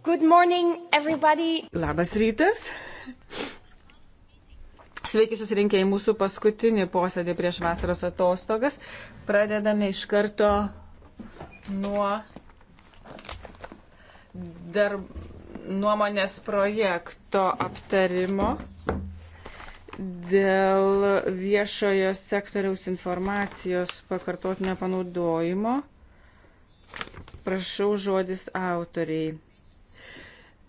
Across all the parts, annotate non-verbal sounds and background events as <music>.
Good morning, everybody. Labas rytas. Sveiki susirinkę į mūsų paskutinį posėdį prieš vasaros atostogas. Pradedame iš karto nuo darb... nuomonės projekto aptarimo dėl viešojo sektoriaus informacijos pakartotinio panaudojimo. Prašau žodis autoriai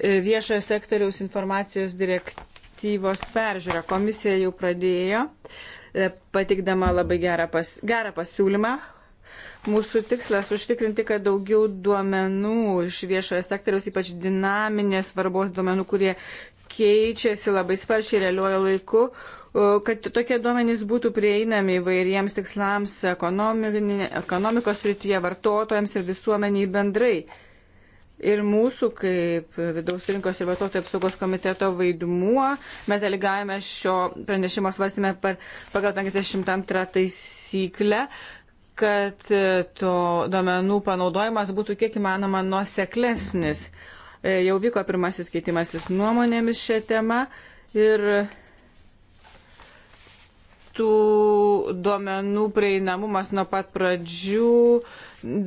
viešojo sektoriaus informacijos direktyvos peržiūrą. Komisija jau pradėjo, e, patikdama labai gerą, pas, gerą pasiūlymą. Mūsų tikslas užtikrinti, kad daugiau duomenų iš viešojo sektoriaus, ypač dinaminės svarbos duomenų, kurie keičiasi labai sparčiai realiuoju laiku, kad tokie duomenys būtų prieinami įvairiems tikslams ekonomikos srityje, vartotojams ir visuomeniai bendrai ir mūsų kaip vidaus rinkos ir vartotojų apsaugos komiteto vaidmuo. Mes delegavome šio pranešimo svarstymę pagal 52 taisyklę kad e, to domenų panaudojimas būtų kiek įmanoma nuoseklesnis. E, jau vyko pirmasis keitimasis nuomonėmis šią temą ir tų duomenų prieinamumas nuo pat pradžių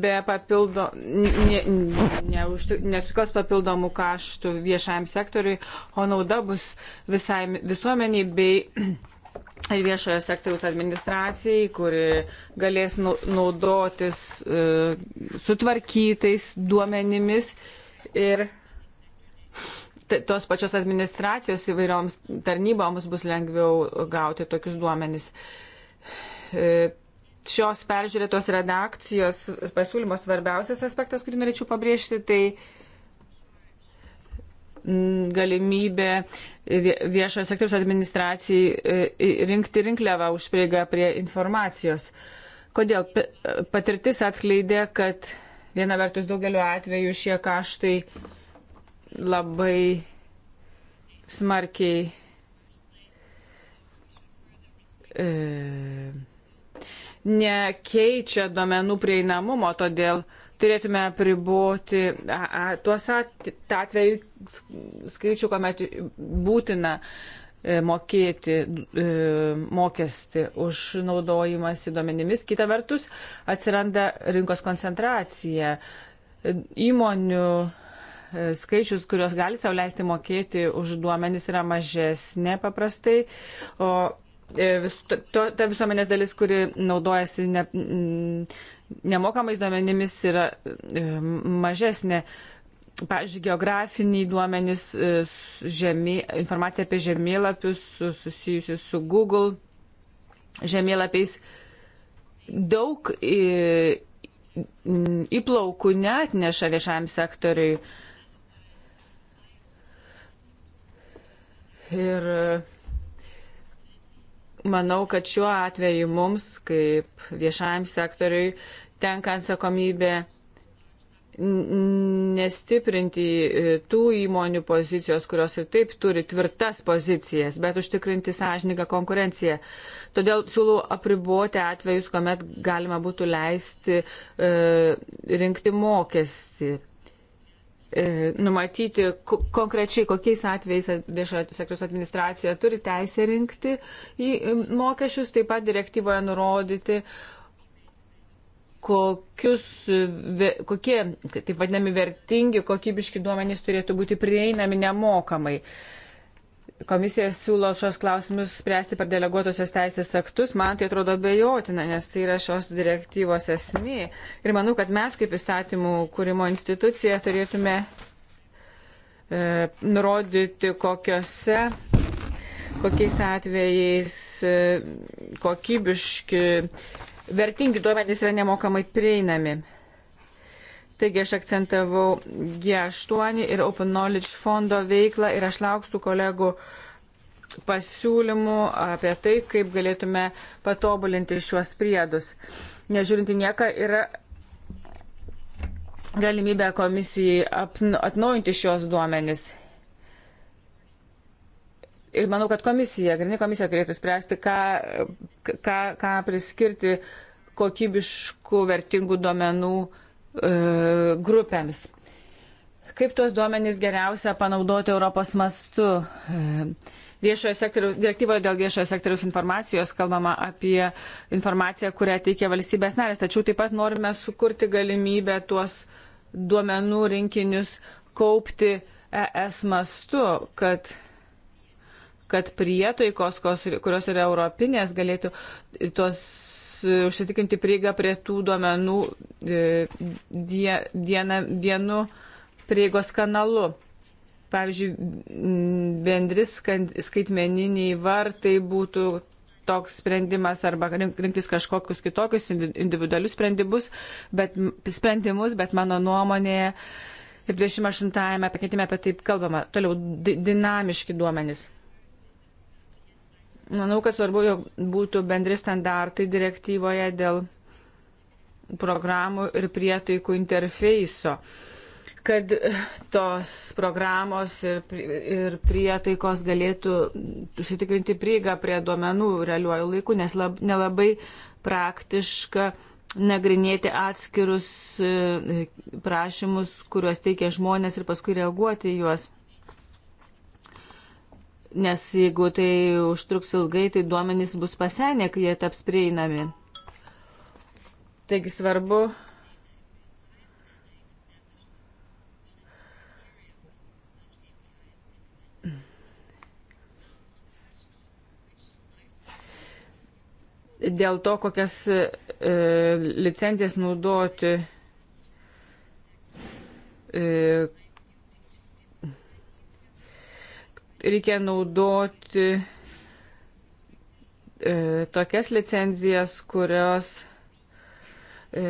be papildo, ne, ne, nesukels papildomų kaštų viešajam sektoriui, o nauda bus visai visuomeniai bei ir <clears throat> viešojo sektoriaus administracijai, kuri galės naudotis e, sutvarkytais duomenimis ir tos pačios administracijos įvairioms tarnyboms bus lengviau gauti tokius duomenys. E, šios peržiūrėtos redakcijos pasiūlymo svarbiausias aspektas, kurį norėčiau pabrėžti, tai mm, galimybė viešojo sektoriaus administracijai e, rinkti rinkliavą už prieigą prie informacijos. Kodėl? Patirtis atskleidė, kad viena vertus daugeliu atveju šie kaštai labai smarkiai e, nekeičia duomenų prieinamumo, todėl turėtume priboti a, a, tuos atveju skaičių, kuomet būtina e, mokėti e, mokestį už naudojimąsi duomenimis. Kita vertus, atsiranda rinkos koncentracija e, įmonių skaičius, kurios gali savo leisti mokėti už duomenis, yra mažesnė paprastai, o e, vis, to, ta visuomenės dalis, kuri naudojasi ne, nemokamais duomenimis, yra e, mažesnė. Pavyzdžiui, geografiniai duomenys, e, žemė, informacija apie žemėlapius susijusi su Google žemėlapiais daug įplaukų net neša viešajam sektoriui. Ir e, manau, kad šiuo atveju mums, kaip viešajam sektoriui, tenka atsakomybė nestiprinti e, tų įmonių pozicijos, kurios ir taip turi tvirtas pozicijas, bet užtikrinti sąžininką konkurenciją. Todėl siūlau apriboti atvejus, kuomet galima būtų leisti e, rinkti mokestį. E, numatyti konkrečiai, kokiais atvejais viešojo sektoriaus administracija turi teisę rinkti e, mokesčius, taip pat direktyvoje nurodyti, kokius, e, kokie, taip vadinami, vertingi, kokybiški duomenys turėtų būti prieinami nemokamai. E, komisija siūlo šios klausimus spręsti per deleguotosios teisės aktus, man tai atrodo bejotina, nes tai yra šios direktyvos esmė. Ir manau, kad mes kaip įstatymų kūrimo institucija turėtume e, nurodyti, kokiuose, kokiais atvejais e, kokybiški, vertingi duomenys yra nemokamai prieinami. Taigi aš akcentavau G8 ir Open Knowledge fondo veiklą ir aš lauksiu kolegų pasiūlymų apie tai, kaip galėtume patobulinti šiuos priedus. Nežiūrinti nieką, yra galimybė komisijai atnaujinti šios duomenis. Ir manau, kad komisija, grinai komisija turėtų spręsti, ką, ką, ką priskirti kokybiškų vertingų duomenų uh, E, grupėms. Kaip tuos duomenys geriausia panaudoti Europos mastu? E, viešojo sektoriaus, direktyvoje dėl viešojo sektoriaus informacijos kalbama apie informaciją, kurią teikia valstybės narės, tačiau taip pat norime sukurti galimybę tuos duomenų rinkinius kaupti ES mastu, kad kad prietaikos, kurios yra europinės, galėtų tuos užsitikrinti prieigą prie tų duomenų e, die, diena, vienu prieigos kanalu. Pavyzdžiui, bendris skaitmeniniai vartai būtų toks sprendimas arba rinktis kažkokius kitokius individualius sprendimus, bet, sprendimus, bet mano nuomonėje ir 28-ame paketime apie taip kalbama. Toliau dinamiški duomenys. Manau, kad svarbu, jog būtų bendri standartai direktyvoje dėl programų ir prietaikų interfeiso, kad tos programos ir, ir prietaikos galėtų užsitikrinti prieigą prie duomenų realiuoju laiku, nes lab, nelabai praktiška nagrinėti atskirus e, prašymus, kuriuos teikia žmonės ir paskui reaguoti juos nes jeigu tai užtruks ilgai, tai duomenys bus pasenę, kai jie taps prieinami. Taigi svarbu. Dėl to, kokias e, licencijas naudoti, e, reikia naudoti e, tokias licenzijas, kurios e,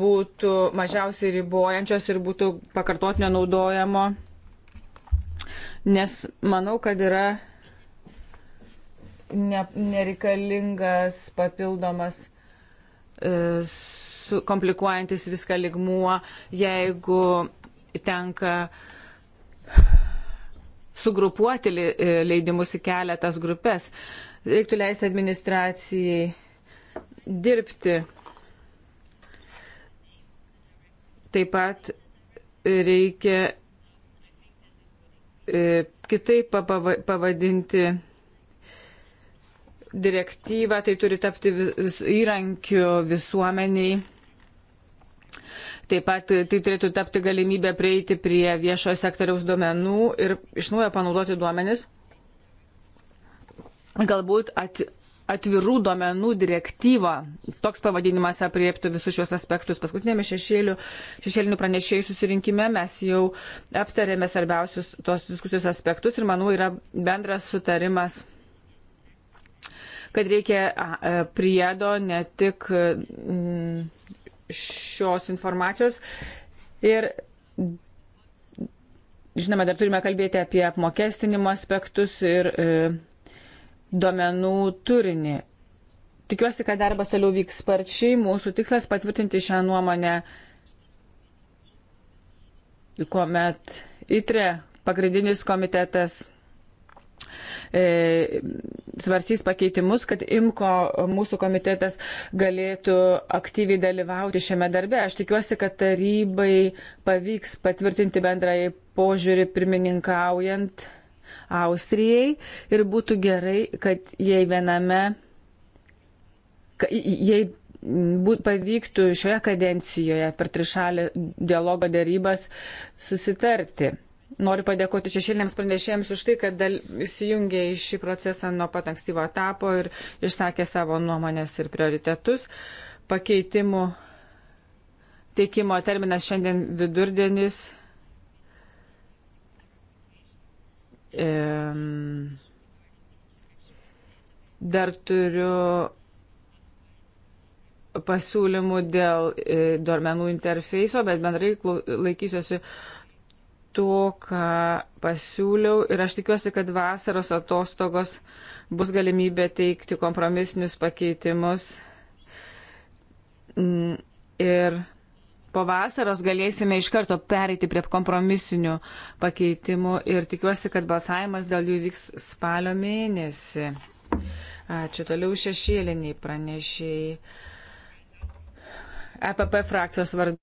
būtų mažiausiai ribojančios ir būtų pakartotinio naudojamo, nes manau, kad yra ne, nereikalingas papildomas e, komplikuojantis viską ligmuo, jeigu tenka sugrupuoti e, leidimus į keletas grupės. Reiktų leisti administracijai dirbti. Taip pat reikia e, kitaip pavadinti direktyvą, tai turi tapti vis, įrankiu visuomeniai Taip pat e, tai turėtų tapti galimybę prieiti prie viešojo sektoriaus duomenų ir iš naujo panaudoti duomenis. Galbūt at, atvirų duomenų direktyva. Toks pavadinimas apriektų visus šios aspektus. Paskutinėme šešėlių, šešėlinių pranešėjų susirinkime mes jau aptarėme svarbiausius tos diskusijos aspektus ir manau yra bendras sutarimas kad reikia e, priedo ne tik šios informacijos. Ir žinoma, dar turime kalbėti apie apmokestinimo aspektus ir e, duomenų turinį. Tikiuosi, kad darbas toliau vyks sparčiai. Mūsų tikslas patvirtinti šią nuomonę, kuomet ITRE pagrindinis komitetas E, svarstys pakeitimus, kad IMKO mūsų komitetas galėtų aktyviai dalyvauti šiame darbe. Aš tikiuosi, kad tarybai pavyks patvirtinti bendrąjį požiūrį pirmininkaujant Austrijai ir būtų gerai, kad jei viename, jei būt, pavyktų šioje kadencijoje per trišalį dialogo darybas susitarti. Noriu padėkoti šešėlėms pranešėjams už tai, kad įsijungė į šį procesą nuo pat ankstyvo etapo ir išsakė savo nuomonės ir prioritetus. Pakeitimų teikimo terminas šiandien vidurdienis. Dar turiu pasiūlymų dėl e, duomenų interfeiso, bet bendrai laikysiuosi to, ką pasiūliau ir aš tikiuosi, kad vasaros atostogos bus galimybė teikti kompromisinius pakeitimus mm, ir po vasaros galėsime iš karto pereiti prie kompromisinių pakeitimų ir tikiuosi, kad balsavimas dėl jų vyks spalio mėnesį. Ačiū toliau šešėliniai pranešiai. EPP frakcijos vardu.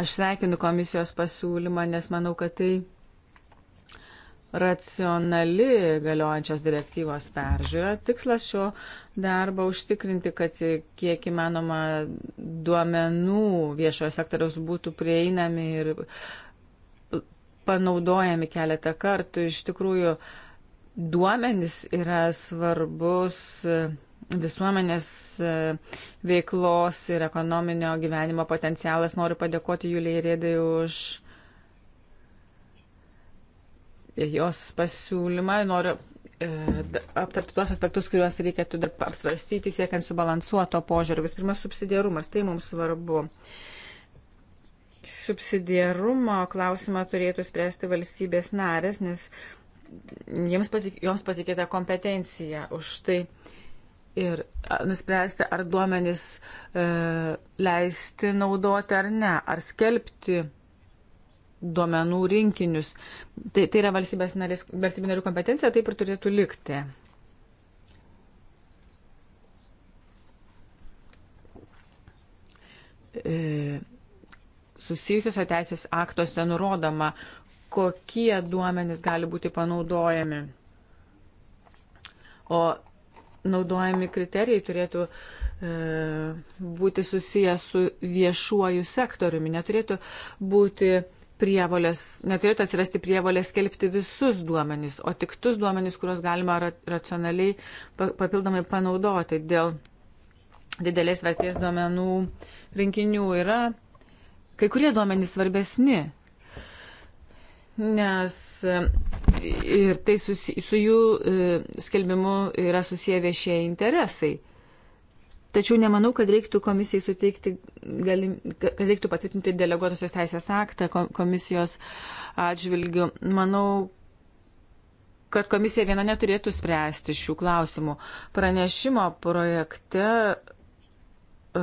Aš sveikinu komisijos pasiūlymą, nes manau, kad tai racionali galiojančios direktyvos peržiūra. Tikslas šio darbo užtikrinti, kad kiek įmanoma duomenų viešojo sektoriaus būtų prieinami ir panaudojami keletą kartų. Iš tikrųjų, duomenys yra svarbus visuomenės e, veiklos ir ekonominio gyvenimo potencialas. Noriu padėkoti Juliai Rėdai už jos pasiūlymą. Noriu e, aptarti tuos aspektus, kuriuos reikėtų dar apsvarstyti, siekiant subalansuoto požiūrio. Visų pirma, subsidiarumas. Tai mums svarbu. Subsidiarumo klausimą turėtų spręsti valstybės narės, nes patik, joms patikėta kompetencija už tai. Uh, ir nuspręsti, ar duomenys e, leisti naudoti ar ne, ar skelbti duomenų rinkinius. Tai, tai yra valstybės narės, valstybės narių kompetencija, taip ir turėtų likti. E, susijusiuose teisės aktuose nurodoma, kokie duomenys gali būti panaudojami. O naudojami kriterijai turėtų e, būti susijęs su viešuoju sektoriumi. Neturėtų būti prievolės, neturėtų atsirasti prievolės skelbti visus duomenys, o tik tus duomenys, kuriuos galima ra racionaliai papildomai panaudoti. Dėl didelės vertės duomenų rinkinių yra kai kurie duomenys svarbesni, nes ir tai susi, su jų e, skelbimu yra susiję viešieji interesai. Tačiau nemanau, kad reiktų komisijai suteikti, galim, kad reiktų patvirtinti deleguotosios teisės aktą komisijos atžvilgių. Manau, kad komisija viena neturėtų spręsti šių klausimų. Pranešimo projekte uh, e,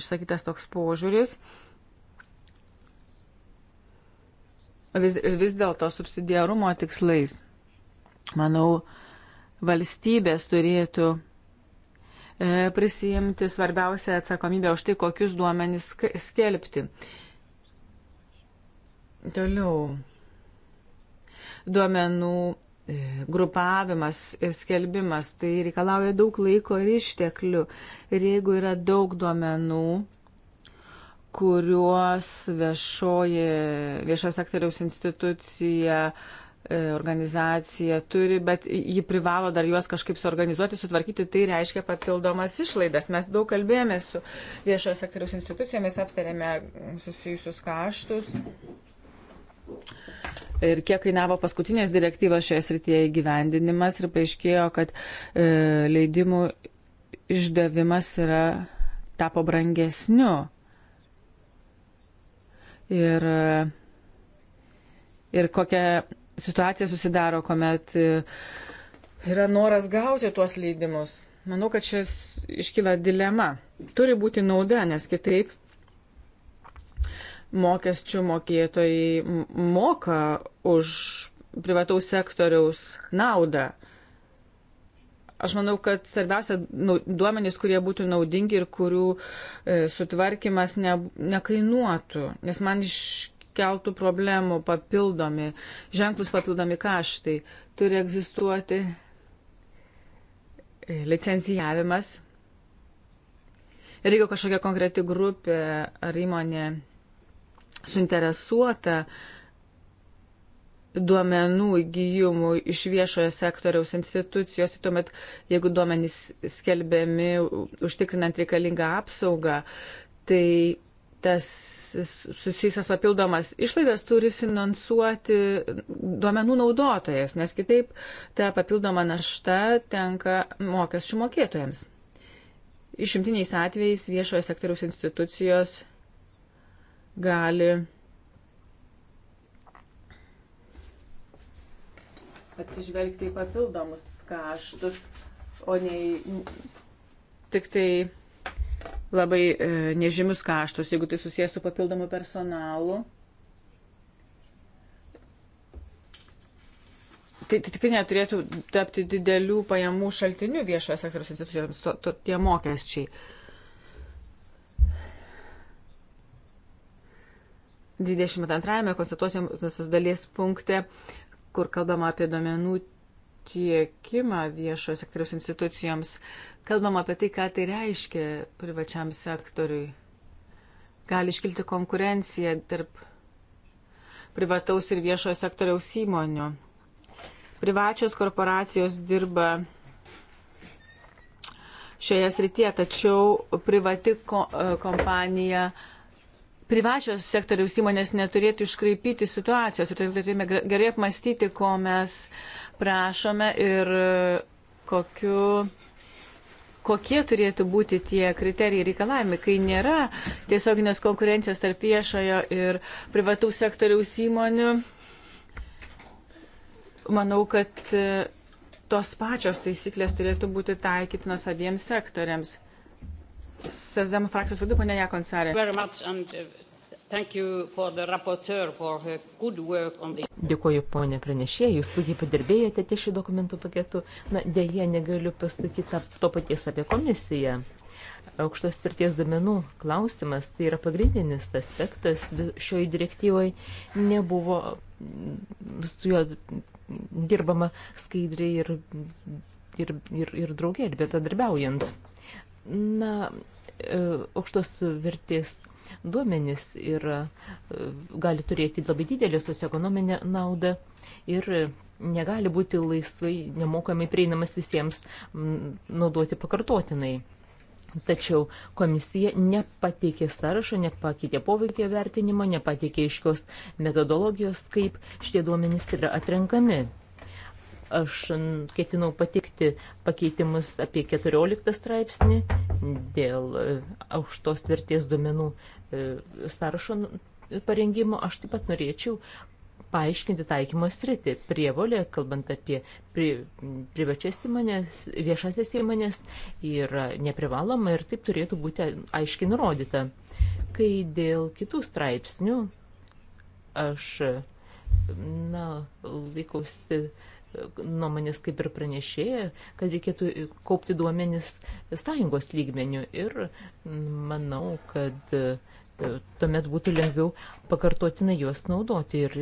išsakytas toks požiūris. Uh, vis, vis dėlto subsidiarumo tikslais, manau, valstybės turėtų e, prisijimti svarbiausią atsakomybę už tai, kokius duomenys skelbti. Toliau. Duomenų e, grupavimas ir skelbimas tai reikalauja daug laiko ir išteklių. Ir jeigu yra daug duomenų, kuriuos viešoji, viešo sektoriaus institucija e, organizacija turi, bet ji privalo dar juos kažkaip suorganizuoti, sutvarkyti, tai reiškia papildomas išlaidas. Mes daug kalbėjome su viešojo sektoriaus institucijomis, aptarėme susijusius kaštus. Ir kiek kainavo paskutinės direktyvos šioje srityje įgyvendinimas ir paaiškėjo, kad e, leidimų išdavimas yra tapo brangesniu ir, ir kokia situacija susidaro, kuomet e, yra noras gauti tuos leidimus. Manau, kad čia iškyla dilema. Turi būti nauda, nes kitaip mokesčių mokėtojai moka už privataus sektoriaus naudą. Aš manau, kad svarbiausia duomenys, kurie būtų naudingi ir kurių e, sutvarkymas ne, nekainuotų, nes man iškeltų problemų papildomi, ženklus papildomi kaštai. Turi egzistuoti e, licencijavimas. Ir jeigu kažkokia konkreti grupė ar įmonė suinteresuota, e, duomenų įgyjimų iš viešojo sektoriaus institucijos, tuomet jeigu duomenys skelbiami užtikrinant reikalingą apsaugą, tai tas susijusias papildomas išlaidas turi finansuoti duomenų naudotojas, nes kitaip ta papildoma našta tenka mokesčių mokėtojams. Išimtiniais atvejais viešojo sektoriaus institucijos gali atsižvelgti į papildomus kaštus, o ne tik tai labai e, nežymius kaštus, jeigu tai susijęs su papildomu personalu. Tai, tai tikrai neturėtų tapti didelių pajamų šaltinių viešojo sektoriaus institucijoms to, to, tie mokesčiai. E, 22 konstatuosios dalies punkte kur kalbama apie domenų tiekimą viešo sektoriaus institucijoms, kalbama apie tai, ką tai reiškia privačiam sektoriui. Gali iškilti konkurencija tarp privataus ir viešojo sektoriaus įmonių. Privačios korporacijos dirba šioje srityje, tačiau privati ko, e, kompanija uh, privačios sektoriaus įmonės neturėtų iškraipyti situacijos ir turėtume gerai apmastyti, ko mes prašome ir kokiu, kokie turėtų būti tie kriterijai reikalavimai, kai nėra tiesioginės konkurencijos tarp viešojo ir privatų sektoriaus įmonių. Manau, kad e, tos pačios taisyklės turėtų būti taikytinos abiems sektoriams. Sezemų frakcijos vadovė, ponia Jakonsarė. Dėkuoju, ponė pranešėjai, jūs puikiai padirbėjote ties šių dokumentų paketu. Na, dėje negaliu pasakyti to paties apie komisiją. Aukštos tvirties duomenų klausimas, tai yra pagrindinis aspektas šioj direktyvai, nebuvo mm, su juo dirbama skaidriai ir, ir, ir, ir draugiai, ir betadarbiaujant. Na, e, aukštos vertės duomenys ir e, gali turėti labai didelę socioekonominę naudą ir negali būti laisvai nemokamai prieinamas visiems naudoti pakartotinai. Tačiau komisija nepateikė sąrašo, nepakeitė poveikio vertinimo, nepateikė iškios metodologijos, kaip šitie duomenys yra atrenkami. Aš ketinau patikti pakeitimus apie 14 straipsnį dėl e, aukštos vertės duomenų e, sąrašo parengimo. Aš taip pat norėčiau paaiškinti taikymo sritį. Prievolė, kalbant apie pri, privačias įmonės, viešasias įmonės, yra neprivaloma ir taip turėtų būti aiškiai nurodyta. Kai dėl kitų straipsnių aš, na, laikausi nuomonės kaip ir pranešėja, kad reikėtų kaupti duomenis sąjungos lygmenių ir manau, kad e, tuomet būtų lengviau pakartotinai juos naudoti ir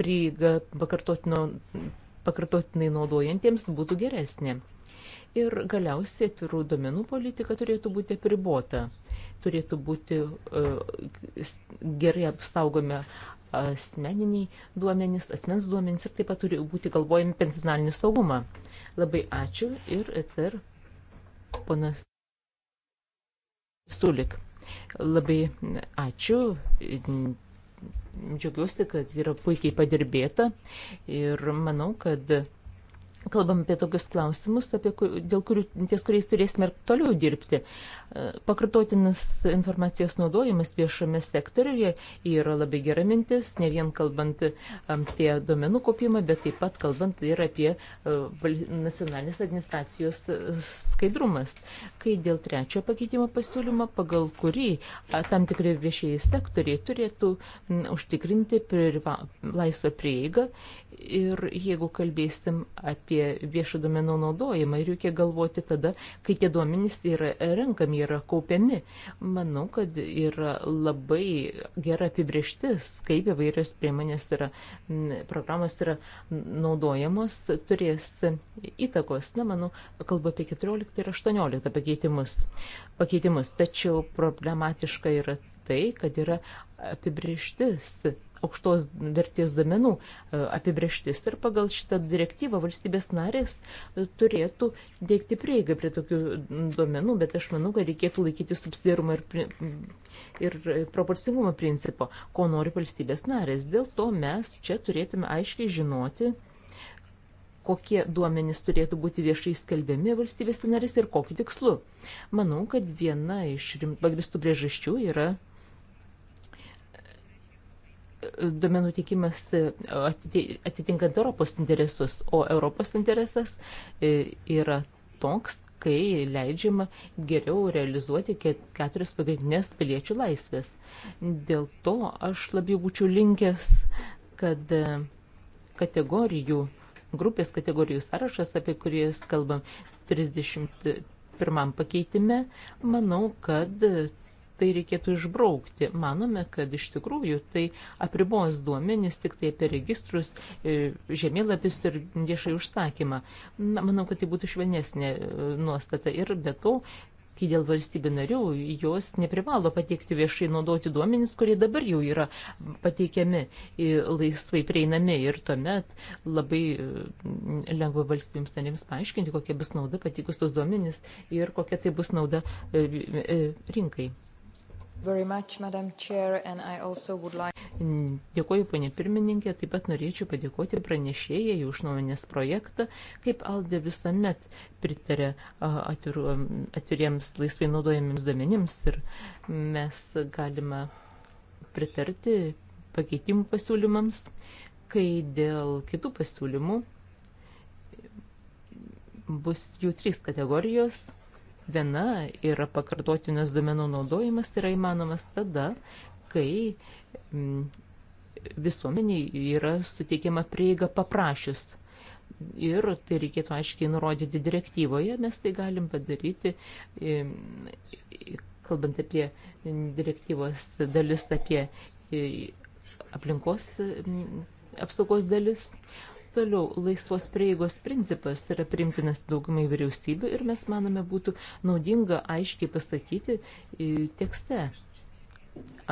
prieiga pakartotinai naudojantiems būtų geresnė. Ir galiausiai atvirų domenų politika turėtų būti apribota. Turėtų būti uh, gerai apsaugomi asmeniniai duomenys, asmens duomenys ir taip pat turi būti galvojami pensionalinį saugumą. Labai ačiū ir ir ponas Stulik. Labai ačiū. Džiaugiuosi, kad yra puikiai padirbėta ir manau, kad kalbam apie tokius klausimus, apie, dėl kurių, ties kuriais turėsime ir toliau dirbti. E, Pakartotinas informacijos naudojimas viešame sektoriuje yra labai gera mintis, ne vien kalbant apie domenų kopimą, bet taip pat kalbant ir apie e, nacionalinės administracijos e, skaidrumas. Kai dėl trečio pakeitimo pasiūlymo, pagal kurį tam tikri viešieji sektoriai turėtų užtikrinti priva, laisvą prieigą ir jeigu kalbėsim apie apie viešo domenų naudojimą ir reikia galvoti tada, kai tie duomenys yra renkami, yra kaupiami. Manau, kad yra labai gera apibrieštis, kaip įvairios priemonės yra, programos yra naudojamos, turės įtakos. Na, manau, kalba apie 14 ir 18 pakeitimus. pakeitimus. Tačiau problematiška yra tai, kad yra apibrieštis aukštos vertės domenų e, apibrieštis. Ir pagal šitą direktyvą valstybės narės e, turėtų dėkti prieigą prie tokių domenų, bet aš manau, kad reikėtų laikyti subsidiarumo ir, ir proporcingumo principo, ko nori valstybės narės. Dėl to mes čia turėtume aiškiai žinoti, kokie duomenys turėtų būti viešai skelbiami valstybės narės ir kokiu tikslu. Manau, kad viena iš pagristų priežasčių yra duomenų teikimas e, atitinkant Europos interesus, o Europos interesas e, yra toks, kai leidžiama geriau realizuoti keturias pagrindinės piliečių laisvės. Dėl to aš labiau būčiau linkęs, kad e, kategorijų, grupės kategorijų sąrašas, apie kurį kalbam 31 pakeitime, manau, kad tai reikėtų išbraukti. Manome, kad iš tikrųjų tai apribos duomenys tik tai apie registrus, e, žemėlapis ir viešai užsakymą. Na, manau, kad tai būtų švelnesnė e, nuostata ir be to kai dėl valstybių narių jos neprivalo pateikti viešai naudoti duomenys, kurie dabar jau yra pateikiami e, laisvai prieinami ir tuomet labai lengva valstybėms narėms paaiškinti, kokia bus nauda pateikus tos duomenys ir kokia tai bus nauda rinkai. Much, Chair, like... Mm, Dėkuoju, ponė pirmininkė, taip pat norėčiau padėkoti pranešėjai už nuomonės projektą, kaip Alde visuomet pritarė atviru, atviriems laisvai naudojamiems duomenims ir mes galime pritarti pakeitimų pasiūlymams, kai dėl kitų pasiūlymų bus jų trys kategorijos – Viena yra pakartotinas domenų naudojimas tai yra įmanomas tada, kai mm, visuomeniai yra suteikiama prieiga paprašius. Ir tai reikėtų aiškiai nurodyti direktyvoje, mes tai galim padaryti, kalbant apie direktyvos dalis, apie aplinkos apsaugos dalis. Toliau laisvos prieigos principas yra primtinas daugumai vyriausybių ir mes manome būtų naudinga aiškiai pasakyti e, tekste.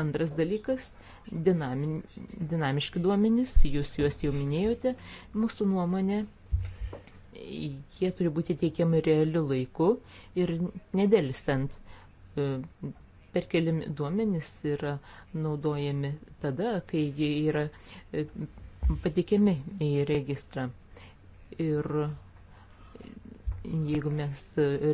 Antras dalykas - dinamin, dinamiški duomenys, jūs juos jau minėjote, mūsų nuomonė jie turi būti teikiami realiu laiku ir nedėlistant. E, perkeliami duomenys yra naudojami tada, kai jie yra e, pateikiami į registrą. Ir jeigu mes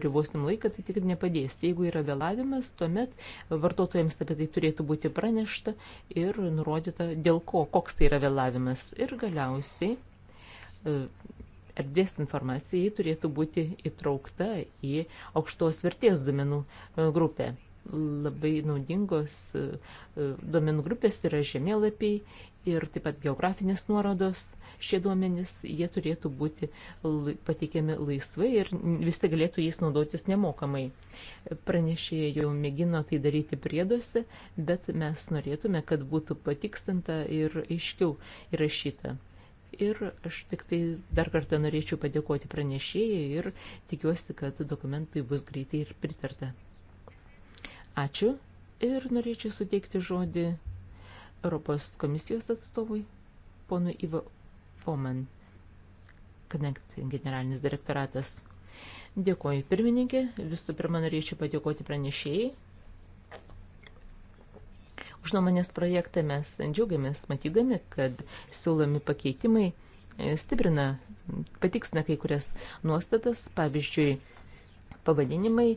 ribosim laiką, tai tikrai nepadės. Jeigu yra vėlavimas, tuomet vartotojams apie tai turėtų būti pranešta ir nurodyta, dėl ko, koks tai yra vėlavimas. Ir galiausiai e, erdvės informacija turėtų būti įtraukta į aukštos vertės duomenų e, grupę. Labai naudingos e, duomenų grupės yra žemėlapiai ir taip pat geografinės nuorodos, šie duomenys, jie turėtų būti pateikiami laisvai ir visi galėtų jais naudotis nemokamai. Pranešėjai jau mėgino tai daryti prieduose, bet mes norėtume, kad būtų patikstinta ir aiškiau įrašyta. Ir aš tik tai dar kartą norėčiau padėkoti pranešėjai ir tikiuosi, kad dokumentai bus greitai ir pritarta. Ačiū ir norėčiau suteikti žodį Europos komisijos atstovui, ponui Ivo Foman, Connect generalinis direktoratas. Dėkuoju pirmininkė, visų pirma norėčiau padėkoti pranešėjai. Už nuomonės projektą mes džiaugiamės matydami, kad siūlomi pakeitimai e, stiprina, patiksina kai kurias nuostatas, pavyzdžiui, pavadinimai,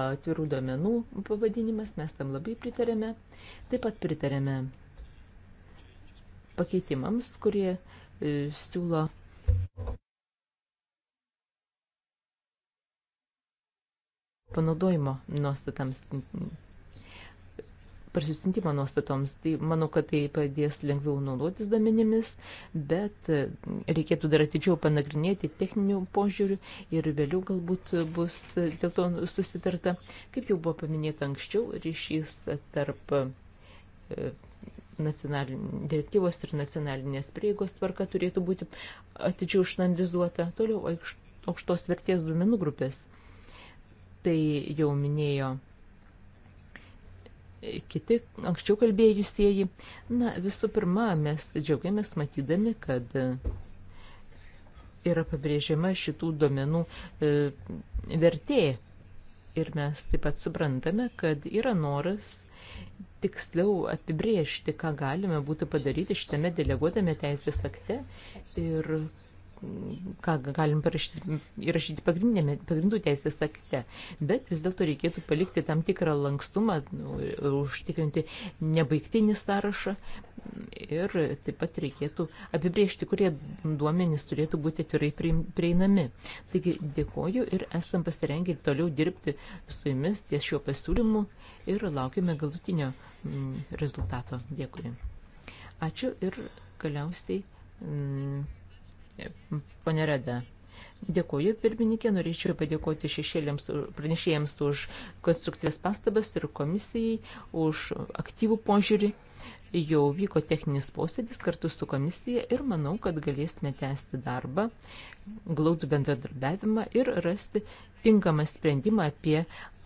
atvirų duomenų pavadinimas, mes tam labai pritarėme. Taip pat pritarėme pakeitimams, kurie e, siūlo panaudojimo nuostatams pasisintimo nuostatoms. Tai manau, kad tai padės lengviau naudotis duomenimis, bet e, reikėtų dar atidžiau panagrinėti techninių požiūrių ir vėliau galbūt bus dėl to susitarta. Kaip jau buvo paminėta anksčiau, ryšys tarp e, direktyvos ir nacionalinės prieigos tvarka turėtų būti atidžiau išanalizuota. Toliau aukštos vertės duomenų grupės. Tai jau minėjo kiti anksčiau kalbėjusieji. Na, visų pirma, mes džiaugiamės matydami, kad e, yra pabrėžiama šitų duomenų e, vertė. Ir mes taip pat suprantame, kad yra noras tiksliau apibrėžti, ką galime būtų padaryti šitame deleguotame teisės akte ir ką galim parašyti, įrašyti pagrindų teisės akte, bet vis dėlto reikėtų palikti tam tikrą lankstumą, nu, užtikrinti nebaigtinį sąrašą ir taip pat reikėtų apibriežti, kurie duomenys turėtų būti atvirai prieinami. Taigi dėkoju ir esam pasirengę toliau dirbti su jumis ties šiuo pasiūlymu ir laukime galutinio mm, rezultato. Dėkui. Ačiū ir galiausiai. Mm, Pane Reda. Dėkuoju, pirmininkė, norėčiau padėkoti šešėlėms pranešėjams už konstruktyvės pastabas ir komisijai už aktyvų požiūrį. Jau vyko techninis posėdis kartu su komisija ir manau, kad galėsime tęsti darbą, glaudų bendradarbiavimą ir rasti tinkamą sprendimą apie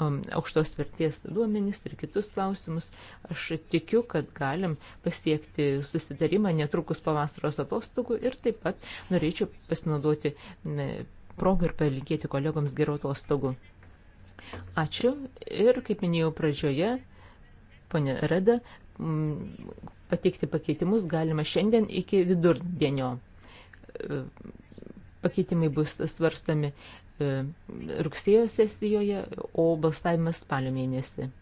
um, aukštos vertės duomenys ir kitus klausimus. Aš tikiu, kad galim pasiekti susitarimą netrukus pavasaros atostogų ir taip pat norėčiau pasinaudoti progą ir palinkėti kolegoms gerų atostogų. Ačiū ir, kaip minėjau pradžioje, ponė Reda, pateikti pakeitimus galima šiandien iki vidurdienio. E, Pakeitimai bus svarstami rugsėjo sesijoje, o balsavimas spalio mėnesį.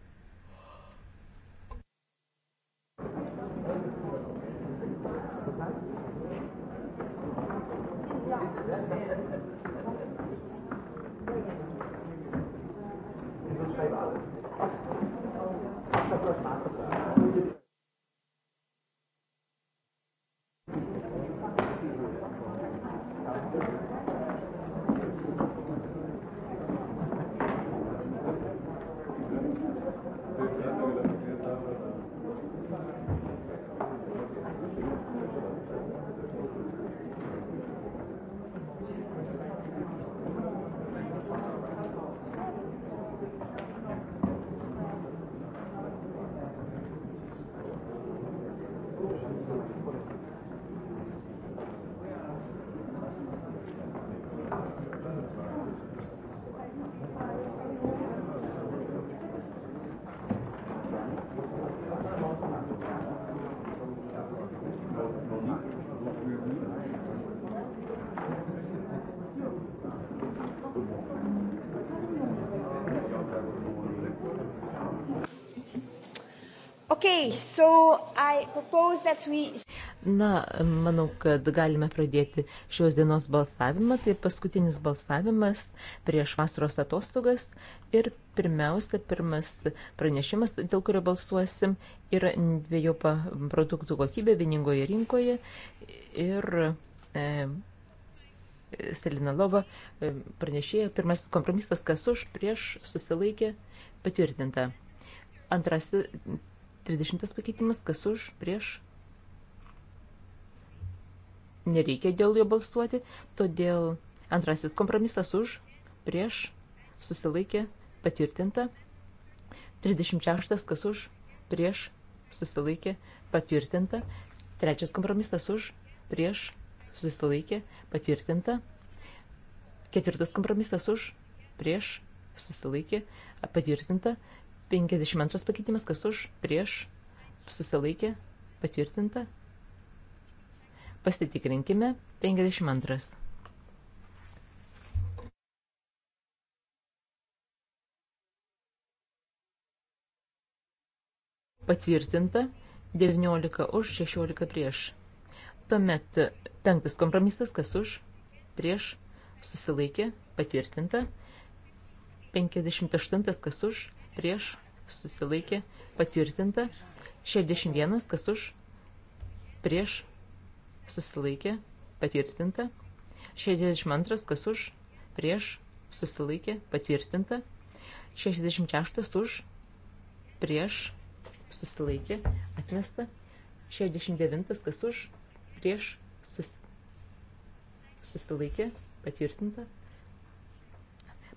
Okay, so we... Na, manau, kad galime pradėti šios dienos balsavimą. Tai paskutinis balsavimas prieš vasaros atostogas. Ir pirmiausia, pirmas pranešimas, dėl kurio balsuosim, yra dviejų produktų kokybė vieningoje rinkoje. Ir e, Selinalova e, pranešėjo, pirmas kompromisas, kas už, prieš, susilaikė, patvirtinta. Antrasis 30 pakeitimas, kas už, prieš. Nereikia dėl jo balsuoti, todėl antrasis kompromisas už, prieš, susilaikė, patvirtinta. 36 kas už, prieš, susilaikė, patvirtinta. Trečias kompromisas už, prieš, susilaikė, patvirtinta. Ketvirtas kompromisas už, prieš, susilaikė, patvirtinta. 52 pakeitimas, kas už, prieš, susilaikė, patvirtinta. Pasitikrinkime, 52. Patvirtinta, 19 už, 16 prieš. Tuomet penktas kompromisas, kas už, prieš, susilaikė, patvirtinta. 58 kas už, prieš, susilaikė, patvirtinta. 61, kas už, prieš, susilaikė, patvirtinta. 62, kas už, prieš, susilaikė, patvirtinta. 66 už, prieš, susilaikė, atmesta. 69 kas už, prieš, sus, susilaikė, patvirtinta.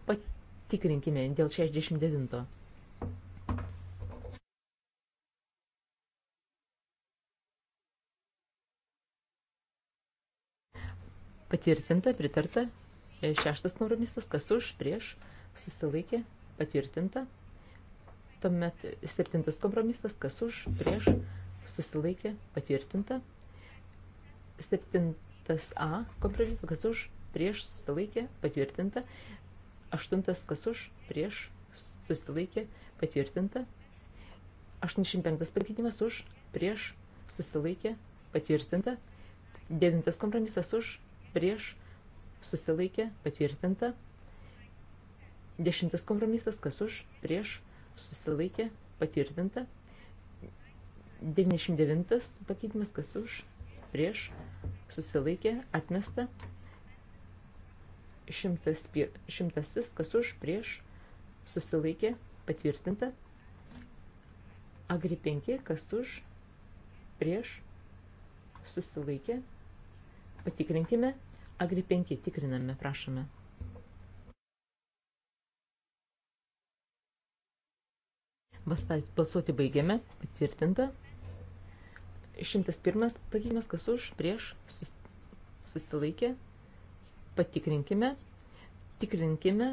Patikrinkime dėl 69. patvirtinta, pritarta. E, šeštas kompromisas, kas už, prieš, susilaikė, patvirtinta. Tuomet septintas kompromisas, kas už, prieš, susilaikė, patvirtinta. Septintas A kompromisas, kas už, prieš, susilaikė, patvirtinta. Aštuntas, kas už, prieš, susilaikė, patvirtinta. 85 pakeitimas už, prieš, susilaikė, patvirtinta. Devintas kompromisas už, prieš, susilaikė, patvirtinta. Dešimtas kompromisas, kas už, prieš, susilaikė, patvirtinta. 99 pakeitimas, kas už, prieš, susilaikė, atmesta. Šimtas, šimtasis, kas už, prieš, susilaikė, patvirtinta. Agri 5, kas už, prieš, susilaikė, patvirtinta Patikrinkime. Agri 5 tikriname, prašome. Balsuoti baigiame. Patvirtinta. 101 pakeitimas, kas už, prieš, sus, susilaikė. Patikrinkime. Tikrinkime.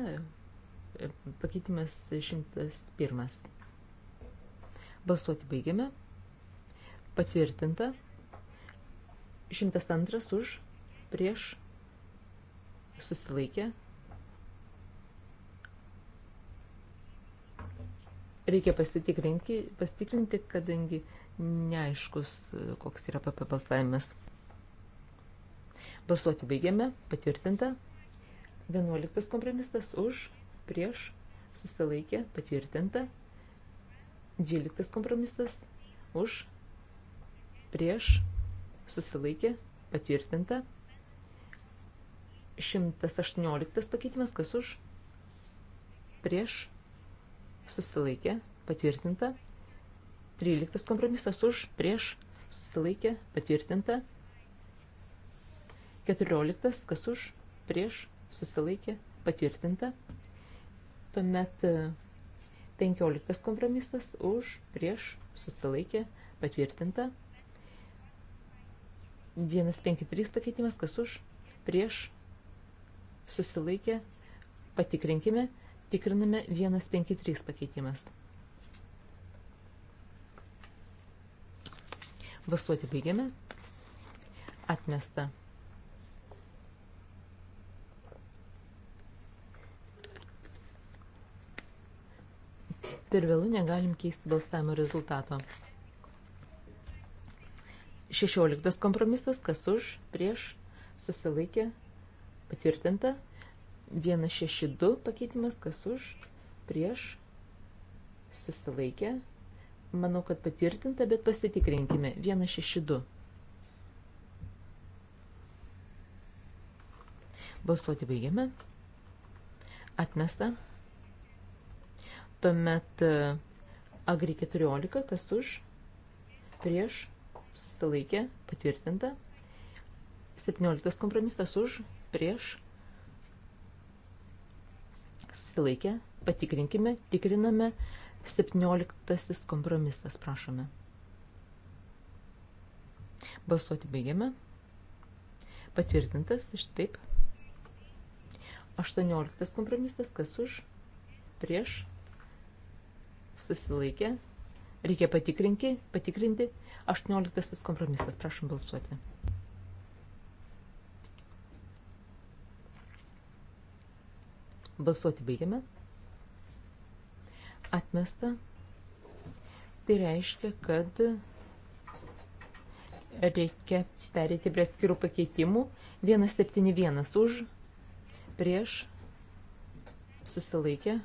E, pakeitimas 101. Balsuoti baigiame. Patvirtinta. 102 už, prieš, susilaikė. Reikia pasitikrinti, pasitikrinti, kadangi neaiškus, koks yra PP balsavimas. Balsuoti baigiame, patvirtinta. 11 kompromisas už, prieš, susilaikė, patvirtinta. 12 kompromisas už, prieš, susilaikė, patvirtinta. 118 pakeitimas, kas už, prieš, susilaikė, patvirtinta. 13 kompromisas už, prieš, susilaikė, patvirtinta. 14 kas už, prieš, susilaikė, patvirtinta. Tuomet 15 e, kompromisas už, prieš, susilaikė, patvirtinta. 153 pakeitimas, kas už, prieš, susilaikė, patikrinkime, tikriname 153 pakeitimas. Vasuoti baigiame. Atmesta. Per vėlų negalim keisti balsavimo rezultato. 16 kompromisas, kas už, prieš, susilaikė, Patvirtinta. 162 pakeitimas, kas už, prieš, susilaikė. Manau, kad patvirtinta, bet pasitikrinkime. 162. Balsuoti baigiame. Atmesta. Tuomet e, agri 14, kas už, prieš, susilaikė, patvirtinta. 17 kompromisas už, prieš, susilaikę, patikrinkime, tikriname, 17 kompromisas, prašome. Balsuoti baigiame. Patvirtintas iš taip. 18 kompromisas, kas už, prieš, susilaikė, reikia patikrinti, patikrinti, 18 kompromisas, prašom balsuoti. Balsuoti baigiame. Atmesta. Tai reiškia, kad reikia perėti prie atskirų pakeitimų. 171 už, prieš, susilaikė.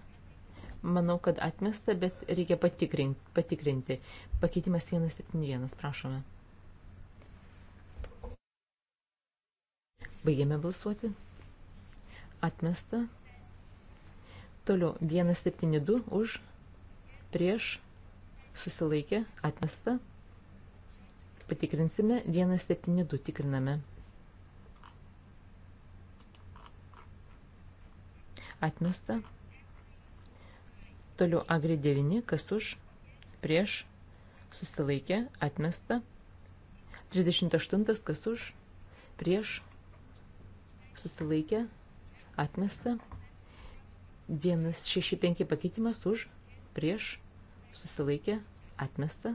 Manau, kad atmesta, bet reikia patikrinti. patikrinti. Pakeitimas 171, prašome. Baigėme balsuoti. Atmesta. Toliau 172 už prieš susilaikė atmesta. Patikrinsime 172 tikriname. Atmesta. Toliau agri 9 kas už prieš susilaikė atmesta. 38 kas už prieš susilaikė atmesta. 165 pakeitimas už, prieš, susilaikė, atmesta.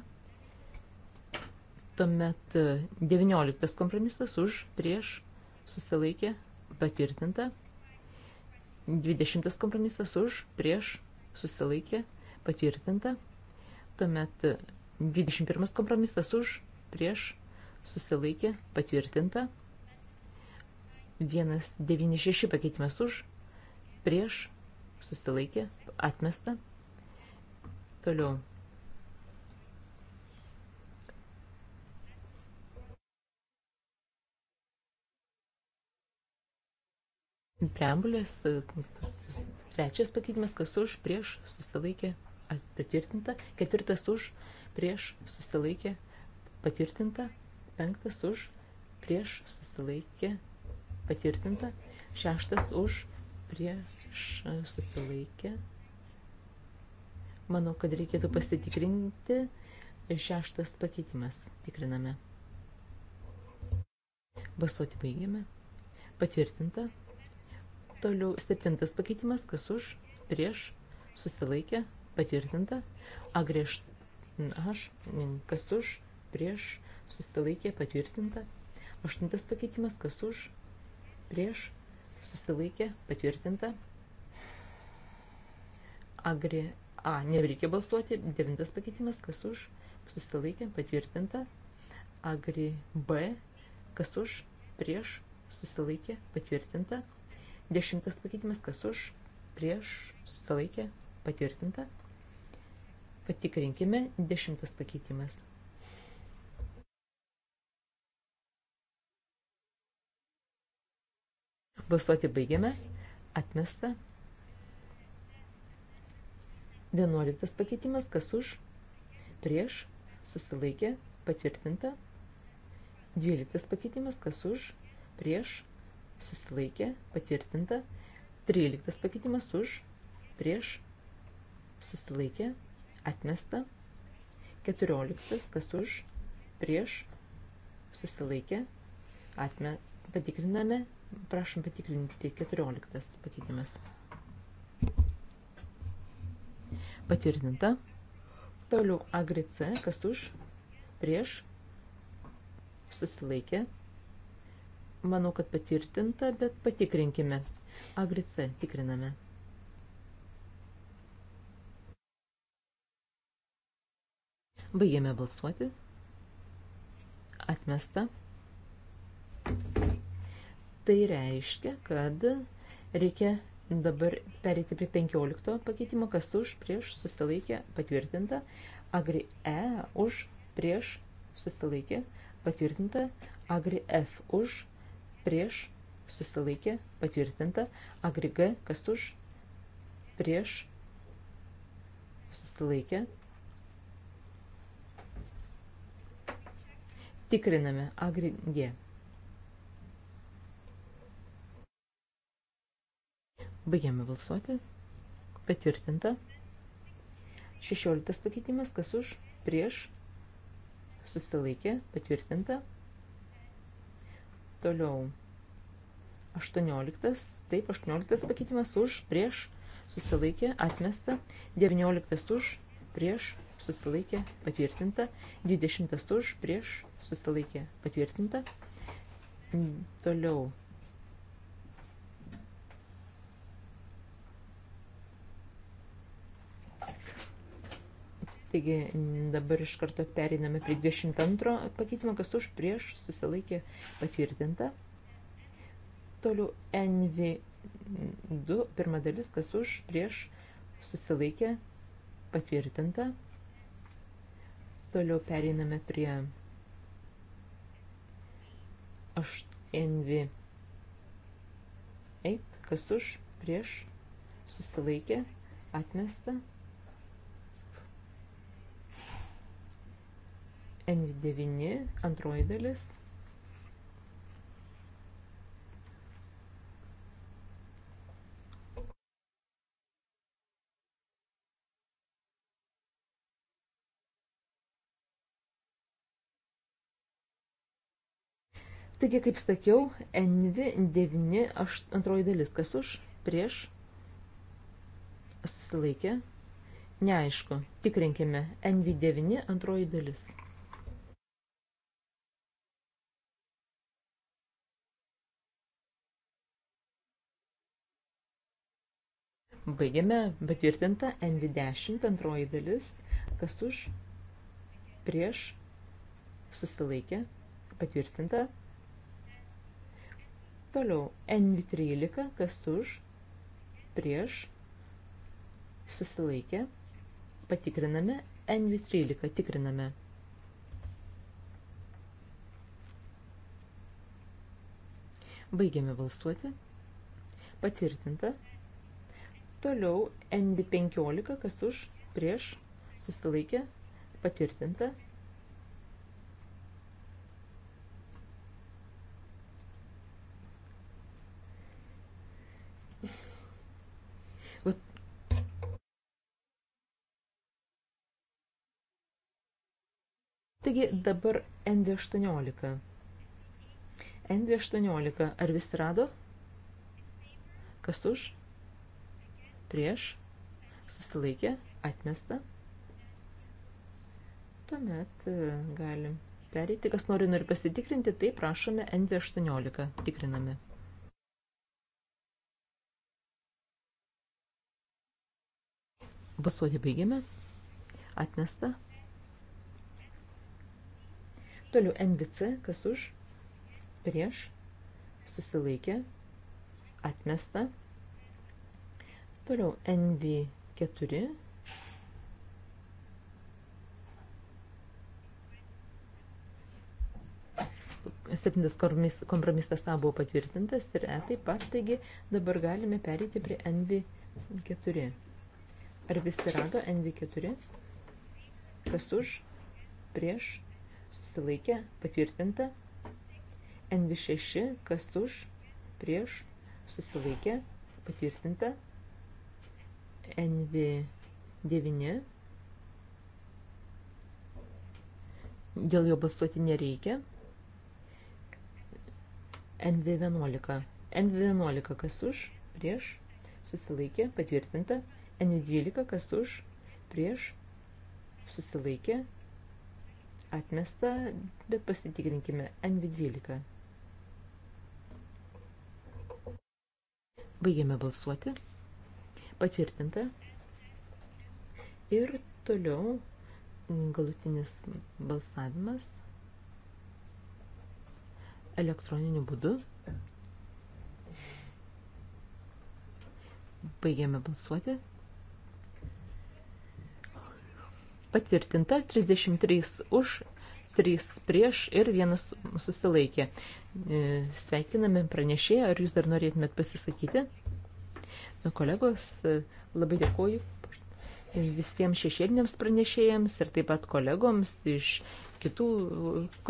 Tuomet 19 e, kompromisas už, prieš, susilaikė, patvirtinta. 20 kompromisas už, prieš, susilaikė, patvirtinta. Tuomet 21 e, kompromisas už, prieš, susilaikė, patvirtinta. 196 pakeitimas už, prieš, susilaikė, atmesta. Toliau. Preambulės, trečias pakeitimas, kas už, prieš, susilaikė, patvirtinta, ketvirtas už, prieš, susilaikė, patvirtinta, penktas už, prieš, susilaikė, patvirtinta, šeštas už, prieš, prieš, susilaikė. Manau, kad reikėtų pasitikrinti. Šeštas pakeitimas. Tikriname. Basuoti baigėme. Patvirtinta. Toliau septintas pakeitimas. Kas už? Prieš. Susilaikė. Patvirtinta. A griež... Aš. Kas už? Prieš. Susilaikė. Patvirtinta. Aštuntas pakeitimas. Kas už? Prieš. Susilaikė. Patvirtinta agri A. Nereikia balsuoti. Devintas pakeitimas, kas už, susilaikė, patvirtinta. Agri B, kas už, prieš, susilaikė, patvirtinta. Dešimtas pakeitimas, kas už, prieš, susilaikė, patvirtinta. Patikrinkime dešimtas pakeitimas. Balsuoti baigiame. Atmesta. 11 pakeitimas, kas už, prieš, susilaikė, patvirtinta. 12 pakeitimas, kas už, prieš, susilaikė, patvirtinta. 13 pakeitimas už, prieš, susilaikė, atmesta. 14 kas už, prieš, susilaikė, atme, patikriname, prašom patikrinti 14 pakeitimas. Patvirtinta. Toliau AGRC, kas už, prieš, susilaikė. Manau, kad patvirtinta, bet patikrinkime. AGRC tikriname. Baigėme balsuoti. Atmesta. Tai reiškia, kad reikia Dabar perėti prie 15 pakeitimo, kas už, prieš, susilaikė, patvirtinta. Agri E už, prieš, susilaikė, patvirtinta. Agri F už, prieš, susilaikė, patvirtinta. Agri G, kas už, prieš, susilaikė. Tikriname agri G. Baigiame balsuoti. Patvirtinta. 16 pakeitimas, kas už, prieš, susilaikė, patvirtinta. Toliau. 18, taip, 18 pakeitimas už, prieš, susilaikė, atmesta. 19 už, prieš, susilaikė, patvirtinta. 20 už, prieš, susilaikė, patvirtinta. Toliau. Taigi dabar iš karto periname prie 22 pakeitimo, kas už prieš susilaikė patvirtinta. Toliau NV2, pirma dalis, kas už prieš susilaikė patvirtinta. Toliau periname prie 8NV8, kas už prieš susilaikė atmesta patvirtinta N9 antroji dalis. Taigi, kaip sakiau, N9 antroji dalis, kas už, prieš, susilaikė, neaišku, tikrinkime, N9 antroji dalis. Baigiame patvirtinta NV10 antroji dalis, kas už prieš susilaikė patvirtinta. Toliau NV13, kas už prieš susilaikė patikriname NV13 tikriname. Baigiame balsuoti. Patvirtinta. Toliau NB15, kas už, prieš, susilaikė, patvirtinta. Taigi dabar ND18. ND18, ar visi rado? Kas už? prieš, susilaikė, atmesta. Tuomet e, galim pereiti, kas nori, nori pasitikrinti, tai prašome NV18, tikriname. Basuoti baigiame, atmesta. Toliau NVC, kas už, prieš, susilaikė, atmesta. Atmesta. Toliau NV4. Septintas kompromisas A buvo patvirtintas ir E taip pat, taigi dabar galime perėti prie NV4. Ar visi rado NV4? Kas už? Prieš? Susilaikė? Patvirtinta? NV6? Kas už? Prieš? Susilaikė? Patvirtinta? NV9. Dėl jo balsuoti nereikia. NV11. NV11 kas už, prieš, susilaikė, patvirtinta. NV12 kas už, prieš, susilaikė, atmesta, bet pasitikrinkime NV12. Baigiame balsuoti patvirtinta. Ir toliau galutinis balsavimas elektroniniu būdu. Baigėme balsuoti. Patvirtinta 33 už, 3 prieš ir vienas susilaikė. Sveikiname pranešėją, ar jūs dar norėtumėt pasisakyti? kolegos, labai dėkoju visiems šešėliniams pranešėjams ir taip pat kolegoms iš kitų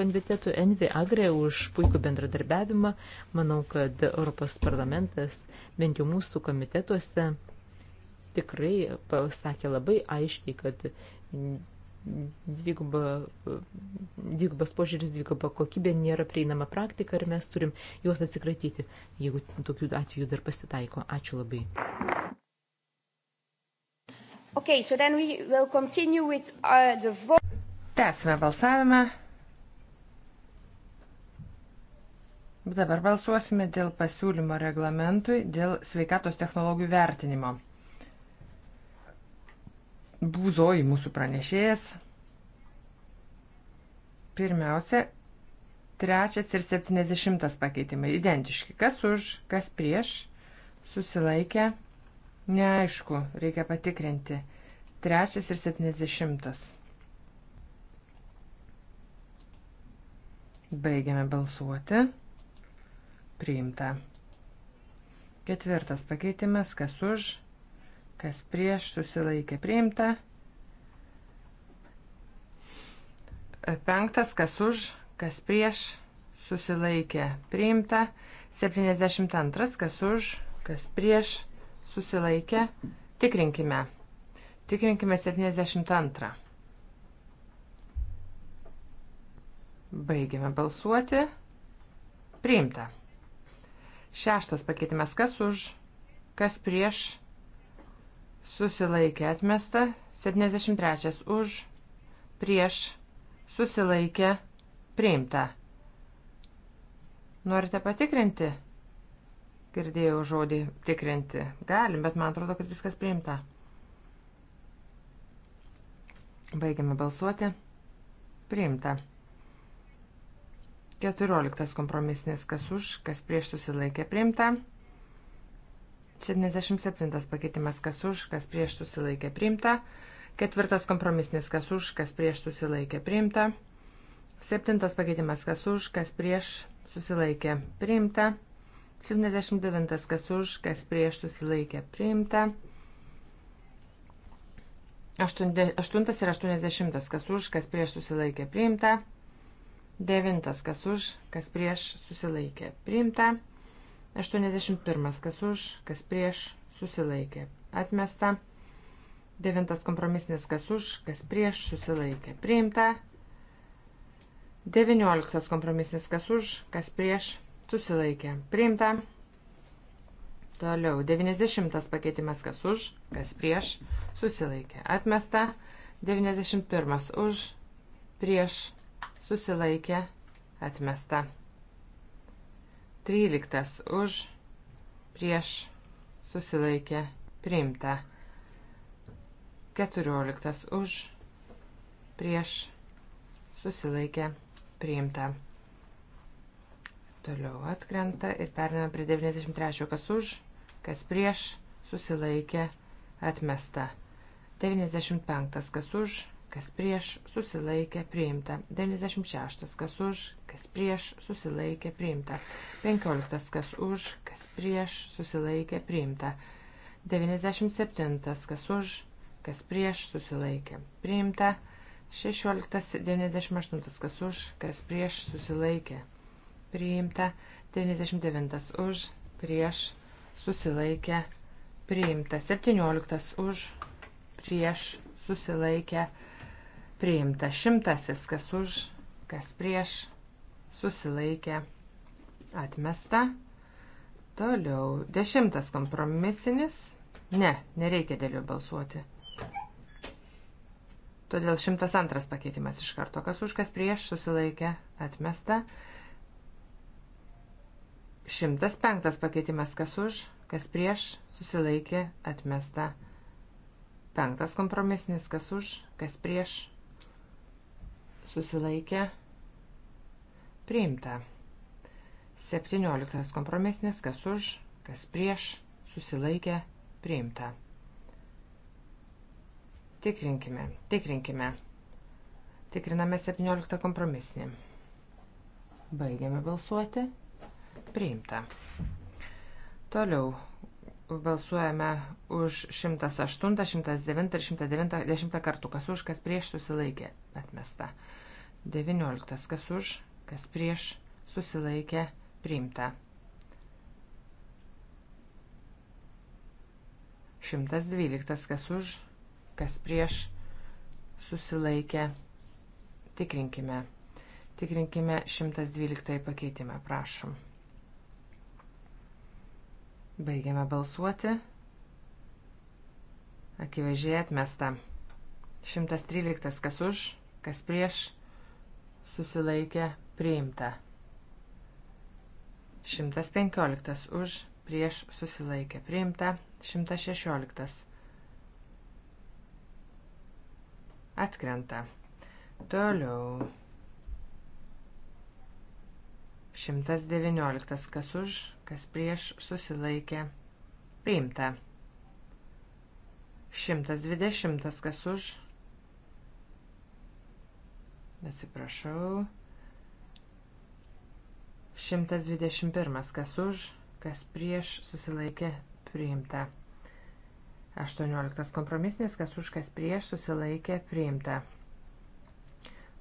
konvitetų Envi Agre už puikų bendradarbiavimą. Manau, kad Europos parlamentas bent jau mūsų komitetuose tikrai pasakė labai aiškiai, kad dviguba, dvigubas požiūris, dviguba kokybė nėra prieinama praktika ir mes turim juos atsikratyti, jeigu tokių atvejų dar pasitaiko. Ačiū labai. Okay, so then we will continue with uh, the vote. Tęsime balsavimą. Dabar balsuosime dėl pasiūlymo reglamentui dėl sveikatos technologijų vertinimo. Būzoji mūsų pranešėjas. Pirmiausia, trečias ir septyniasdešimtas pakeitimai identiški. Kas už, kas prieš, susilaikė, neaišku, reikia patikrinti. Trečias ir septyniasdešimtas. Baigiame balsuoti. Priimta. Ketvirtas pakeitimas, kas už, kas prieš susilaikė priimta. Penktas, kas už, kas prieš susilaikė priimta. 72, kas už, kas prieš susilaikė. Tikrinkime. Tikrinkime 72. Baigiame balsuoti. Priimta. Šeštas pakeitimas, kas už, kas prieš susilaikė atmesta, 73 už, prieš, susilaikė, priimta. Norite patikrinti? Girdėjau žodį tikrinti. Galim, bet man atrodo, kad viskas priimta. Baigiame balsuoti. Priimta. 14 kompromisinis, kas už, kas prieš susilaikė, priimta. Priimta. 77 pakeitimas kas už, kas prieš susilaikė priimta. Ketvirtas kompromisnis kas už, kas prieš susilaikė priimta. Septintas pakeitimas kas už, kas prieš susilaikė priimta. 79 kas už, kas prieš susilaikė priimta. 8 ir 80 kas už, kas prieš susilaikė priimta. 9 kas už, kas prieš susilaikė priimta. 81. Kas už, kas prieš, susilaikė. Atmesta. 9. Kompromisinis. Kas už, kas prieš, susilaikė. Priimta. 19. Kompromisinis. Kas už, kas prieš, susilaikė. Priimta. Toliau. 90. Pakeitimas. Kas už, kas prieš, susilaikė. Atmesta. 91. Už, prieš, susilaikė. Atmesta. 13 už prieš susilaikę priimta. 14 už prieš susilaikę priimta. Toliau atkrenta ir periname prie 93, kas už, kas prieš susilaikė atmesta. 95, kas už, kas prieš susilaikė priimta. 96. kas už, kas prieš susilaikė priimta. 15. kas už, kas prieš susilaikė priimta. 97. kas už, kas prieš susilaikė priimta. 16. 98. kas už, kas prieš susilaikė priimta. 99. už, prieš susilaikė priimta. 17. už, prieš susilaikė priimta priimta. Šimtasis, kas už, kas prieš, susilaikė, atmesta. Toliau, dešimtas kompromisinis. Ne, nereikia dėl jo balsuoti. Todėl 102 pakeitimas iš karto. Kas už, kas prieš, susilaikė, atmesta. 105 pakeitimas, kas už, kas prieš, susilaikė, atmesta. 5 kompromisinis, kas už, kas prieš, susilaikė, priimta. 17 kompromisnis, kas už, kas prieš, susilaikė, priimta. Tikrinkime, tikrinkime. Tikriname 17 kompromisinį. Baigiame balsuoti. Priimta. Toliau Balsuojame už 108, 109 ir 190 kartų. Kas už, kas prieš susilaikė atmesta. 19. Kas už, kas prieš susilaikė priimta. 112. Kas už, kas prieš susilaikė. Tikrinkime. Tikrinkime 112 pakeitimą, prašom. Baigiame balsuoti. Akivaizdžiai atmesta. 113 kas už, kas prieš, susilaikė priimta. 115 už, prieš susilaikė priimta. 116 atkrenta. Toliau. 119 kas už, kas prieš susilaikė priimta. 120 kas už. Atsiprašau. 121 kas už, kas prieš susilaikė priimta. 18 kompromisinis, kas už, kas prieš susilaikė priimta.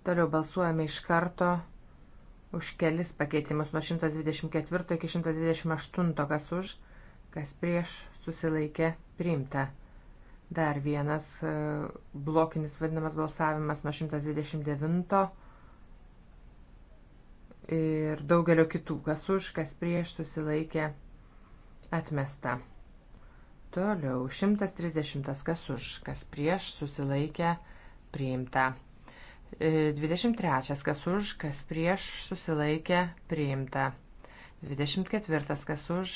Toliau balsuojame iš karto už kelis pakeitimus nuo 124 iki 128, kas už, kas prieš susilaikė priimta. Dar vienas e, blokinis vadinamas balsavimas nuo 129 ir daugelio kitų, kas už, kas prieš susilaikė atmesta. Toliau 130, kas už, kas prieš susilaikė priimta. 23. Kas už, kas prieš susilaikė priimta. 24. Kas už,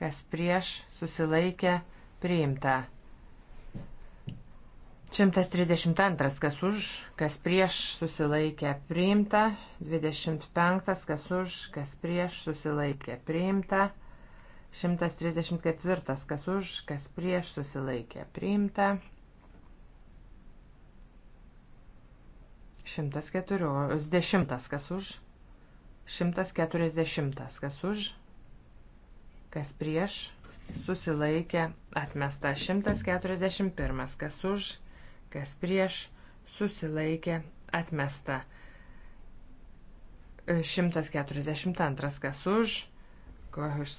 kas prieš susilaikė priimta. 132, kas už, kas prieš susilaikė priimta, 25, kas už, kas prieš susilaikė priimta, 134, kas už, kas prieš susilaikė priimta, 140, kas už, 140, kas už, kas prieš, susilaikė, atmesta 141, kas už, kas prieš, susilaikė, atmesta 142, kas už, kas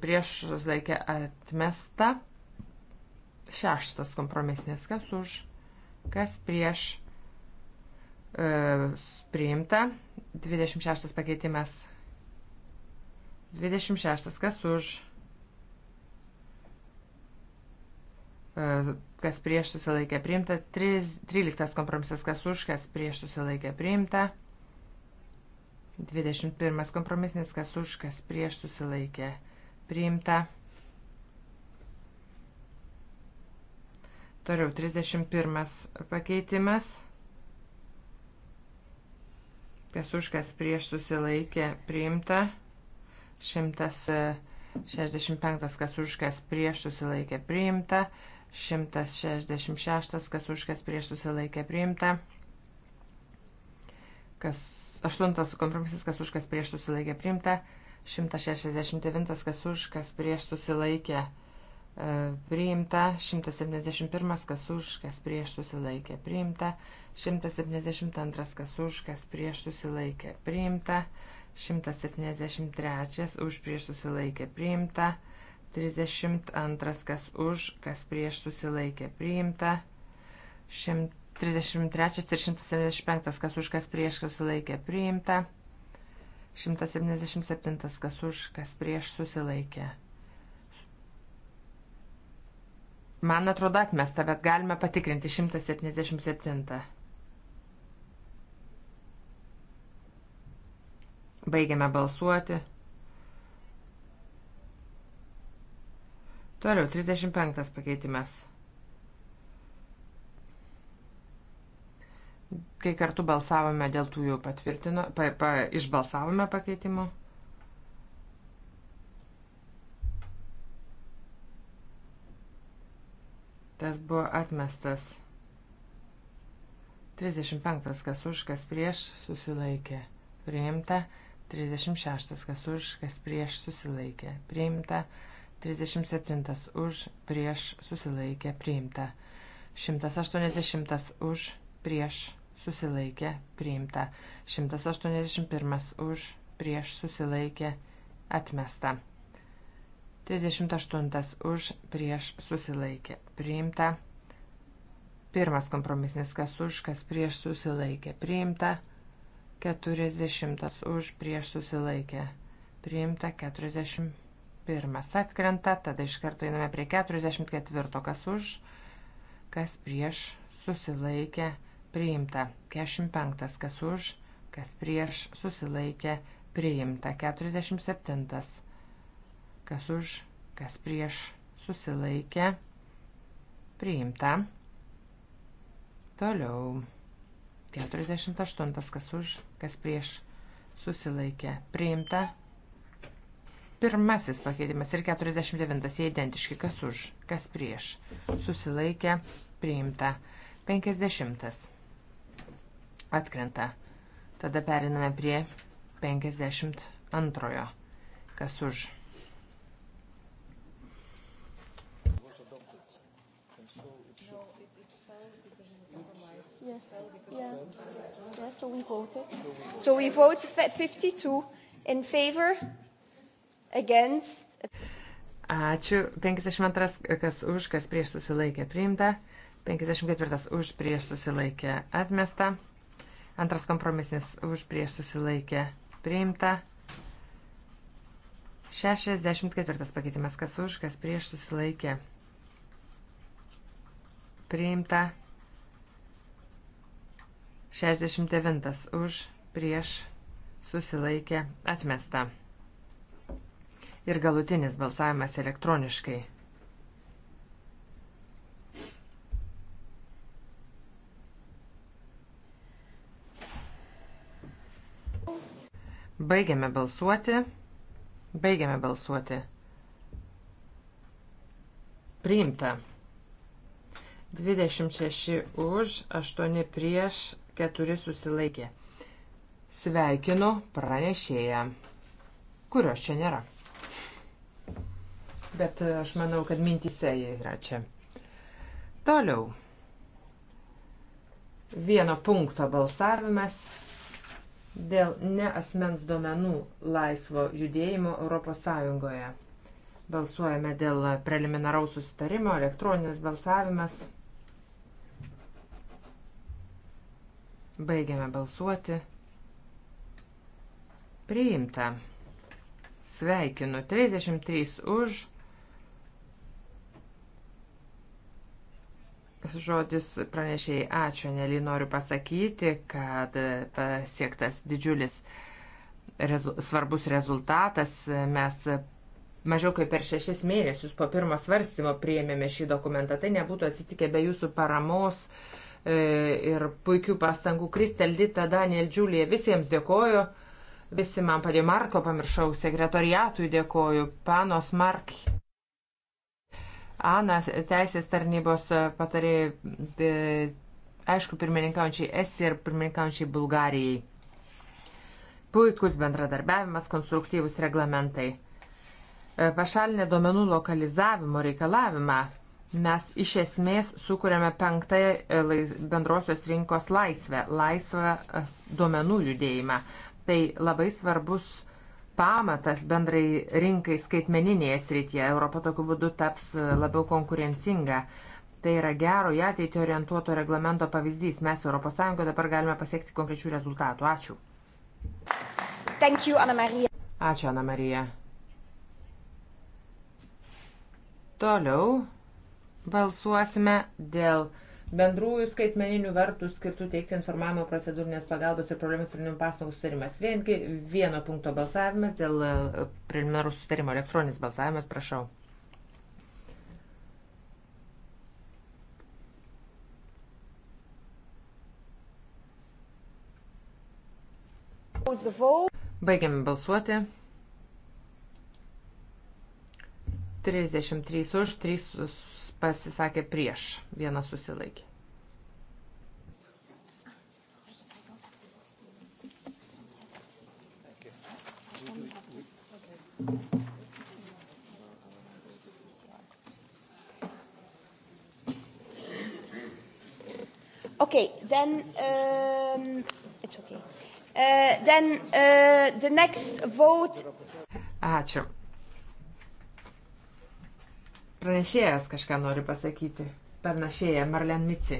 prieš, susilaikė, atmesta šeštas kompromisinis, kas už, kas prieš, E, priimta. 26 pakeitimas. 26 kas už. E, kas prieš susilaikė priimta. 13 kompromisas kas už. Kas prieš susilaikė priimta. 21 kompromisinis kas už. Kas prieš susilaikė priimta. Toliau 31 pakeitimas kas už, kas prieš susilaikė priimta, 165 e, kas už, kas prieš susilaikė priimta, 166 kas už, kas prieš susilaikė priimta, kas 8 kompromisas kas už, kas prieš susilaikė priimta, 169 kas už, kas prieš susilaikė priimta priimta 171 kas už, kas prieš susilaikė, priimta 172 kas už, kas prieš susilaikė, priimta 173 už prieš susilaikė, priimta 32 kas už, kas prieš susilaikė, priimta 133 ir 175 kas už, kas prieš susilaikė, priimta 177 kas už, kas prieš susilaikė. Man atrodo atmesta, bet galime patikrinti 177. Baigiame balsuoti. Toliau 35 pakeitimas. Kai kartu balsavome dėl tų jų patvirtino, pa, pa, išbalsavome pakeitimų. Tas buvo atmestas. 35. Kas už, kas prieš, susilaikė. Priimta. 36. Kas už, kas prieš, susilaikė. Priimta. 37. Už, prieš, susilaikė. Priimta. 180. Už, prieš, susilaikė. Priimta. 181. Už, prieš, susilaikė. Atmesta. 38 už prieš susilaikė. Priimta. Pirmas kompromisinis kas už, kas prieš susilaikė. Priimta. 40 už prieš susilaikė. Priimta 41. Atkrenta. Tada iš karto einame prie 44. Kas už, kas prieš susilaikė. Priimta. 45. Kas už, kas prieš susilaikė. Priimta. 47 kas už, kas prieš susilaikė priimta. Toliau 48 kas už, kas prieš susilaikė priimta. Pirmasis pakeitimas ir 49 jie identiški kas už, kas prieš susilaikė priimta. 50 atkrenta. Tada periname prie 52. Kas už? Yeah. yeah, so we voted. So we voted 52 in favor, against. Ačiū. 52, kas už, kas prieš susilaikė priimta. 54 už prieš susilaikė atmesta. Antras kompromisinis už prieš susilaikė priimta. 64 pakeitimas, kas už, kas prieš susilaikė priimta. 69 už prieš susilaikė atmesta. Ir galutinis balsavimas elektroniškai. Baigiame balsuoti. Baigiame balsuoti. Priimta. 26 už, 8 prieš, 4 susilaikė. Sveikinu pranešėją, kurios čia nėra. Bet aš manau, kad mintise jie yra čia. Toliau. Vieno punkto balsavimas dėl neasmens duomenų laisvo judėjimo ES. Balsuojame dėl preliminaraus susitarimo, elektroninis balsavimas. Baigiame balsuoti. Priimta. Sveikinu. 33 už. Žodis pranešėjai ačiū, nelį noriu pasakyti, kad pasiektas didžiulis rezu, svarbus rezultatas. Mes mažiau kaip per šešis mėnesius po pirmo svarstymo priėmėme šį dokumentą. Tai nebūtų atsitikę be jūsų paramos. Uh, E, ir puikių pastangų. Kristel Dita, Daniel, Džiulija, visiems dėkoju. Visi man padėjo Marko, pamiršau, sekretariatui dėkoju, panos Mark. Ana, teisės tarnybos patarėjai, e, aišku, pirmininkaujančiai Esi ir pirmininkaujančiai Bulgarijai. Puikus bendradarbiavimas, konstruktyvus reglamentai. E, Pašalinė duomenų lokalizavimo reikalavimą mes iš esmės sukūrėme penktąją e, bendrosios rinkos laisvę, laisvą e, duomenų judėjimą. Tai labai svarbus pamatas bendrai rinkai skaitmeninėje srityje. Europa tokiu būdu taps e, labiau konkurencinga. Tai yra gero į ateitį orientuoto reglamento pavyzdys. Mes ES dabar galime pasiekti konkrečių rezultatų. Ačiū. Thank you, Anna Marija. Ačiū, Ana Marija. Toliau balsuosime dėl bendrųjų skaitmeninių vertų skirtų teikti informavimo procedūrinės pagalbos ir problemų sprendimų paslaugų sutarimas. Viengi vieno punkto balsavimas dėl e, preliminarų sutarimo elektroninis balsavimas, prašau. Baigiame balsuoti. 33 už, 3 pasisakė prieš, vienas susilaikė. Okay, then um, it's okay. Uh, then uh, the next vote. Ačiū. Pranešėjas kažką nori pasakyti. Pernešėja Marlen Mici.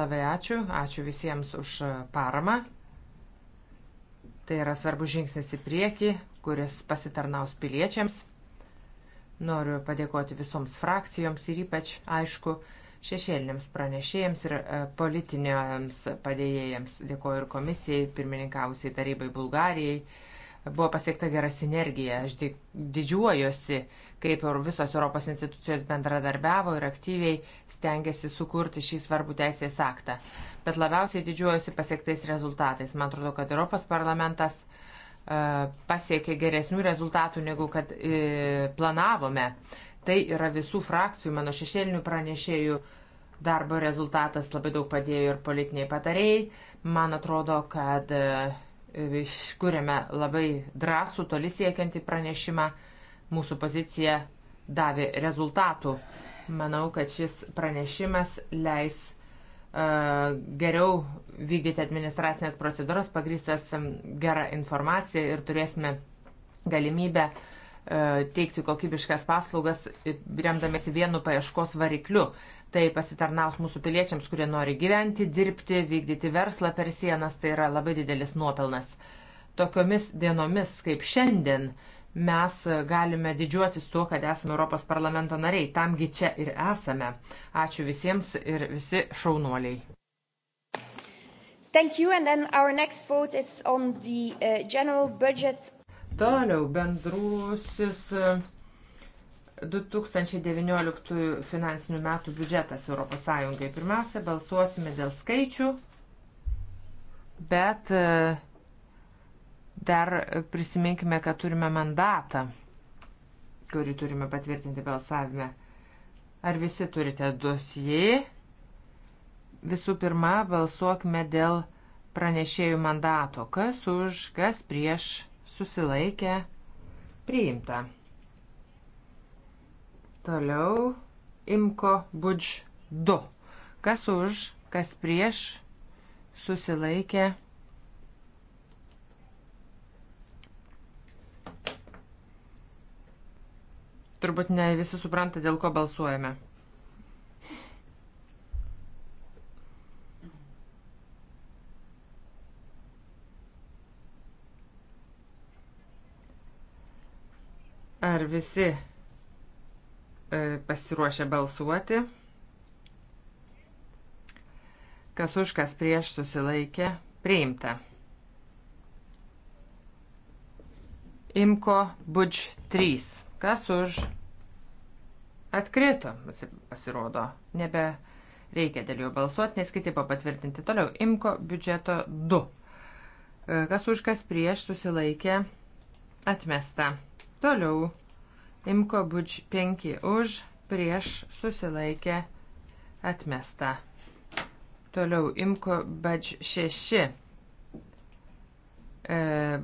Labai ačiū, ačiū visiems už e, paramą. Tai yra svarbus žingsnis į priekį, kuris pasitarnaus piliečiams. Noriu padėkoti visoms frakcijoms ir ypač, aišku, šešėliniams pranešėjams ir e, politiniams padėjėjams. Dėkoju ir komisijai, pirmininkausiai tarybai Bulgarijai Buvo pasiekta gera sinergija. Aš didžiuojuosi, kaip ir visos Europos institucijos bendradarbiavo ir aktyviai stengiasi sukurti šį svarbų teisės aktą. Bet labiausiai didžiuojuosi pasiektais rezultatais. Man atrodo, kad Europos parlamentas e, pasiekė geresnių rezultatų, negu kad e, planavome. Tai yra visų frakcijų, mano šešėlinių pranešėjų darbo rezultatas labai daug padėjo ir politiniai patarėjai. Man atrodo, kad e, E, iškūrėme labai drąsų, toli siekiantį pranešimą. Mūsų pozicija davė rezultatų. Manau, kad šis pranešimas leis uh, geriau vykdyti administracinės procedūras, pagrįstas gerą informaciją ir turėsime galimybę uh, teikti kokybiškas paslaugas, remdamėsi vienu paieškos varikliu tai pasitarnaus mūsų piliečiams, kurie nori gyventi, dirbti, vykdyti verslą per sienas, tai yra labai didelis nuopelnas. Tokiomis dienomis kaip šiandien mes galime didžiuotis tuo, kad esame Europos parlamento nariai, tamgi čia ir esame. Ačiū visiems ir visi šaunuoliai. Thank you, and then our next vote is on the uh, general budget. Toliau bendrusis. Uh, 2019 finansinių metų biudžetas ES. Pirmiausia, balsuosime dėl skaičių, bet e, dar prisiminkime, kad turime mandatą, kurį turime patvirtinti balsavime. Ar visi turite dosijai? Visų pirma, balsuokime dėl pranešėjų mandato. Kas už, kas prieš, susilaikę, priimta. Toliau imko budž 2. Kas už, kas prieš, susilaikė. Turbūt ne visi supranta, dėl ko balsuojame. Ar visi E, pasiruošę balsuoti. Kas už, kas prieš susilaikė, priimta. Imko Budž 3. Kas už? Atkrito, pasirodo. Nebe reikia dėl jo balsuoti, nes kiti papatvirtinti. Toliau, Imko biudžeto 2. E, kas už, kas prieš susilaikė, atmesta. Toliau. Imko buč 5 už, prieš susilaikė atmesta. Toliau Imko buč 6. E,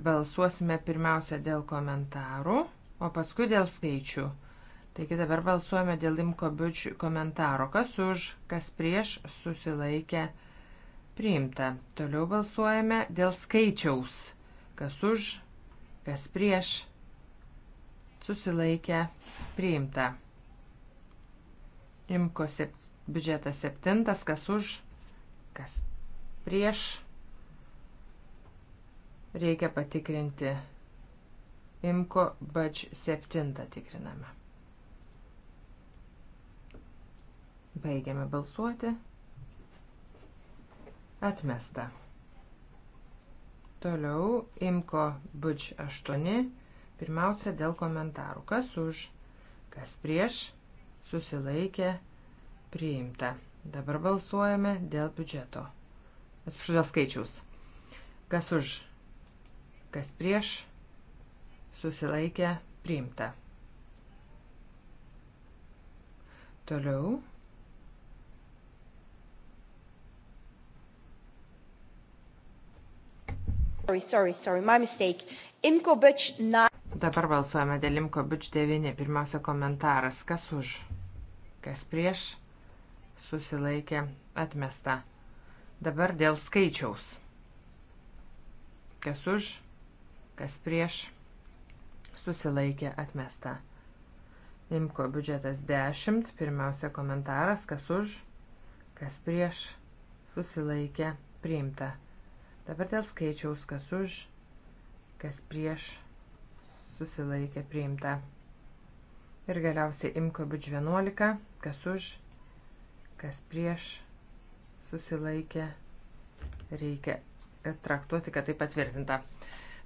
balsuosime pirmiausia dėl komentarų, o paskui dėl skaičių. Taigi dabar balsuojame dėl Imko buč komentaro. Kas už, kas prieš susilaikė priimta. Toliau balsuojame dėl skaičiaus. Kas už, kas prieš susilaikė priimta. Imko sep, biudžetas septintas, kas už, kas prieš. Reikia patikrinti. Imko bač septintą tikriname. Baigiame balsuoti. Atmesta. Toliau imko buč 8 Pirmiausia, dėl komentarų. Kas už, kas prieš, susilaikė, priimta. Dabar balsuojame dėl biudžeto. Atsiprašau, dėl skaičiaus. Kas už, kas prieš, susilaikė, priimta. Toliau. Sorry, sorry, sorry, my mistake. Imko Bitch 9. Dabar balsuojame dėl Limko Bič 9. Pirmiausia komentaras. Kas už? Kas prieš? Susilaikė. Atmesta. Dabar dėl skaičiaus. Kas už? Kas prieš? Susilaikė. Atmesta. Limko biudžetas 10. Pirmiausia komentaras. Kas už? Kas prieš? Susilaikė. Priimta. Dabar dėl skaičiaus. Kas už? Kas prieš? Susilaikė susilaikė priimta. Ir galiausiai imko bič 11, kas už, kas prieš susilaikė, reikia traktuoti, kad tai patvirtinta.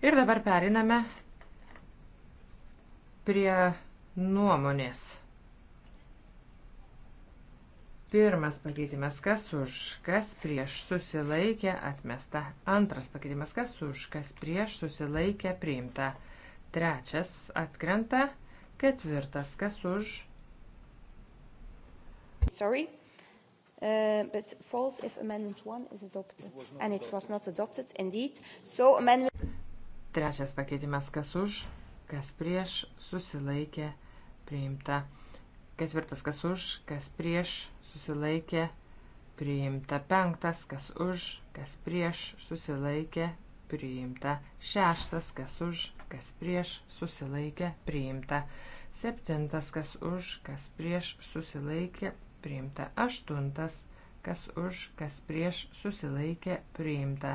Ir dabar periname prie nuomonės. Pirmas pakeitimas kas už, kas prieš susilaikė, atmesta. Antras pakeitimas kas už, kas prieš susilaikė, priimta. Trečias atkrenta. Ketvirtas kas už. Sorry. Uh, but false if amendment 1 is adopted. It and it was not adopted, indeed. So amendment... Trečias pakeitimas kas už, kas prieš, susilaikė, priimta. Ketvirtas kas už, kas prieš, susilaikė, priimta. Penktas kas už, kas prieš, susilaikė, priimta. Šeštas kas už, kas prieš susilaikė priimta. Septintas, kas už, kas prieš susilaikė priimta. Aštuntas, kas už, kas prieš susilaikė priimta.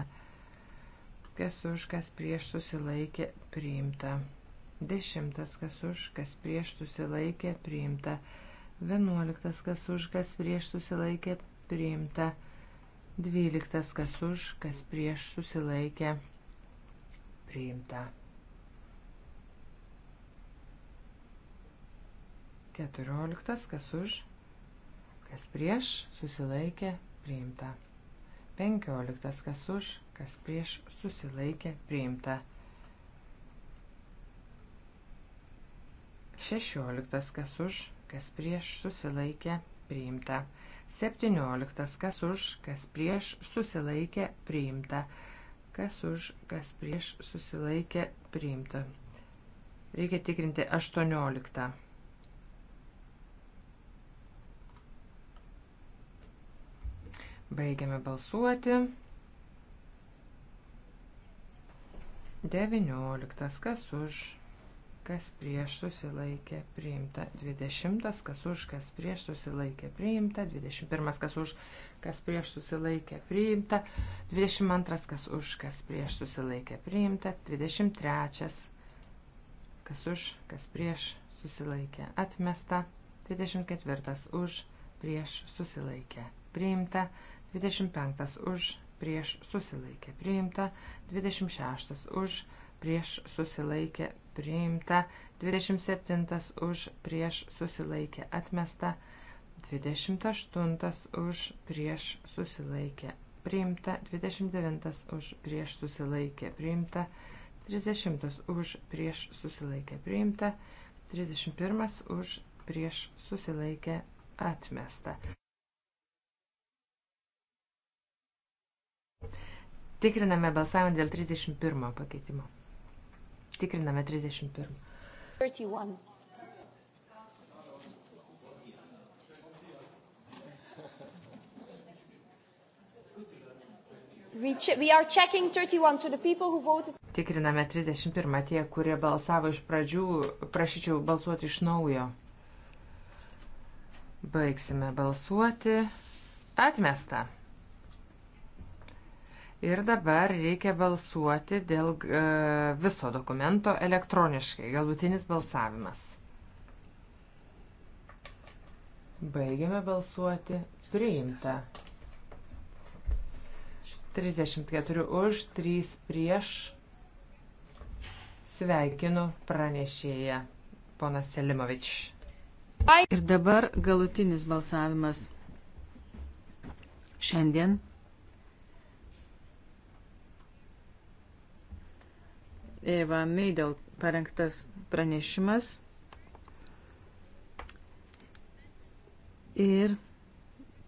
Kas už, kas prieš susilaikė priimta. Dešimtas, kas už, kas prieš susilaikė priimta. Vienuoliktas, kas už, kas prieš susilaikė priimta. Dvyliktas, kas už, kas prieš susilaikė priimta. Keturioliktas, kas už, kas prieš, susilaikė, priimta. Penkioliktas, kas už, kas prieš, susilaikė, priimta. Šešioliktas, kas už, kas prieš, susilaikė, priimta. Septynioliktas, kas už, kas prieš, susilaikė, priimta. Kas už, kas prieš, susilaikė, priimta. Reikia tikrinti aštuonioliktą. Baigiame balsuoti. 19. Kas už, kas prieš susilaikė priimta. 20. Kas už, kas prieš susilaikė priimta. 21. Kas už, kas prieš susilaikė priimta. 22. Kas už, kas prieš susilaikė priimta. 23. Kas už, kas prieš susilaikė atmesta. 24. Už, prieš susilaikė priimta. 25 už prieš susilaikė priimta, 26 už prieš susilaikė priimta, 27 už prieš susilaikė atmesta, 28 už prieš susilaikė priimta, 29 už prieš susilaikė priimta, 30 už prieš susilaikė priimta, 31 už prieš susilaikė atmesta. Tikriname balsavimą dėl 31 pakeitimo. Tikriname 31. 31. We we are checking 31, so the people who voted... Tikriname 31, tie, kurie balsavo iš pradžių, prašyčiau balsuoti iš naujo. Baigsime balsuoti. Atmesta. Ir dabar reikia balsuoti dėl e, viso dokumento elektroniškai. Galutinis balsavimas. Baigiame balsuoti. Priimta. 34 už, 3 prieš. Sveikinu pranešėją, ponas Selimovič. Ir dabar galutinis balsavimas. Šiandien Eva Meidel parengtas pranešimas. Ir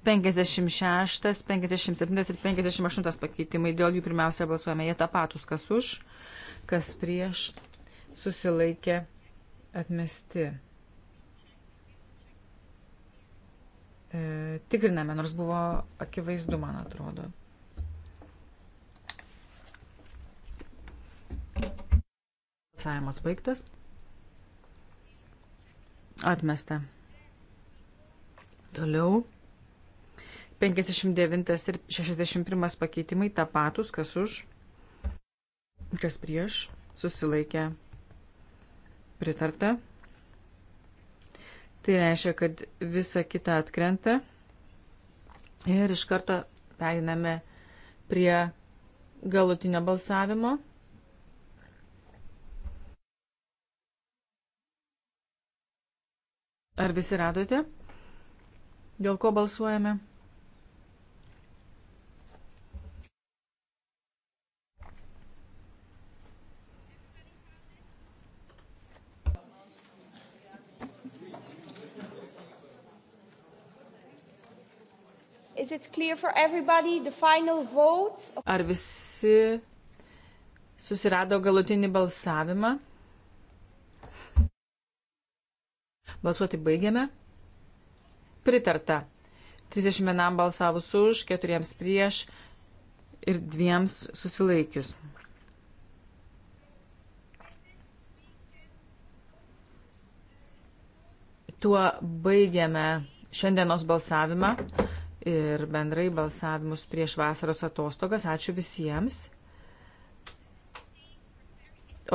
56, 57 ir 58 pakeitimai, dėl jų pirmiausia balsuojame, jie tapatus, kas už, kas prieš, susilaikė atmesti. E, tikriname, nors buvo akivaizdu, man atrodo. Balsavimas baigtas. Atmesta. Toliau. 59 ir 61 pakeitimai tapatus, kas už, kas prieš, susilaikė pritarta. Tai reiškia, kad visa kita atkrenta ir iš karto periname prie galutinio balsavimo. Ar visi radote? Dėl ko balsuojame? Ar visi susirado galutinį balsavimą? Balsuoti baigiame. Pritarta. 31 balsavus už, 4 prieš ir 2 susilaikius. Tuo baigiame šiandienos balsavimą ir bendrai balsavimus prieš vasaros atostogas. Ačiū visiems.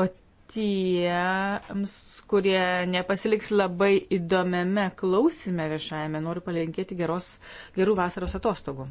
O tiems, kurie nepasiliks labai įdomiame klausime viešajame, noriu palinkėti geros, gerų vasaros atostogų.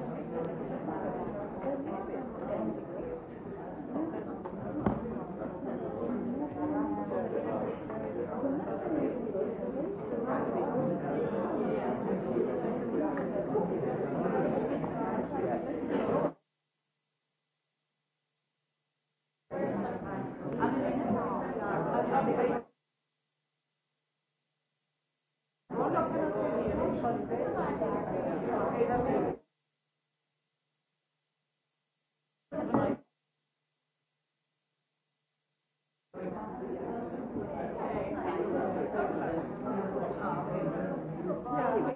Yeah.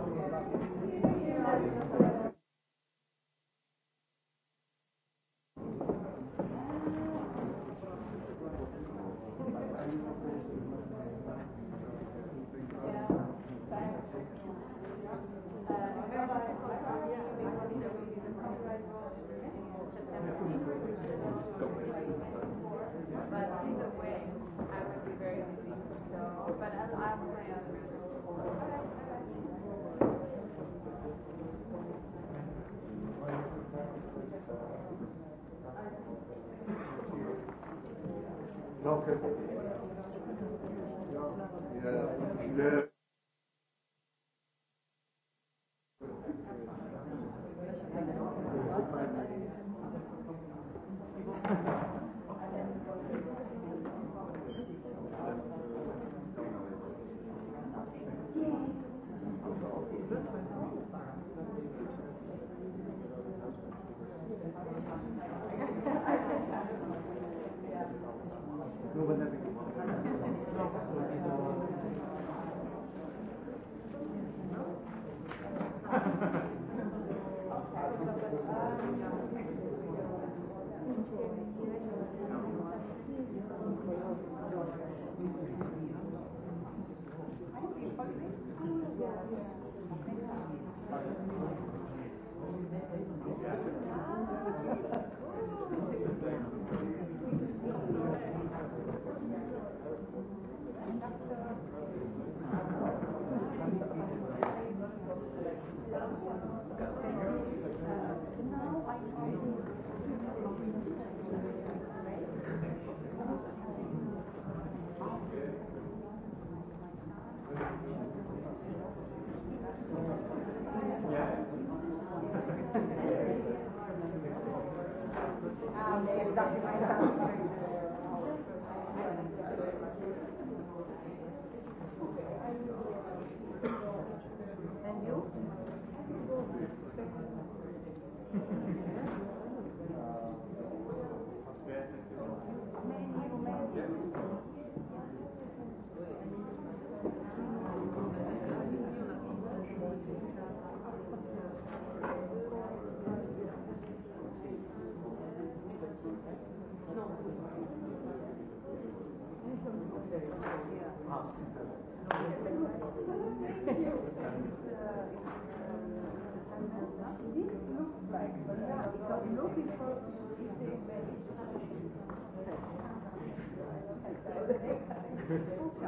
Ja.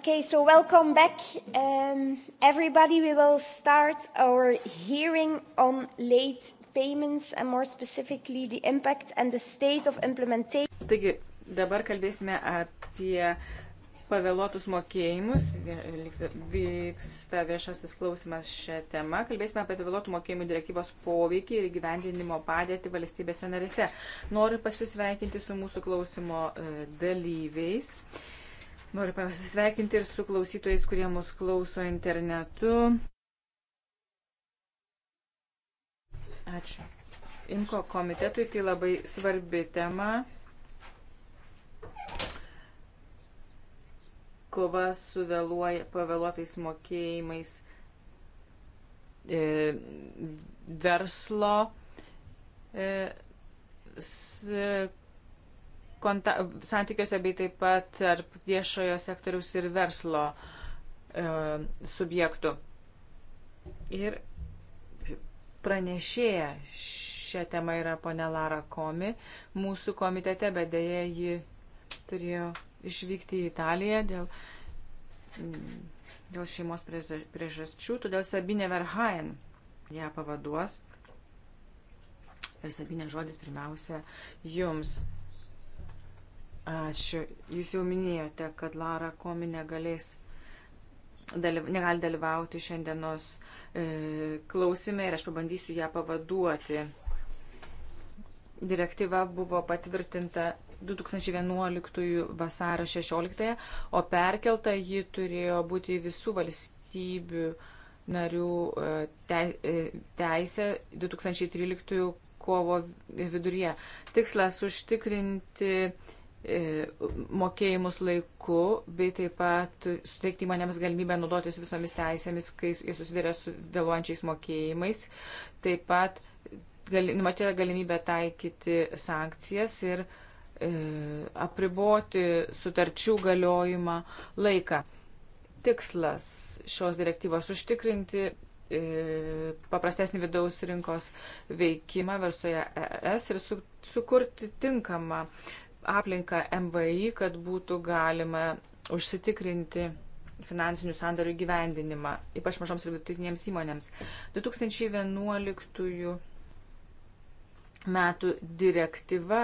Okay, so welcome back, um, everybody. We will start our hearing on late payments and more specifically the impact and the state of implementation. Taigi, dabar kalbėsime apie pavėluotus mokėjimus. Vyksta viešasis klausimas šią temą. Kalbėsime apie pavėluotų mokėjimų direktyvos poveikį ir gyvendinimo padėtį valstybėse narėse. Noriu pasisveikinti su mūsų klausimo e, dalyviais. Uh, Noriu pasisveikinti ir su klausytojais, kurie mus klauso internetu. Ačiū. Imko komitetui tai labai svarbi tema. Kova su vėluoja, pavėluotais mokėjimais e, verslo e, s, konta, santykiuose bei taip pat tarp viešojo sektoriaus ir verslo e, subjektų. Ir pranešėja šią temą yra ponė Lara Komi mūsų komitete, bet dėja ji turėjo išvykti į Italiją dėl, mm, dėl šeimos priežasčių, todėl Sabinė Verhaen ją pavaduos. Ir Sabinė žodis pirmiausia jums. Ačiū. Jūs jau minėjote, kad Lara Komi negalės. Dalyv, negali dalyvauti šiandienos e, klausime ir aš pabandysiu ją pavaduoti. Direktyva buvo patvirtinta 2011 vasario 16, o perkelta ji turėjo būti visų valstybių narių e, e, teisė 2013 kovo viduryje. Tikslas užtikrinti E, mokėjimus laiku, bei taip pat suteikti įmonėms galimybę naudotis visomis teisėmis, kai jie susiduria su vėluojančiais mokėjimais. Taip pat gal, numatyta galimybė taikyti sankcijas ir e, apriboti sutarčių galiojimą laiką. Tikslas šios direktyvos užtikrinti e, paprastesnį vidaus rinkos veikimą versoje ES ir su, sukurti tinkamą aplinką MVI, kad būtų galima užsitikrinti finansinių sandorių gyvendinimą, ypač mažoms ir vidutinėms įmonėms. 2011 metų direktyva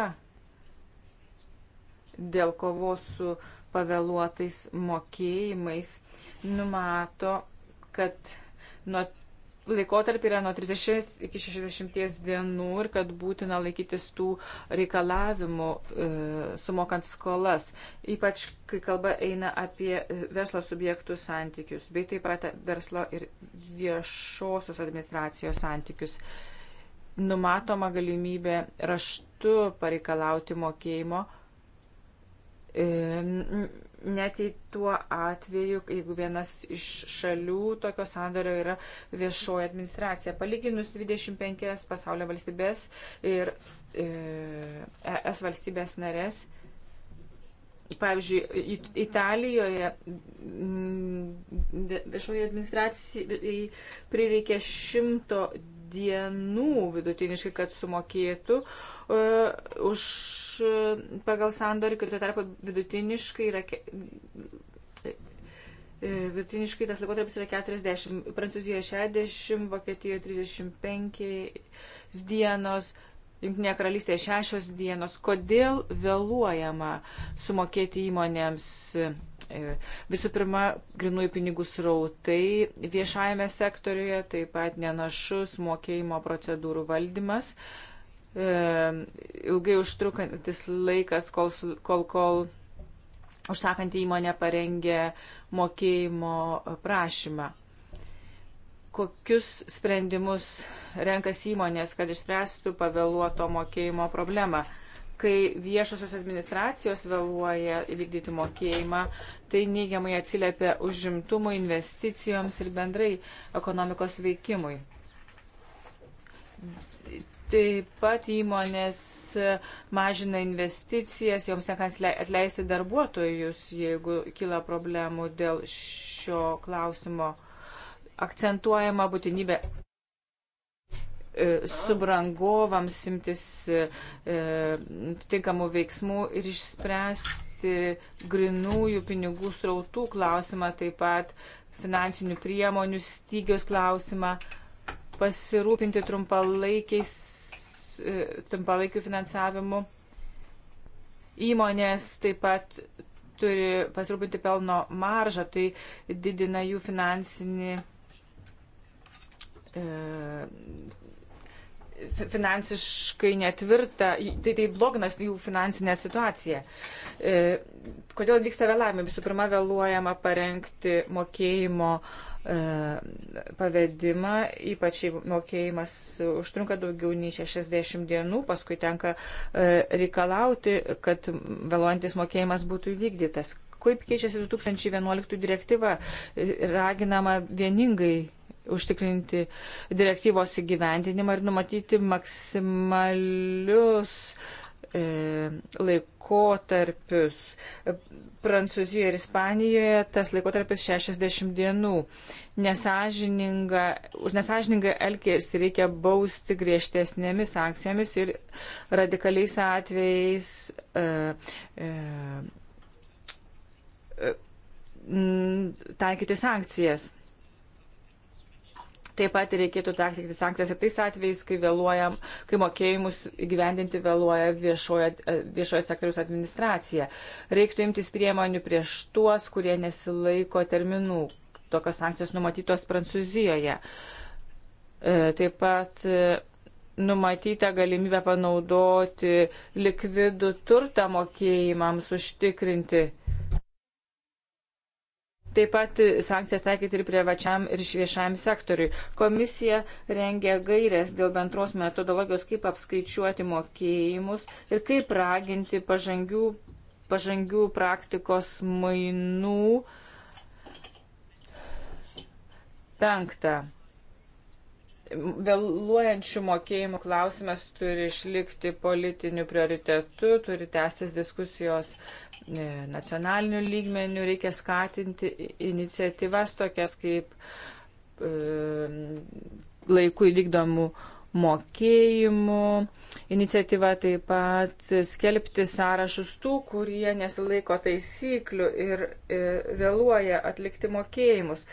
dėl kovos su pavėluotais mokėjimais numato, kad nuo laikotarpį yra nuo 30 iki 60 dienų ir kad būtina laikytis tų reikalavimų e, sumokant skolas, ypač kai kalba eina apie e, verslo subjektų santykius, bei taip pat verslo ir viešosios administracijos santykius. Numatoma galimybė raštu pareikalauti mokėjimo. E, net jei tuo atveju, jeigu vienas iš šalių tokio sandorio yra viešoji administracija. Palyginus 25 pasaulio valstybės ir e, ES valstybės narės, pavyzdžiui, Italijoje mm, viešoji administracijai prireikė šimto dienų vidutiniškai, kad sumokėtų, E, už e, pagal sandorį, kai tuo tarpu vidutiniškai yra. E, vidutiniškai tas laikotarpis yra 40, Prancūzijoje 60, Vokietijoje 35 dienos, Junktinėje karalystėje šešios dienos. Kodėl vėluojama sumokėti įmonėms visų pirma grinųjų pinigų srautai viešajame sektoriuje, taip pat nenašus mokėjimo procedūrų valdymas, E, ilgai užtrukantis laikas, kol, kol, kol užsakant įmonė parengė mokėjimo prašymą. Kokius sprendimus renkas įmonės, kad išspręstų pavėluoto mokėjimo problemą? Kai viešosios administracijos vėluoja įvykdyti mokėjimą, tai neigiamai atsiliepia užimtumui, investicijoms ir bendrai ekonomikos veikimui Taip pat įmonės mažina investicijas, joms nekans atleisti darbuotojus, jeigu kyla problemų dėl šio klausimo. Akcentuojama būtinybė e, subrangovams simtis e, tinkamų veiksmų ir išspręsti grinųjų pinigų srautų klausimą, taip pat finansinių priemonių stygios klausimą, pasirūpinti trumpalaikiais E, trumpalaikių finansavimų. Įmonės taip pat turi pasirūpinti pelno maržą, tai didina jų finansinį e, finansiškai netvirta, tai tai blogina jų finansinę situaciją. E, kodėl vyksta vėlavimai? Visų pirma, vėluojama parengti mokėjimo uh, E, pavedimą, ypač jeigu mokėjimas užtrunka daugiau nei 60 dienų, paskui tenka e, reikalauti, kad vėluojantis mokėjimas būtų įvykdytas. Kaip keičiasi 2011 direktyva, raginama vieningai užtikrinti direktyvos įgyvendinimą ir numatyti maksimalius uh, E, laikotarpius. Prancūzijoje ir Ispanijoje tas laikotarpis 60 dienų. Nesažininga, už nesažiningą elgesį reikia bausti griežtesnėmis akcijomis ir radikaliais atvejais. E, e, taikyti sankcijas. Taip pat reikėtų taktikti sankcijas ir tais atvejais, kai, vėluojam, kai mokėjimus įgyvendinti vėluoja viešoje, viešoje sektoriaus administracija. Reiktų imtis priemonių prieš tuos, kurie nesilaiko terminų. Tokios sankcijos numatytos Prancūzijoje. E, taip pat e, numatyta galimybė panaudoti likvidų turtą mokėjimams užtikrinti Taip pat sankcijas taikyti ir privačiam ir viešajam sektoriui. Komisija rengia gairias dėl bendros metodologijos, kaip apskaičiuoti mokėjimus ir kaip raginti pažangių, pažangių praktikos mainų. Penkta. Vėluojančių mokėjimų klausimas turi išlikti politiniu prioritetu, turi tęstis diskusijos e, nacionaliniu lygmeniu, reikia skatinti iniciatyvas tokias kaip e, laikų įvykdomų mokėjimų. Iniciatyva taip pat skelbti sąrašus tų, kurie nesilaiko taisyklių ir e, vėluoja atlikti mokėjimus.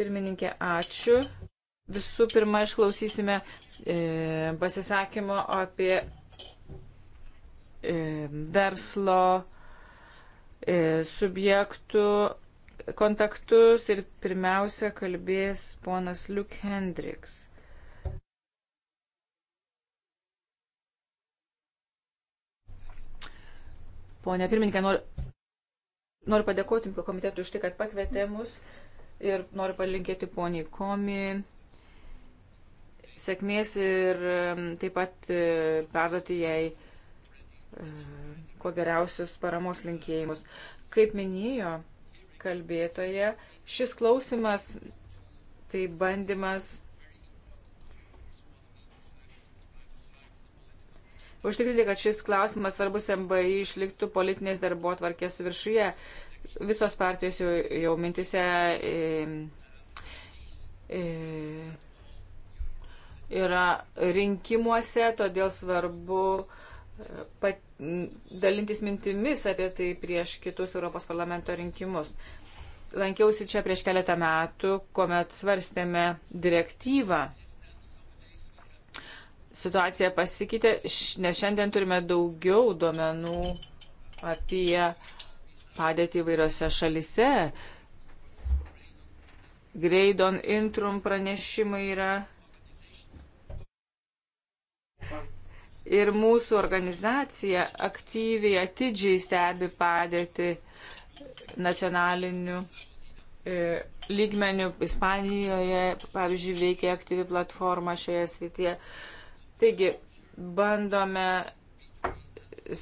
Pirmininkė, ačiū. Visų pirma, išklausysime e, pasisakymo apie e, verslo e, subjektų kontaktus ir pirmiausia kalbės ponas Luke Hendriks. Pone pirmininkė, noriu, noriu padėkoti komitetui už tai, kad pakvietė mus ir noriu palinkėti poniai Komi sėkmės ir taip pat e, perduoti jai e, kuo geriausius paramos linkėjimus. Kaip minėjo kalbėtoje, šis klausimas tai bandymas užtikrinti, kad šis klausimas svarbus MBI išliktų politinės darbo atvarkės viršuje. Visos partijos jau, jau mintise. E, e, yra rinkimuose, todėl svarbu e, pat, dalintis mintimis apie tai prieš kitus Europos parlamento rinkimus. Lankiausi čia prieš keletą metų, kuomet svarstėme direktyvą. Situacija pasikeitė, nes šiandien turime daugiau duomenų apie padėtį įvairiose šalise. Greidon Intrum pranešimai yra ir mūsų organizacija aktyviai atidžiai stebi padėti nacionaliniu e, lygmeniu. Ispanijoje, pavyzdžiui, veikia aktyvi platforma šioje srityje. Taigi, bandome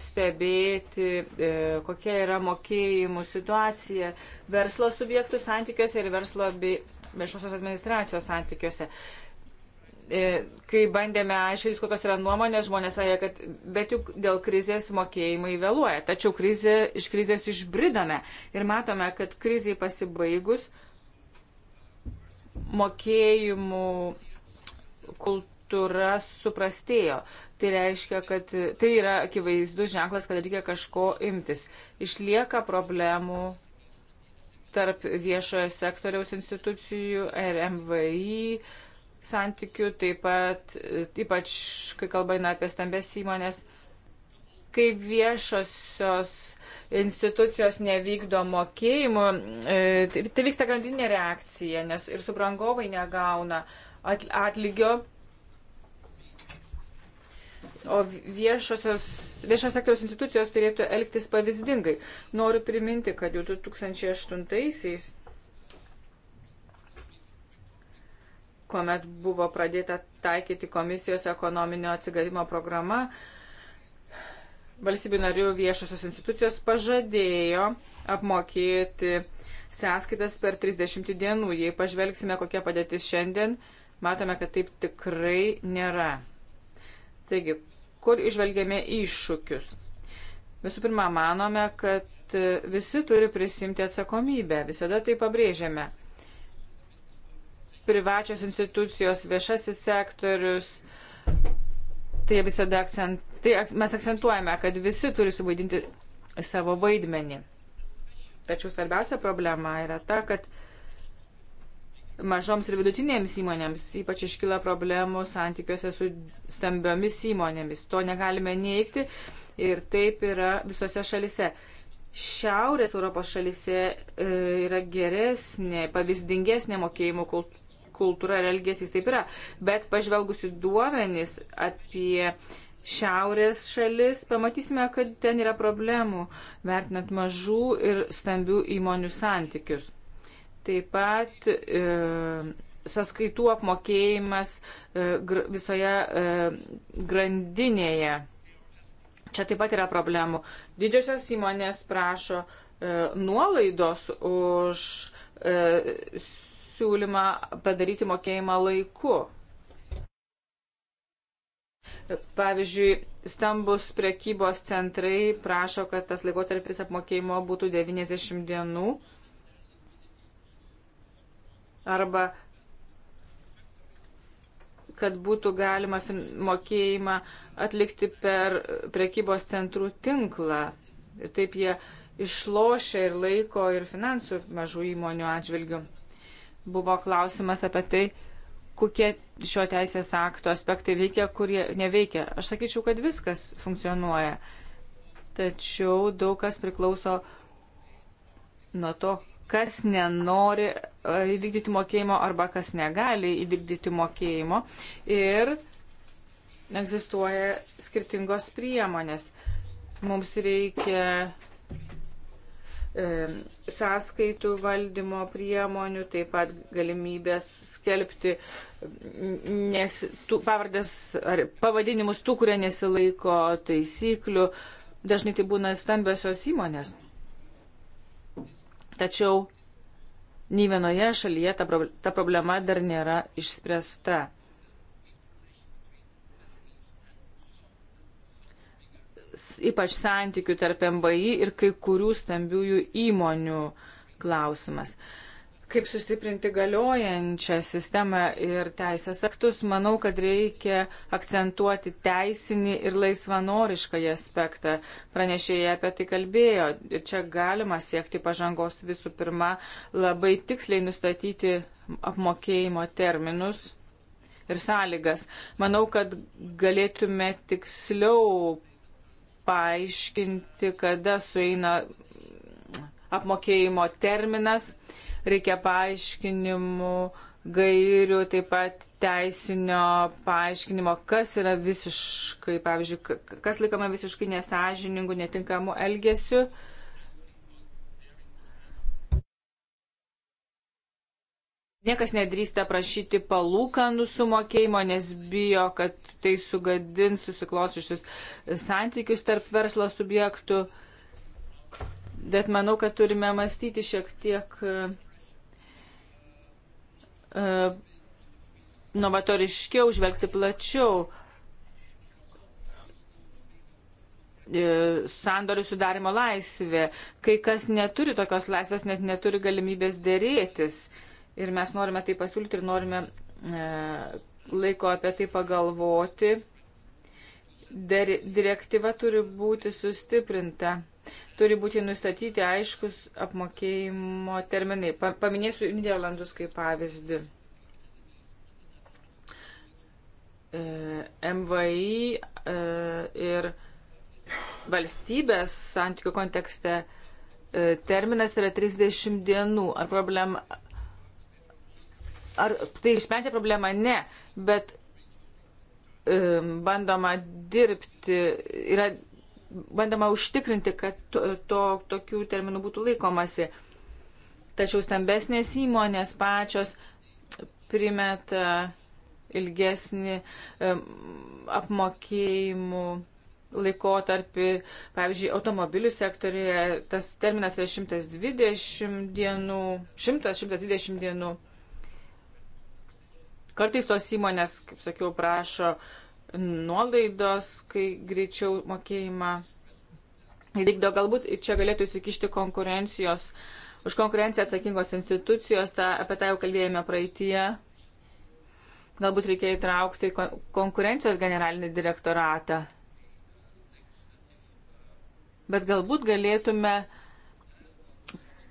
stebėti, e, kokia yra mokėjimų situacija verslo subjektų santykiuose ir verslo bei viešosios administracijos santykiuose. E, kai bandėme aiškintis, kokios yra nuomonės, žmonės sąja, kad bet juk dėl krizės mokėjimai vėluoja. Tačiau krizė, iš krizės išbridome ir matome, kad kriziai pasibaigus mokėjimų kultūra suprastėjo. Tai reiškia, kad tai yra akivaizdus ženklas, kad reikia kažko imtis. Išlieka problemų tarp viešojo sektoriaus institucijų ir MVI santykių, taip pat, ypač kai kalba eina apie stambės įmonės, kai viešosios institucijos nevykdo mokėjimų, e, tai, tai vyksta grandinė reakcija, nes ir subrangovai negauna atlygio, o viešosios, viešos sektoriaus institucijos turėtų elgtis pavyzdingai. Noriu priminti, kad jau 2008-aisiais kuomet buvo pradėta taikyti komisijos ekonominio atsigavimo programa, valstybių narių viešosios institucijos pažadėjo apmokėti sąskaitas per 30 dienų. Jei pažvelgsime, kokia padėtis šiandien, matome, kad taip tikrai nėra. Taigi, kur išvelgėme iššūkius? Visų pirma, manome, kad visi turi prisimti atsakomybę, visada tai pabrėžiame privačios institucijos, viešasis sektorius. Tai visada akcent, tai mes akcentuojame, kad visi turi suvaidinti savo vaidmenį. Tačiau svarbiausia problema yra ta, kad mažoms ir vidutinėms įmonėms ypač iškyla problemų santykiuose su stambiomis įmonėmis. To negalime neikti ir taip yra visose šalise. Šiaurės Europos šalise e, yra geresnė, pavyzdingesnė mokėjimų kultūra kultūra ir elgesys taip yra. Bet pažvelgusi duomenys apie šiaurės šalis, pamatysime, kad ten yra problemų, vertinant mažų ir stambių įmonių santykius. Taip pat e, sąskaitų apmokėjimas e, gr, visoje e, grandinėje. Čia taip pat yra problemų. Didžiosios įmonės prašo e, nuolaidos už e, siūlymą padaryti mokėjimą laiku. Pavyzdžiui, stambus prekybos centrai prašo, kad tas laikotarpis apmokėjimo būtų 90 dienų arba kad būtų galima mokėjimą atlikti per prekybos centrų tinklą. Ir taip jie išlošia ir laiko, ir finansų mažų įmonių atžvilgių buvo klausimas apie tai, kokie šio teisės akto aspektai veikia, kurie neveikia. Aš sakyčiau, kad viskas funkcionuoja. Tačiau daug kas priklauso nuo to, kas nenori e, įvykdyti mokėjimo arba kas negali įvykdyti mokėjimo. Ir egzistuoja skirtingos priemonės. Mums reikia E, sąskaitų valdymo priemonių, taip pat galimybės skelbti nes, tų, pavardės ar pavadinimus tų, kurie nesilaiko taisyklių. Dažnai tai būna stambiosios įmonės. Tačiau nei vienoje šalyje ta, ta problema dar nėra išspręsta. ypač santykių tarp MVI ir kai kurių stambiųjų įmonių klausimas. Kaip sustiprinti galiojančią sistemą ir teisės aktus, manau, kad reikia akcentuoti teisinį ir laisvanoriškąjį aspektą. Pranešėjai apie tai kalbėjo ir čia galima siekti pažangos visų pirma, labai tiksliai nustatyti apmokėjimo terminus ir sąlygas. Manau, kad galėtume tiksliau paaiškinti, kada sueina apmokėjimo terminas, reikia paaiškinimų, gairių, taip pat teisinio paaiškinimo, kas yra visiškai, pavyzdžiui, kas laikama visiškai nesažiningu, netinkamu elgesiu. Uh, Niekas nedrįsta prašyti palūkanų sumokėjimo, nes bijo, kad tai sugadins susiklosusius santykius tarp verslo subjektų. Bet manau, kad turime mąstyti šiek tiek uh, novatoriškiau, žvelgti plačiau. E, sandorių sudarimo laisvė. Kai kas neturi tokios laisvės, net neturi galimybės dėrėtis. Uh, Ir mes norime tai pasiūlyti ir norime e, laiko apie tai pagalvoti. Direktyva turi būti sustiprinta. Turi būti nustatyti aiškus apmokėjimo terminai. Paminėsiu Niderlandus kaip pavyzdį. E, MVI e, ir valstybės santykių kontekste terminas yra 30 dienų. Ar, problem, Ar tai išsprendžia problemą? Ne, bet um, bandoma dirbti, yra bandoma užtikrinti, kad to, to, tokių terminų būtų laikomasi. Tačiau stambesnės įmonės pačios primeta ilgesnį um, apmokėjimų laikotarpį. Pavyzdžiui, automobilių sektorėje tas terminas yra 120 dienų, 100-120 dienų. Kartais tos įmonės, kaip sakiau, prašo nuolaidos, kai greičiau mokėjimą vykdo. Galbūt čia galėtų įsikišti konkurencijos, už konkurenciją atsakingos institucijos, ta, apie tai jau kalbėjome praeitie. Galbūt reikia įtraukti konkurencijos generalinį direktoratą. Bet galbūt galėtume uh,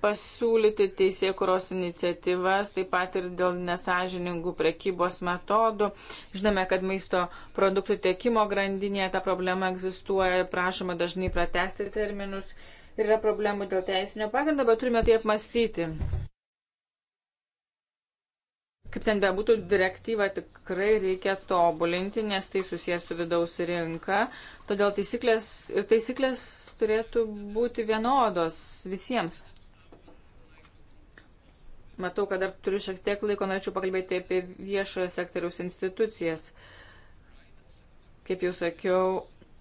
pasiūlyti teisėkuros iniciatyvas, taip pat ir dėl nesažiningų prekybos metodų. Žinome, kad maisto produktų tiekimo grandinėje ta problema egzistuoja ir prašoma dažnai pratesti terminus. Ir yra problemų dėl teisinio pagrindo, bet turime tai apmastyti. Kaip ten bebūtų, direktyvą tikrai reikia tobulinti, nes tai susijęs su vidaus rinka. Todėl taisyklės, taisyklės turėtų būti vienodos visiems. Matau, kad dar turiu šiek tiek laiko, norėčiau pakalbėti apie viešojo sektoriaus institucijas. Kaip jau sakiau,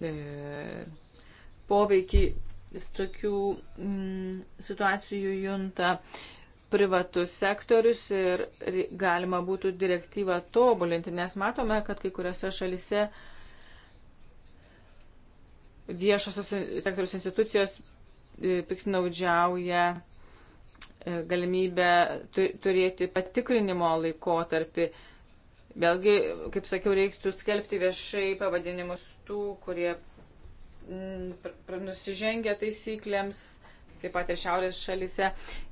e, poveikį tokių m, mm, situacijų junta privatus sektorius ir galima būtų direktyvą tobulinti, nes matome, kad kai kuriuose šalise viešosios sektoriaus institucijos e, piktnaudžiauja E, galimybę turėti patikrinimo laikotarpį. Vėlgi, kaip sakiau, reiktų skelbti viešai pavadinimus tų, kurie mm, nusižengia taisyklėms, taip pat ir šiaurės šalise,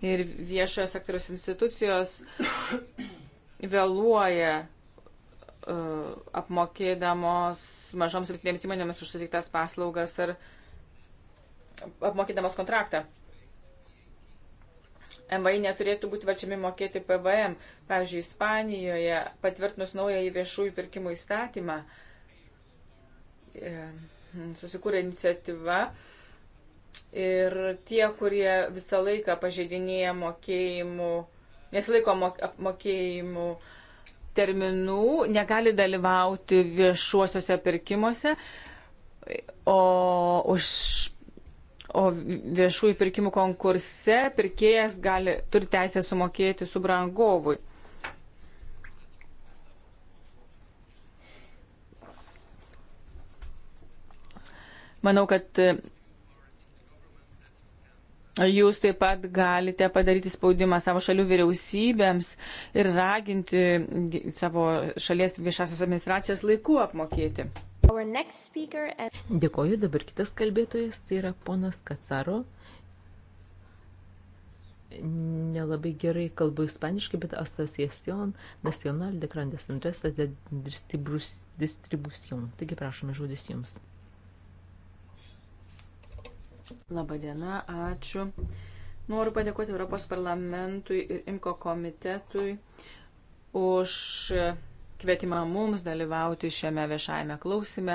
ir viešojo sektoriaus institucijos <coughs> vėluoja uh, apmokėdamos mažoms ir didelėms įmonėms užsakytas paslaugas ar apmokėdamos kontraktą. Uh, MVI neturėtų būti verčiami mokėti PVM. Pavyzdžiui, Ispanijoje patvirtinus naująjį viešųjų pirkimų įstatymą e, susikūrė iniciatyva ir tie, kurie visą laiką pažeidinėja mokėjimų, nesilaiko mokėjimų terminų, negali dalyvauti viešuosiuose pirkimuose, o už O viešųjų pirkimų konkurse pirkėjas gali, turi teisę sumokėti subrangovui. Manau, kad e, Jūs taip pat galite padaryti spaudimą savo šalių vyriausybėms ir raginti savo šalies viešasias administracijas laiku apmokėti. And... Dėkoju, dabar kitas kalbėtojas, tai yra ponas Kacaro. Nelabai gerai kalbu ispaniškai, bet Asociación Nacional de Grandes Andresas de Distribución. Taigi prašome žodis jums. Labadiena, ačiū. Noriu padėkoti Europos parlamentui ir IMKO komitetui už kvietimą mums dalyvauti šiame viešajame klausime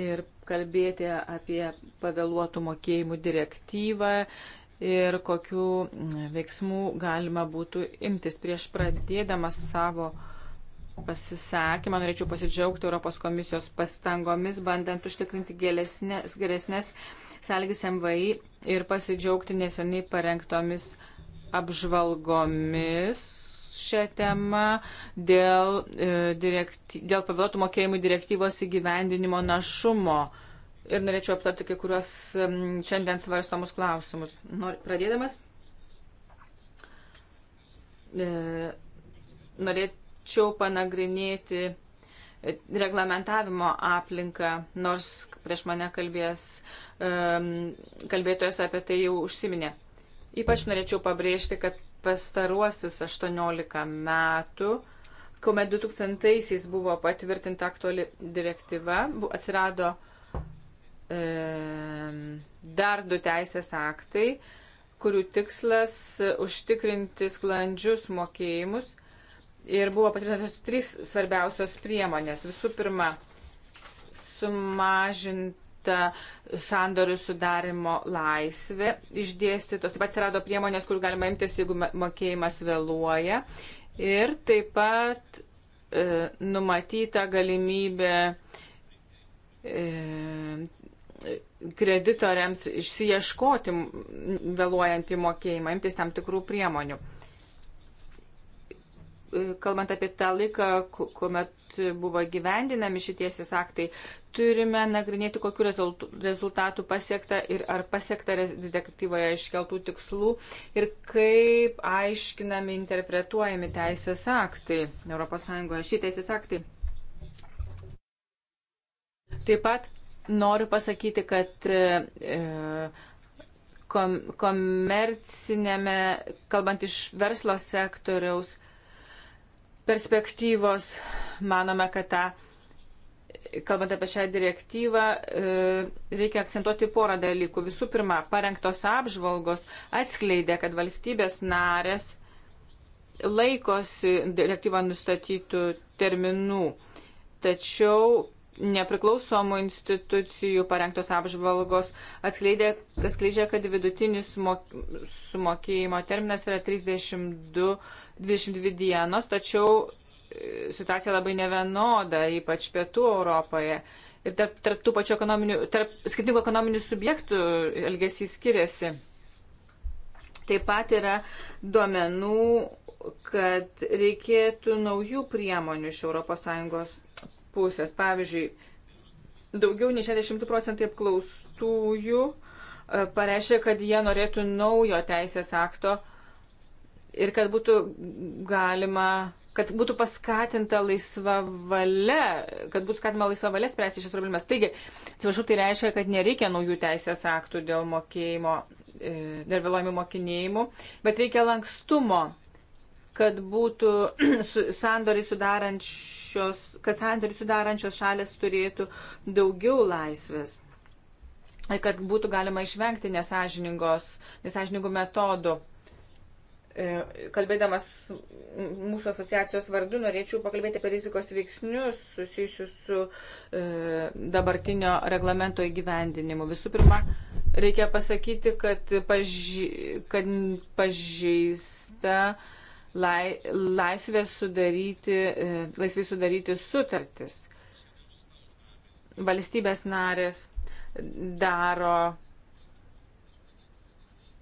ir kalbėti apie pavėluotų mokėjimų direktyvą ir kokiu veiksmu galima būtų imtis. Prieš pradėdamas savo pasisakymą norėčiau pasidžiaugti Europos komisijos pastangomis, bandant užtikrinti geresnės, geresnės sąlygis MVI ir pasidžiaugti neseniai parengtomis apžvalgomis šią temą dėl, e, direkty, dėl pavėluotų mokėjimų direktyvos įgyvendinimo našumo. Ir norėčiau aptarti kai kuriuos šiandien svarstomus klausimus. Nor, pradėdamas, e, norėčiau panagrinėti reglamentavimo aplinką, nors prieš mane kalbės, e, kalbėtojas apie tai jau užsiminė. Ypač norėčiau pabrėžti, kad pastaruosius 18 metų, kuomet 2000-aisiais buvo patvirtinta aktuali direktyva, atsirado e, dar du teisės aktai, kurių tikslas užtikrinti sklandžius mokėjimus ir buvo patvirtintos trys svarbiausios priemonės. Visų pirma, sumažinti numatyta sandorių sudarimo laisvė išdėstytos. Taip pat atsirado priemonės, kur galima imtis, jeigu mokėjimas vėluoja. Ir taip pat e, numatyta galimybė e, kreditoriams išsieškoti vėluojantį mokėjimą, imtis tam tikrų priemonių. E, kalbant apie tą laiką, kuomet buvo gyvendinami šitiesis aktai, turime nagrinėti, kokiu rezultatu pasiekta ir ar pasiekta detektyvoje iškeltų tikslų ir kaip aiškinami, interpretuojami teisės aktai ES šie teisės aktai. Taip pat noriu pasakyti, kad e, e kom, komercinėme, kalbant iš verslo sektoriaus, perspektyvos. Manome, kad tą, kalbant apie šią direktyvą, e, reikia akcentuoti porą dalykų. Visų pirma, parengtos apžvalgos atskleidė, kad valstybės narės laikosi direktyvą nustatytų terminų. Tačiau nepriklausomų institucijų parengtos apžvalgos atskleidė, atskleidžia, kad vidutinis mok, sumokėjimo terminas yra 32 22 dienos, tačiau e, situacija labai nevienoda, ypač pietų Europoje. Ir tarp, tarp tų pačių ekonominių, tarp skirtingų ekonominių subjektų elgesys skiriasi. Taip pat yra duomenų, kad reikėtų naujų priemonių iš ES pusės. Pavyzdžiui, daugiau nei 60 procentai apklaustųjų e, pareiškia, kad jie norėtų naujo teisės akto, ir kad būtų galima, kad būtų paskatinta laisva valia, kad būtų skatinama laisva valia spręsti šias problemas. Taigi, atsiprašau, tai reiškia, kad nereikia naujų teisės aktų dėl mokėjimo, e, dėl vėlojimų mokinėjimų, bet reikia lankstumo kad būtų <clears throat> sandorį sudarančios, kad sandorį sudarančios šalės turėtų daugiau laisvės kad būtų galima išvengti nesažiningos, nesažiningų metodų. E, kalbėdamas mūsų asociacijos vardu, norėčiau pakalbėti apie rizikos veiksnius susijusius su e, dabartinio reglamento įgyvendinimu. Visų pirma, reikia pasakyti, kad, paži, kad pažįsta lai, laisvė sudaryti, e, laisvė sudaryti sutartis. Valstybės narės daro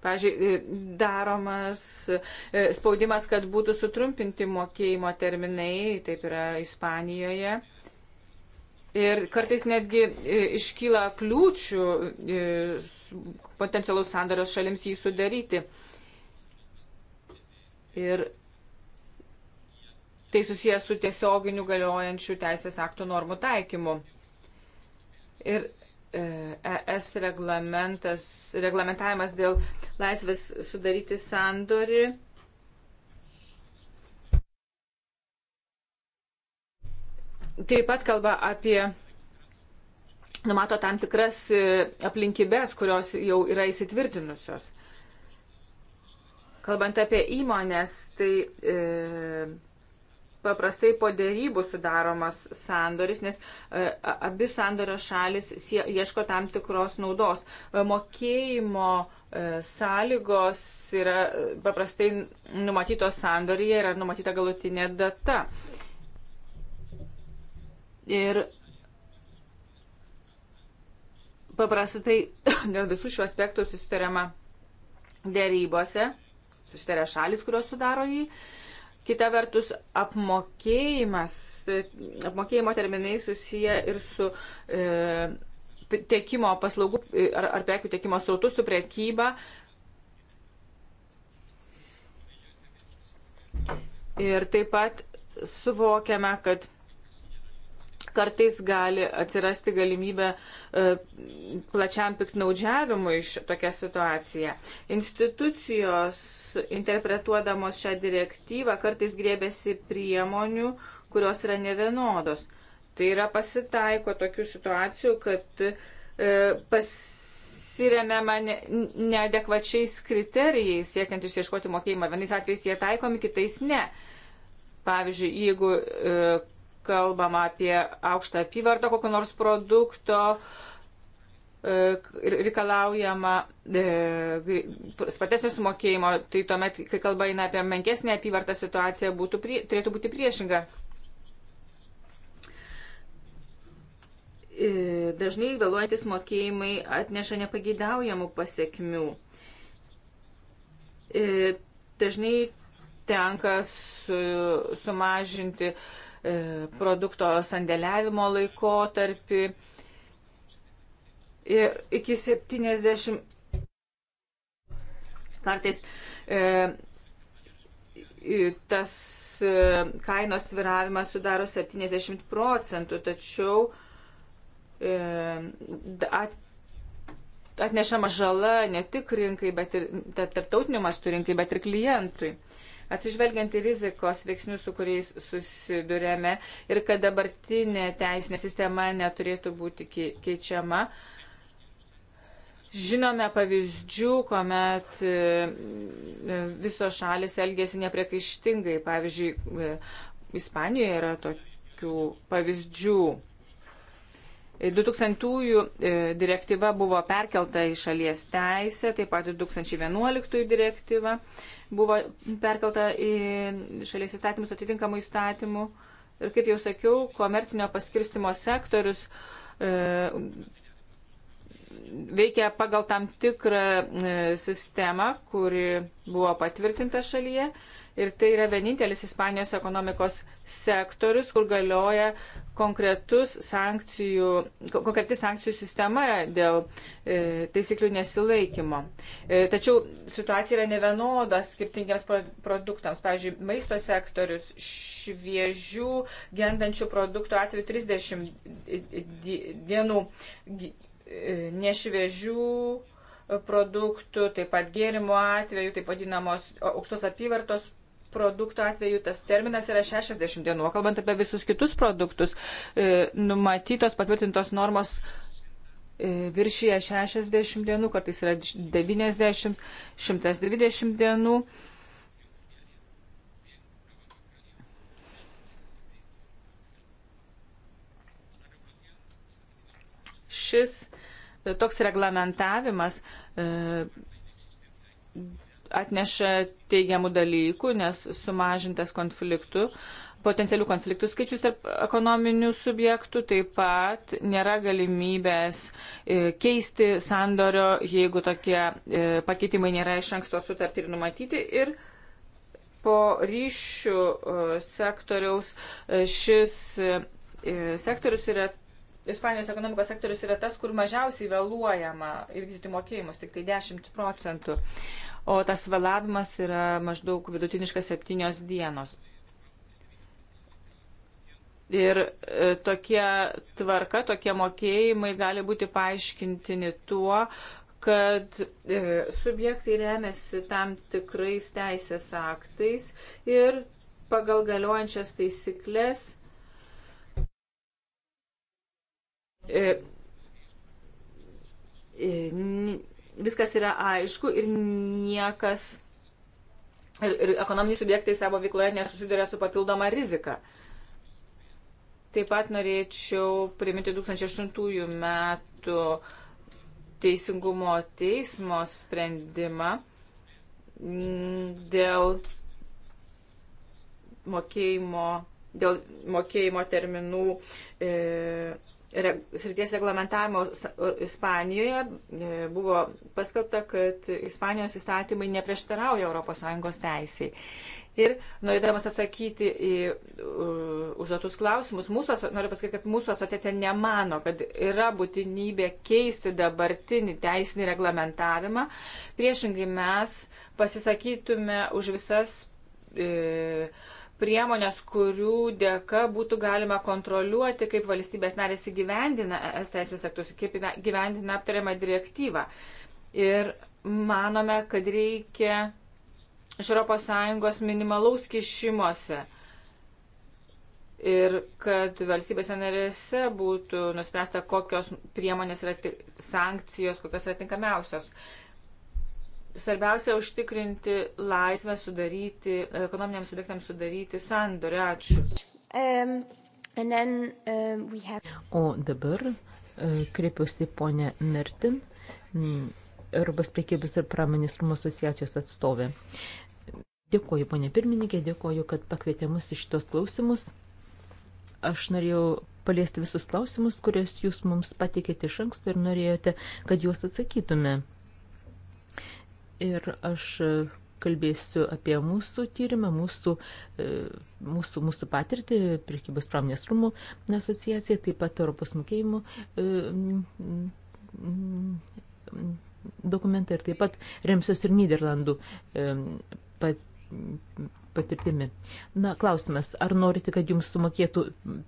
Pavyzdžiui, daromas e, spaudimas, kad būtų sutrumpinti mokėjimo terminai, taip yra Ispanijoje. Ir kartais netgi e, iškyla kliūčių e, potencialus sandarios šalims jį sudaryti. Ir tai susijęs su tiesioginiu galiojančių teisės aktų normų taikymu. Ir ES e reglamentavimas dėl laisvės sudaryti sandori. Taip pat kalba apie numato tam tikras e, aplinkybės, kurios jau yra įsitvirtinusios. Kalbant apie įmonės, tai e, paprastai po dėrybų sudaromas sandoris, nes e, abi sandorio šalis ieško tam tikros naudos. E, mokėjimo e, sąlygos yra paprastai numatytos sandoryje ir numatyta galutinė data. Ir paprastai <coughs> dėl visų šių aspektų susitariama dėrybose, susitaria šalis, kurios sudaro jį. Uh, Kita vertus, apmokėjimas, apmokėjimo terminai susiję ir su e, tiekimo paslaugų ar, ar prekių tiekimo srautų, su prekyba. Ir taip pat suvokiame, kad kartais gali atsirasti galimybė e, plačiam piknaudžiavimui tokia situacija. Institucijos interpretuodamos šią direktyvą kartais grėbėsi priemonių, kurios yra nevienodos. Tai yra pasitaiko tokių situacijų, kad e, pasiremiama neadekvačiais kriterijais, siekiant išieškoti mokėjimą. Vienais atvejais jie taikomi, kitais ne. Pavyzdžiui, jeigu e, kalbama apie aukštą apyvartą kokio nors produkto, e, reikalaujama e, spartesnio sumokėjimo, tai tuomet, kai kalba eina apie menkesnį apyvartą, situacija būtų, prie, turėtų būti priešinga. E, dažnai vėluojantis mokėjimai atneša nepageidaujamų pasiekmių. Dažnai tenka su, sumažinti uh, E, produkto sandėliavimo laikotarpį. Ir iki 70 kartais e, tas e, kainos sviravimas sudaro 70 procentų, tačiau e, at, atnešama žala ne tik rinkai, bet ir tarptautiniu mastu rinkai, bet ir klientui. Atsižvelgiant į rizikos veiksnius, su kuriais susidurėme ir kad dabartinė teisinė sistema neturėtų būti keičiama, Žinome pavyzdžių, kuomet e, e, visos šalis elgėsi nepriekaištingai. Pavyzdžiui, e, Ispanijoje yra tokių pavyzdžių. 2000-ųjų direktyva buvo perkelta į šalies teisę, taip pat 2011-ųjų direktyva buvo perkelta į šalies įstatymus atitinkamų įstatymų. Ir kaip jau sakiau, komercinio paskirstimo sektorius e, veikia pagal tam tikrą e, sistemą, kuri buvo patvirtinta šalyje. E, Ir tai yra vienintelis Ispanijos ekonomikos sektorius, kur galioja sankcijų, konkreti sankcijų sistema dėl e, taisyklių nesilaikymo. E, tačiau situacija yra nevienoda skirtingiams produktams. Pavyzdžiui, maisto sektorius šviežių gendančių produktų atveju 30 dienų e, nešviežių produktų, taip pat gėrimo atveju, taip vadinamos aukštos apyvartos produktų atveju tas terminas yra 60 dienų, o kalbant apie visus kitus produktus, e, numatytos patvirtintos normos e, viršyje 60 dienų, kartais yra 90, 120 dienų. Šis e, toks reglamentavimas atneša teigiamų dalykų, nes sumažintas konfliktų, potencialių konfliktų skaičius tarp ekonominių subjektų, taip pat nėra galimybės e, keisti sandorio, jeigu tokie e, pakeitimai nėra iš anksto sutarti ir numatyti. Ir po ryšių e, sektoriaus šis sektorius yra Ispanijos ekonomikos sektorius yra tas, kur mažiausiai vėluojama įvykdyti mokėjimus, tik tai 10 procentų o tas vėlavimas yra maždaug vidutiniškas septynios dienos. Ir e, tokia tvarka, tokie mokėjimai gali būti paaiškintini tuo, kad e, subjektai remiasi tam tikrais teisės aktais ir pagal galiojančias taisyklės e, viskas yra aišku ir niekas, ir, ir ekonominiai subjektai savo veikloje nesusiduria su papildoma rizika. Taip pat norėčiau priminti 2008 metų teisingumo teismo sprendimą dėl mokėjimo, dėl mokėjimo terminų e, srities reglamentavimo Ispanijoje e, buvo paskelbta, kad Ispanijos įstatymai neprieštarauja ES teisiai. Ir norėdamas atsakyti į užduotus klausimus, mūsų, noriu pasakyti, kad mūsų asociacija nemano, kad yra būtinybė keisti dabartinį teisinį reglamentavimą. Priešingai mes pasisakytume už visas. E, priemonės, kurių dėka būtų galima kontroliuoti, kaip valstybės narės įgyvendina es teisės aktus, kaip įgyvendina aptariamą direktyvą. Ir manome, kad reikia iš ES minimalaus kišimuose. Ir kad valstybėse narėse būtų nuspręsta, kokios priemonės yra sankcijos, kokios yra tinkamiausios. Uh, Svarbiausia užtikrinti laisvę sudaryti, ekonominiams subjektams sudaryti sandorį. Ačiū. Um, then, um, have... O dabar uh, kreipiuosi ponę Mertin, mm, Europos priekybės ir pramonės rūmų asociacijos atstovė. Dėkuoju, ponė pirmininkė, dėkuoju, kad pakvietė mus į šitos klausimus. Aš norėjau paliesti visus klausimus, kuriuos jūs mums patikėte iš anksto ir norėjote, kad juos atsakytume ir aš e, kalbėsiu apie mūsų tyrimą, mūsų, e, mūsų, mūsų patirtį, priekybos pramonės rūmų asociaciją, taip pat Europos mokėjimų e, dokumentą ir taip pat remsios ir Niderlandų patirtimi. Na, klausimas, ar norite, kad jums sumokėtų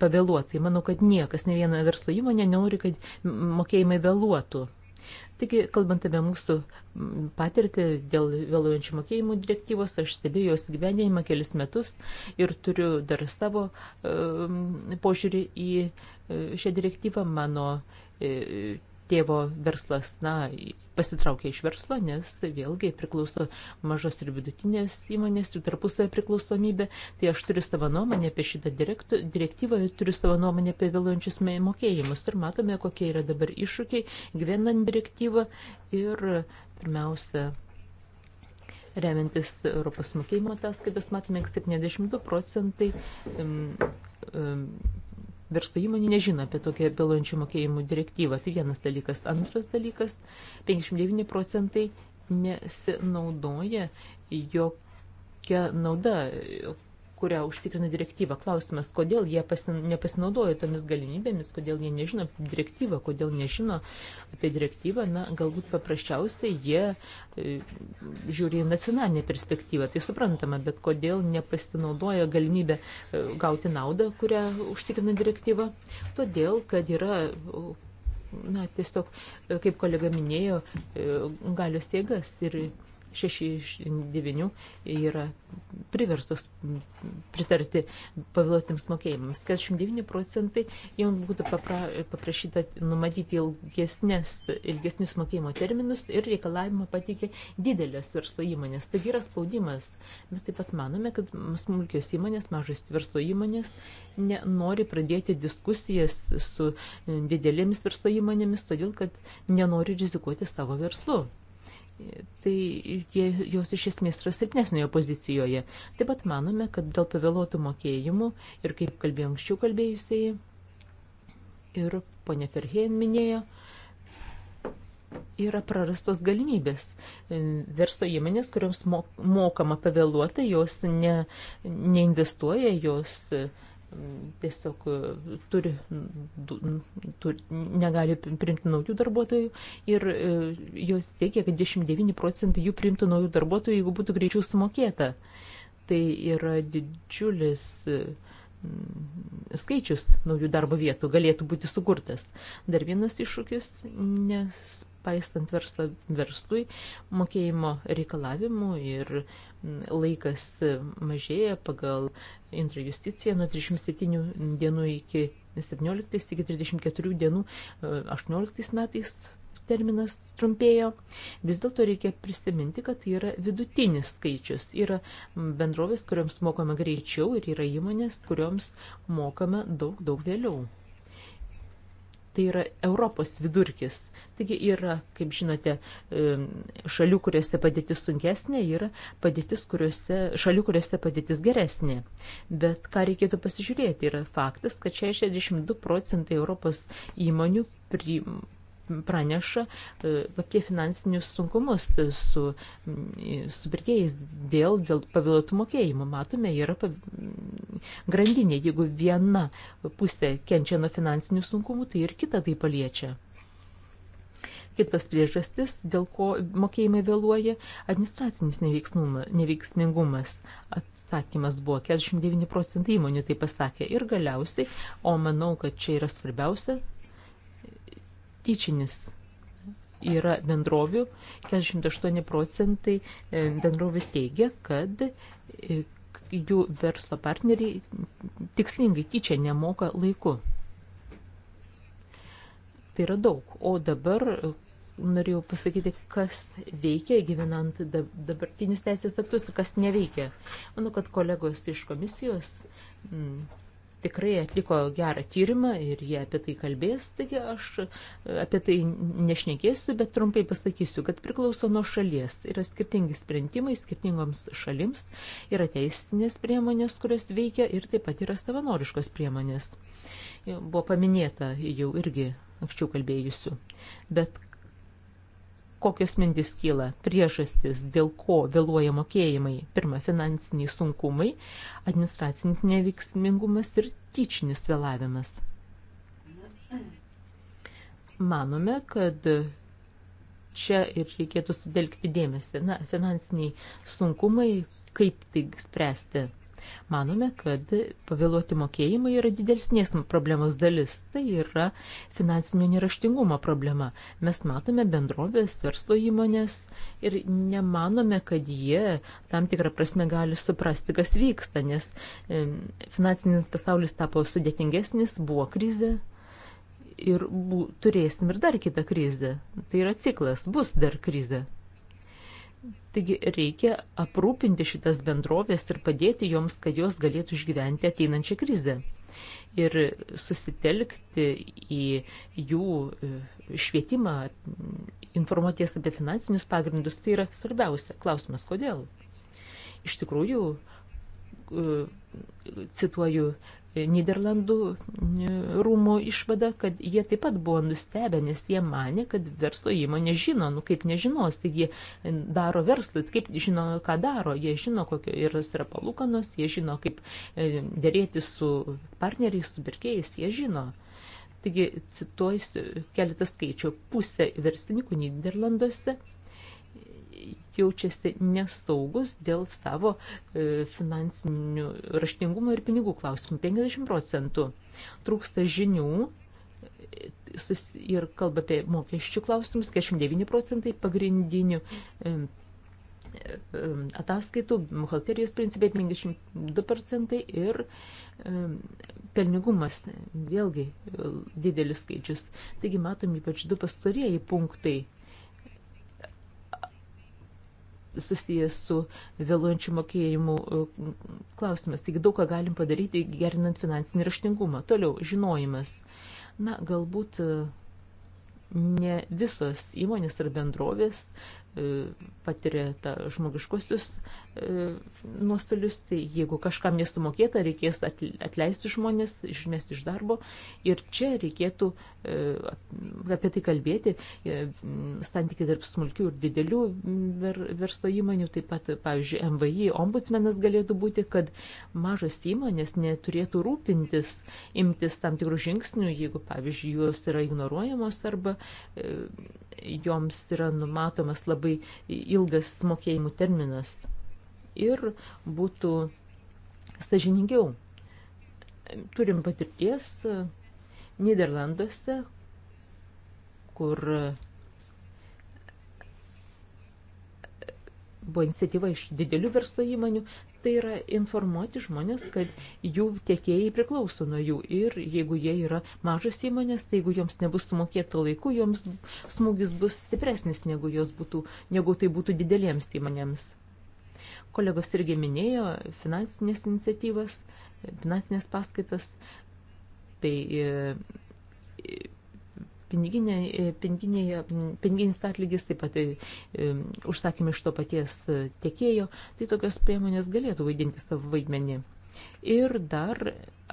pavėluotai? Manau, kad niekas, ne viena verslo įmonė nenori, kad mokėjimai vėluotų. Taigi, kalbant apie mūsų patirtį dėl vėluojančių mokėjimų direktyvos, aš stebėjau jos gyvenimą kelis metus ir turiu dar savo e, požiūrį į e, šią direktyvą. Mano e, tėvo verslas, na, pasitraukė iš verslo, nes vėlgi priklauso mažos ir vidutinės įmonės, jų tarpusavę priklausomybė. Tai aš turiu savo nuomonę apie šitą direktyvą, turiu savo nuomonę apie vėluojančius mokėjimus ir matome, kokie yra dabar iššūkiai gyvenant direktyvą ir pirmiausia remiantis Europos mokėjimo ataskaitos, matome, kad 72 procentai um, um, verslo įmonė nežino apie tokią vėluojančių mokėjimų direktyvą. Tai vienas dalykas. Antras dalykas, 59 procentai nesinaudoja jokia nauda, kurią užtikrina direktyva. Klausimas, kodėl jie pasin, nepasinaudojo tomis galimybėmis, kodėl jie nežino direktyvą, kodėl nežino apie direktyvą, na, galbūt paprasčiausiai jie e, žiūri į nacionalinę perspektyvą, tai suprantama, bet kodėl nepasinaudoja galimybę e, gauti naudą, kurią užtikrina direktyva. Todėl, kad yra na, tiesiog, kaip kolega minėjo, e, galios tiegas ir 6 iš 9 yra priverstos pritarti pavėluotėms mokėjimams. 49 procentai jau būtų papra, paprašyta numatyti ilgesnės, ilgesnius mokėjimo terminus ir reikalavimą pateikė didelės verslo įmonės. Taigi yra spaudimas. Mes taip pat manome, kad smulkios įmonės, mažos verslo įmonės nenori pradėti diskusijas su didelėmis verslo įmonėmis, todėl kad nenori rizikuoti savo verslu tai jie, jos iš esmės yra silpnesnėje pozicijoje. Taip pat manome, kad dėl pavėluotų mokėjimų ir kaip kalbėjau anksčiau kalbėjusiai, ir ponė Ferhien minėjo, yra prarastos galimybės. Versto įmonės, kuriams mokama pavėluotai, jos ne, neinvestuoja, jos uh, tiesiog e, turi, turi, negali priimti naujų darbuotojų ir e, jos teigia, kad 29 procentai jų priimtų naujų darbuotojų, jeigu būtų greičiau sumokėta. Tai yra didžiulis e, skaičius naujų darbo vietų galėtų būti sukurtas. Dar vienas iššūkis, nes paistant verslą verslui, mokėjimo reikalavimų ir laikas mažėja pagal intrajusticija nuo 37 dienų iki 17 iki 34 dienų 18 e, metais terminas trumpėjo. Vis dėlto reikia prisiminti, kad tai yra vidutinis skaičius. Yra bendrovės, kuriams mokama greičiau ir yra įmonės, kuriams mokama daug, daug vėliau tai yra Europos vidurkis. Taigi yra, kaip žinote, šalių, kuriuose padėtis sunkesnė, yra padėtis, kuriuose, šalių, kuriuose padėtis geresnė. Bet ką reikėtų pasižiūrėti, yra faktas, kad 62 procentai Europos įmonių pri, praneša e, apie finansinius sunkumus su, mm, su pirkėjais dėl, dėl pavėluotų mokėjimų. Matome, yra mm, grandinė. Jeigu viena pusė kenčia nuo finansinių sunkumų, tai ir kita tai paliečia. Kitas priežastis, dėl ko mokėjimai vėluoja, administracinis neveiksmingumas. Atsakymas buvo 49 procentai įmonių tai pasakė ir galiausiai, o manau, kad čia yra svarbiausia, tyčinis yra bendrovių, 48 procentai e, bendrovių teigia, kad e, jų verslo partneriai tikslingai tyčia nemoka laiku. Tai yra daug. O dabar e, norėjau pasakyti, kas veikia gyvenant dabartinius teisės aktus ir kas neveikia. Manau, kad kolegos iš komisijos tikrai atliko gerą tyrimą ir jie apie tai kalbės, taigi aš e, apie tai nešnekėsiu, bet trumpai pasakysiu, kad priklauso nuo šalies. Yra skirtingi sprendimai skirtingoms šalims, yra teisinės priemonės, kurios veikia ir taip pat yra savanoriškos priemonės. Buvo paminėta jau irgi anksčiau kalbėjusių. Bet kokios mintis kyla, priežastis, dėl ko vėluoja mokėjimai. Pirma, finansiniai sunkumai, administracinis neveiksmingumas ir tyčinis vėlavimas. Manome, kad čia ir reikėtų sudelkti dėmesį. Na, finansiniai sunkumai, kaip tai spręsti Manome, kad pavėluoti mokėjimai yra didelsnės problemos dalis. Tai yra finansinio neraštingumo problema. Mes matome bendrovės, verslo įmonės ir nemanome, kad jie tam tikrą prasme gali suprasti, kas vyksta, nes finansinis pasaulis tapo sudėtingesnis, buvo krizė ir bu, turėsim ir dar kitą krizę. Tai yra ciklas, bus dar krizė. Taigi reikia aprūpinti šitas bendrovės ir padėti joms, kad jos galėtų išgyventi ateinančią krizę. Ir susitelkti į jų e, švietimą, informuoties apie finansinius pagrindus, tai yra svarbiausia. Klausimas, kodėl? Iš tikrųjų, e, cituoju Niderlandų rūmų išvada, kad jie taip pat buvo nustebę, nes jie mane, kad verslo įmonė žino, nu kaip nežinos, taigi daro verslą, tai kaip žino, ką daro, jie žino, kokio yra, yra palūkanos, jie žino, kaip e, dėrėti su partneriais, su pirkėjais, jie žino. Taigi, cituosiu keletą skaičių. Pusė verslininkų Niderlanduose jaučiasi nesaugus dėl savo e, finansinių raštingumo ir pinigų klausimų. 50 procentų trūksta žinių e, ir kalba apie mokesčių klausimus, 49 procentai pagrindinių e, ataskaitų, buhalterijos principai 52 procentai ir pelnigumas, vėlgi didelis skaičius. Taigi matom ypač du pastarieji punktai susijęs su vėluojančių mokėjimų e, klausimas. Taigi daug ką galim padaryti, gerinant finansinį raštingumą. Toliau, žinojimas. Na, galbūt e, ne visos įmonės ar bendrovės e, patiria tą žmogiškosius nuostolius, tai jeigu kažkam nesumokėta, reikės atleisti žmonės, išmesti iš darbo ir čia reikėtų e, apie tai kalbėti, e, santykiai tarp smulkių ir didelių verslo įmonių, taip pat, pavyzdžiui, MVI ombudsmenas galėtų būti, kad mažos įmonės neturėtų rūpintis, imtis tam tikrų žingsnių, jeigu, pavyzdžiui, jos yra ignoruojamos arba e, joms yra numatomas labai ilgas mokėjimų terminas ir būtų sažiningiau. Turim patirties Niderlanduose, kur buvo iniciatyva iš didelių verslo įmonių, tai yra informuoti žmonės, kad jų tiekėjai priklauso nuo jų ir jeigu jie yra mažos įmonės, tai jeigu joms nebus sumokėta laiku, joms smūgis bus stipresnis, negu, būtų, negu tai būtų didelėms įmonėms. Kolegos irgi minėjo finansinės iniciatyvas, finansinės paskaitas. Tai e, piniginė, e, piniginėje, piniginis atlygis taip pat e, užsakymai iš to paties tiekėjo, tai tokios priemonės galėtų vaidinti savo vaidmenį. Ir dar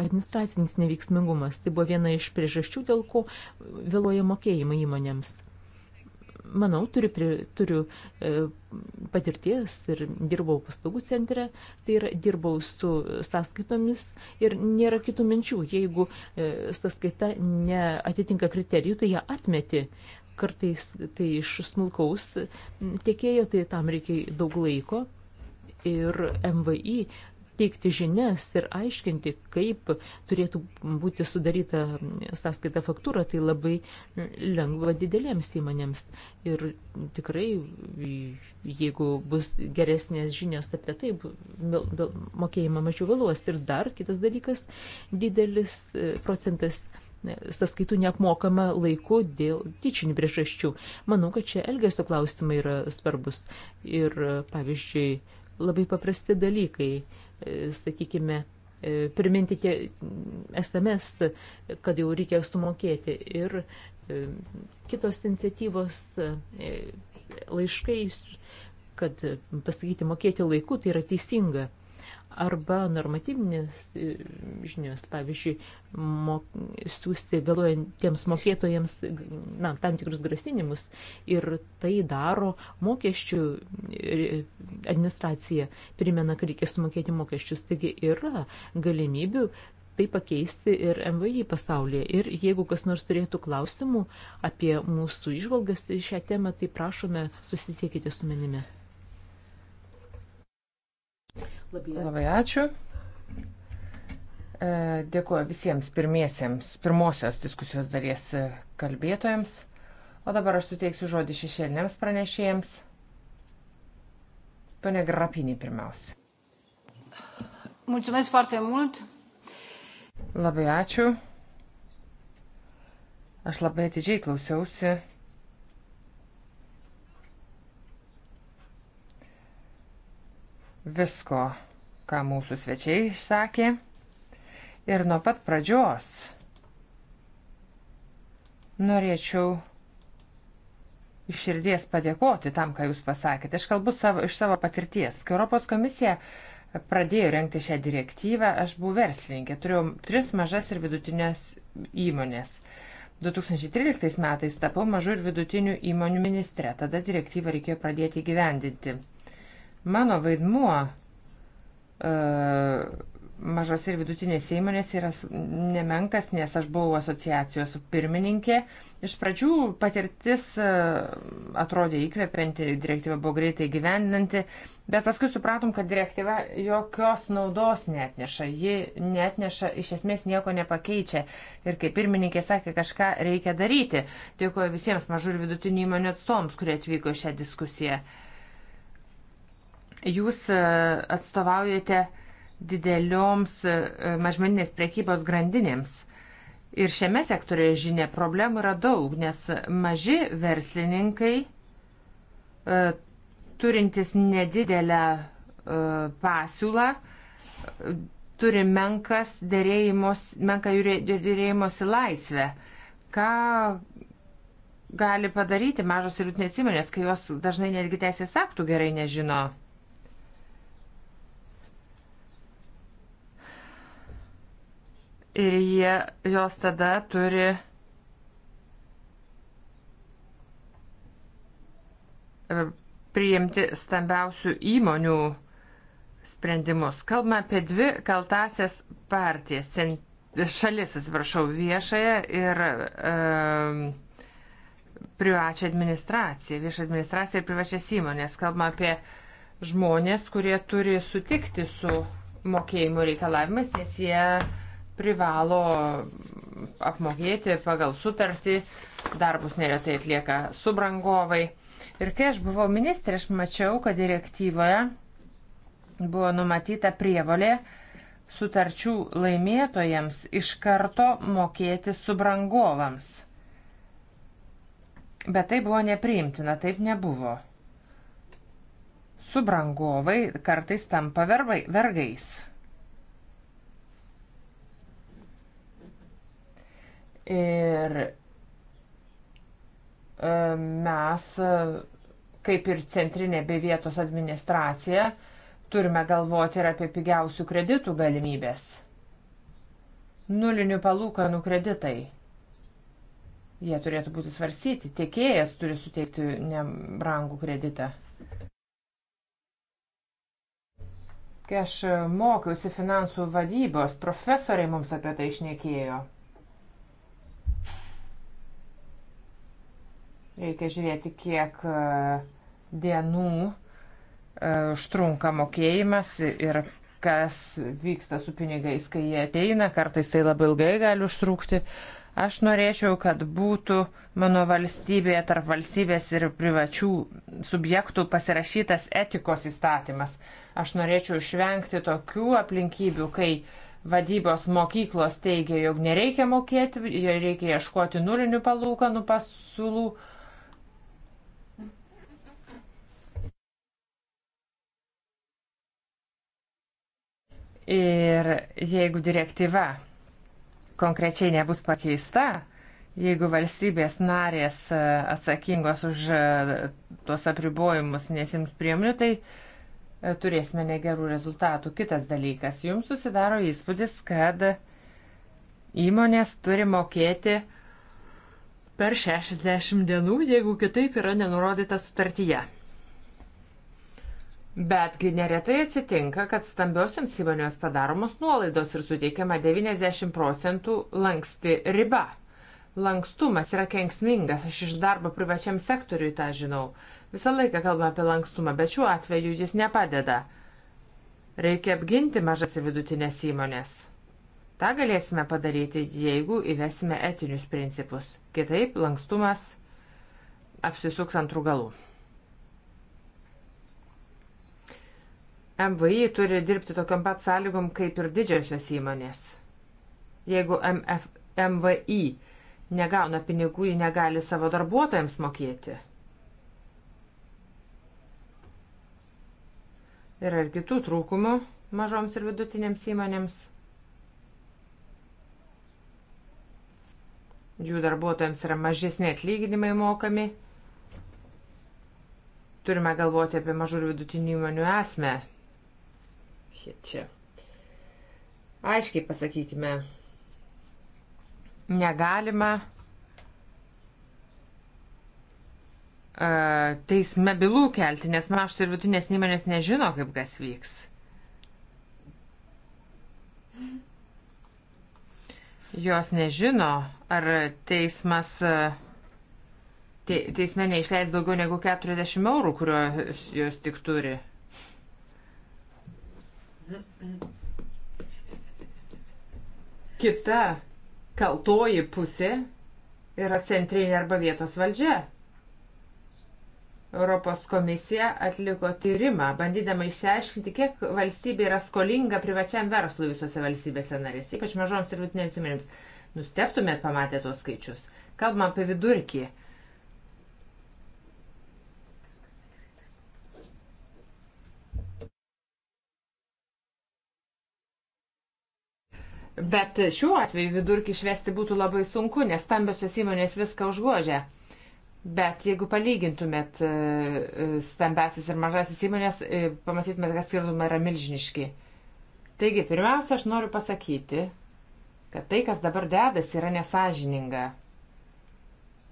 administracinis neveiksmingumas. Tai buvo viena iš priežasčių, dėl ko vėluoja mokėjimai įmonėms manau, turiu, turiu e, patirties ir dirbau paslaugų centre, tai yra dirbau su sąskaitomis ir nėra kitų minčių. Jeigu e, sąskaita neatitinka kriterijų, tai ją atmeti. Kartais tai iš smulkaus tiekėjo, tai tam reikia daug laiko. Ir MVI teikti žinias ir aiškinti, kaip turėtų būti sudaryta sąskaita faktūra, tai labai lengva didelėms įmonėms. Ir tikrai, jeigu bus geresnės žinios apie tai, mokėjimą mažiau vėluos. Ir dar kitas dalykas, didelis e, procentas e, sąskaitų neapmokama laiku dėl tyčinių priežasčių. Manau, kad čia elgesio klausimai yra svarbus. Ir, e, pavyzdžiui, labai paprasti dalykai E, sakykime, e, priminti tie SMS, kad jau reikia sumokėti. Ir e, kitos iniciatyvos laiškais, kad pasakyti mokėti laiku, tai yra teisinga arba normatyvinės e, žinios, pavyzdžiui, mok, siūsti vėluojantiems mokėtojams na, tam tikrus grasinimus ir tai daro mokesčių e, administracija, primena, kad reikia sumokėti mokesčius, taigi yra galimybių tai pakeisti ir MVI pasaulyje. Ir jeigu kas nors turėtų klausimų apie mūsų išvalgas šią temą, tai prašome susisiekite su manimi. Labai ačiū. E, dėkuoju visiems pirmiesiems, pirmosios diskusijos dalies e, kalbėtojams. O dabar aš suteiksiu žodį šešėliniams pranešėjams. Pane Grapinį pirmiausia. Mulțumesc foarte mult. Labai ačiū. Aš labai atidžiai klausiausi visko, ką mūsų svečiai išsakė. Ir nuo pat pradžios norėčiau iširdies padėkoti tam, ką Jūs pasakėte. Aš kalbu savo, iš savo patirties. Kai Europos komisija pradėjo renkti šią direktyvą, aš buvau verslininkė, turėjau tris mažas ir vidutinės įmonės. 2013 metais tapau mažų ir vidutinių įmonių ministrė, tada direktyvą reikėjo pradėti gyvendinti. Mano vaidmuo e, mažose ir vidutinėse įmonėse yra nemenkas, nes aš buvau asociacijos pirmininkė. Iš pradžių patirtis e, atrodė įkvepianti, direktyva buvo greitai gyvendinanti, bet paskui supratom, kad direktyva jokios naudos netneša, ji netneša, iš esmės nieko nepakeičia. Ir kaip pirmininkė sakė, kažką reikia daryti. Dėkuoju visiems mažų ir vidutinių įmonių atstovams, kurie atvyko į šią diskusiją. Jūs e, atstovaujate didelioms e, mažmeninės prekybos grandinėms. Ir šiame sektorėje žinia problemų yra daug, nes maži verslininkai e, turintys nedidelę pasiūlą turi menkas dėrėjimos, menką dėrėjimosi laisvę. Ką gali padaryti mažos ir rutinės įmonės, kai jos dažnai netgi teisės aktų gerai nežino? ir jie, jos tada turi priimti stambiausių įmonių sprendimus. Kalbame apie dvi kaltasias partijas, šalis, atsiprašau, viešąją ir e, privačią administraciją, viešą administraciją ir privačias įmonės. Kalbame apie žmonės, kurie turi sutikti su mokėjimo reikalavimais, nes jie privalo apmokėti pagal sutartį, darbus neretai atlieka subrangovai. Ir kai aš buvau ministrė, aš mačiau, kad direktyvoje buvo numatyta prievalė sutarčių laimėtojams iš karto mokėti subrangovams. Bet tai buvo nepriimtina, taip nebuvo. Subrangovai kartais tampa verbai, vergais Ir e, mes, kaip ir centrinė bei vietos administracija, turime galvoti ir apie pigiausių kreditų galimybės. Nulinių palūkanų kreditai. Jie turėtų būti svarstyti. Tiekėjas turi suteikti nebrangų kreditą. Kai aš mokiausi finansų vadybos, profesoriai mums apie tai išnekėjo. Reikia žiūrėti, kiek e, dienų e, užtrunka mokėjimas ir kas vyksta su pinigais, kai jie ateina, kartais tai labai ilgai gali užtrukti. Aš norėčiau, kad būtų mano valstybėje, tarp valstybės ir privačių subjektų pasirašytas etikos įstatymas. Aš norėčiau išvengti tokių aplinkybių, kai vadybos mokyklos teigia, jog nereikia mokėti, reikia ieškoti nulinių palūkanų pasiūlų. Nu Ir jeigu direktyva konkrečiai nebus pakeista, jeigu valstybės narės e, atsakingos už e, tuos apribojimus nesims priemonių, tai e, turėsime negerų rezultatų. Kitas dalykas, jums susidaro įspūdis, kad įmonės turi mokėti per 60 dienų, jeigu kitaip yra nenurodyta sutartyje. Betgi neretai atsitinka, kad stambiosioms įmonėms padaromos nuolaidos ir suteikiama 90 procentų lanksti riba. Lankstumas yra kenksmingas, aš iš darbo privačiam sektoriui tą žinau. Visą laiką kalbame apie lankstumą, bet šiuo atveju jis nepadeda. Reikia apginti mažas ir vidutinės įmonės. Ta galėsime padaryti, jeigu įvesime etinius principus. Kitaip lankstumas apsisuks ant rūgalų. MVI turi dirbti tokiam pat sąlygom kaip ir didžiosios įmonės. Jeigu MF, MVI negauna pinigų, ji negali savo darbuotojams mokėti. Yra ir kitų trūkumų mažoms ir vidutinėms įmonėms. Jų darbuotojams yra mažesni atlyginimai mokami. Turime galvoti apie mažų ir vidutinių įmonių esmę, čia. Aiškiai pasakykime, negalima e, teisme bylų kelti, nes mašto ir vidutinės įmonės nežino, kaip kas vyks. Jos nežino, ar teismas e, te, teisme neišleis daugiau negu 40 eurų, kuriuos jos tik turi. Kita kaltoji pusė yra centrinė arba vietos valdžia. Europos komisija atliko tyrimą, bandydama išsiaiškinti, kiek valstybė yra skolinga privačiam verslui visose valstybėse narėse, ypač mažoms ir vidutinėms įmonėms. Nusteptumėt pamatę tuos skaičius. Kalbam apie vidurkį. Bet šiuo atveju vidurkį išvesti būtų labai sunku, nes stambiosios įmonės viską užgožia. Bet jeigu palygintumėt e, e, stambiasis ir mažasis įmonės, e, pamatytumėt, kad skirtumai yra milžiniški. Taigi, pirmiausia, aš noriu pasakyti, kad tai, kas dabar dedasi, yra nesažininga.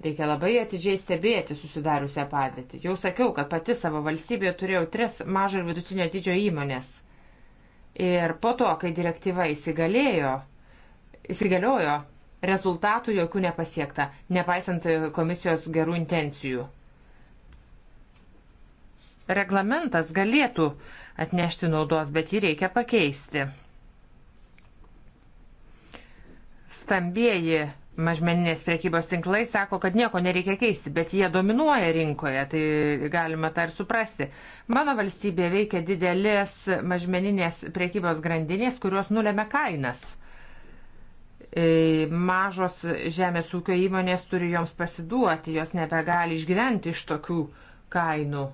Reikia labai atidžiai stebėti susidariusią padėtį. Jau sakiau, kad pati savo valstybėje turėjau tris mažo ir vidutinio dydžio įmonės – Ir po to, kai direktyva įsigalėjo, įsigaliojo, rezultatų jokių nepasiekta, nepaisant komisijos gerų intencijų. Reglamentas galėtų atnešti naudos, bet jį reikia pakeisti. Stambieji mažmeninės priekybos tinklai sako, kad nieko nereikia keisti, bet jie dominuoja rinkoje, tai galima tą ir suprasti. Mano valstybė veikia didelės mažmeninės priekybos grandinės, kurios nulėmė kainas. E, mažos žemės ūkio įmonės turi joms pasiduoti, jos nebegali išgyventi iš tokių kainų.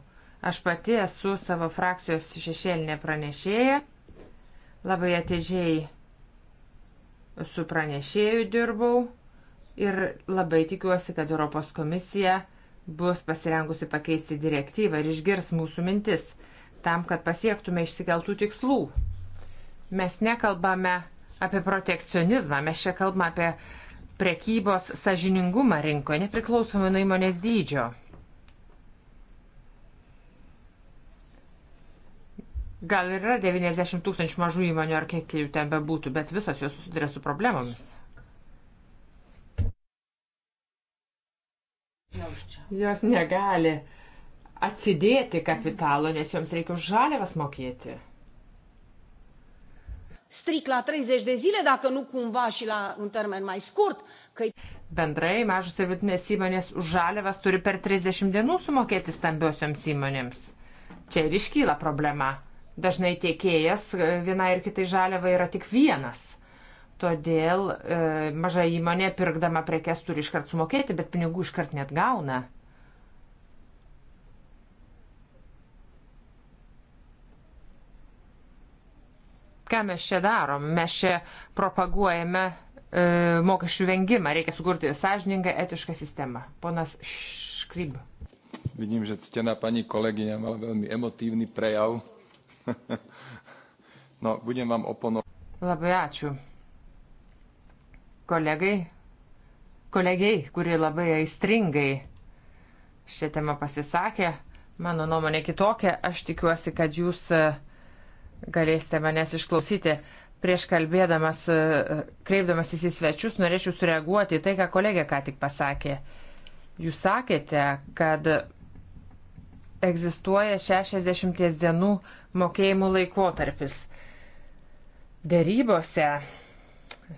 Aš pati esu savo frakcijos šešėlinė pranešėja, labai atidžiai su pranešėju dirbau ir labai tikiuosi, kad Europos komisija bus pasirengusi pakeisti direktyvą ir išgirs mūsų mintis tam, kad pasiektume išsikeltų tikslų. Mes nekalbame apie protekcionizmą, mes čia kalbame apie prekybos sažiningumą rinkoje, nepriklausomai nuo įmonės dydžio. Gal ir yra 90 tūkstančių mažų įmonių ar kiek jų ten bebūtų, bet visos jos susiduria su problemomis. Jos negali atsidėti kapitalo, nes joms reikia už žalėvas mokėti. Stric la 30 de zile, dacă nu cumva și la un termen mai scurt. Că... Bendrai, mažos ir vidutinės įmonės už žalėvas turi per 30 dienų sumokėti stambiosioms įmonėms. Čia ir iškyla problema. Dažnai tiekėjas vienai ir kitai žalėvai yra tik vienas – Todėl e, maža įmonė, pirkdama prekes, turi iškart sumokėti, bet pinigų iškart net gauna. Ką mes čia darom? Mes čia propaguojame e, mokesčių vengimą. Reikia sukurti sąžiningą etišką sistemą. Ponas Škryb. Vidím, že ctená pani kolegyňa mala veľmi emotívny prejav. <laughs> no, budem vám oponovať. Labai ačiū kolegai, kolegiai, kuri labai aistringai šią temą pasisakė. Mano nuomonė kitokia, aš tikiuosi, kad jūs e, galėsite manęs išklausyti. Prieš kalbėdamas, e, kreipdamas į svečius, norėčiau sureaguoti į tai, ką kolegė ką tik pasakė. Jūs sakėte, kad egzistuoja 60 dienų mokėjimų laikotarpis. Dėrybose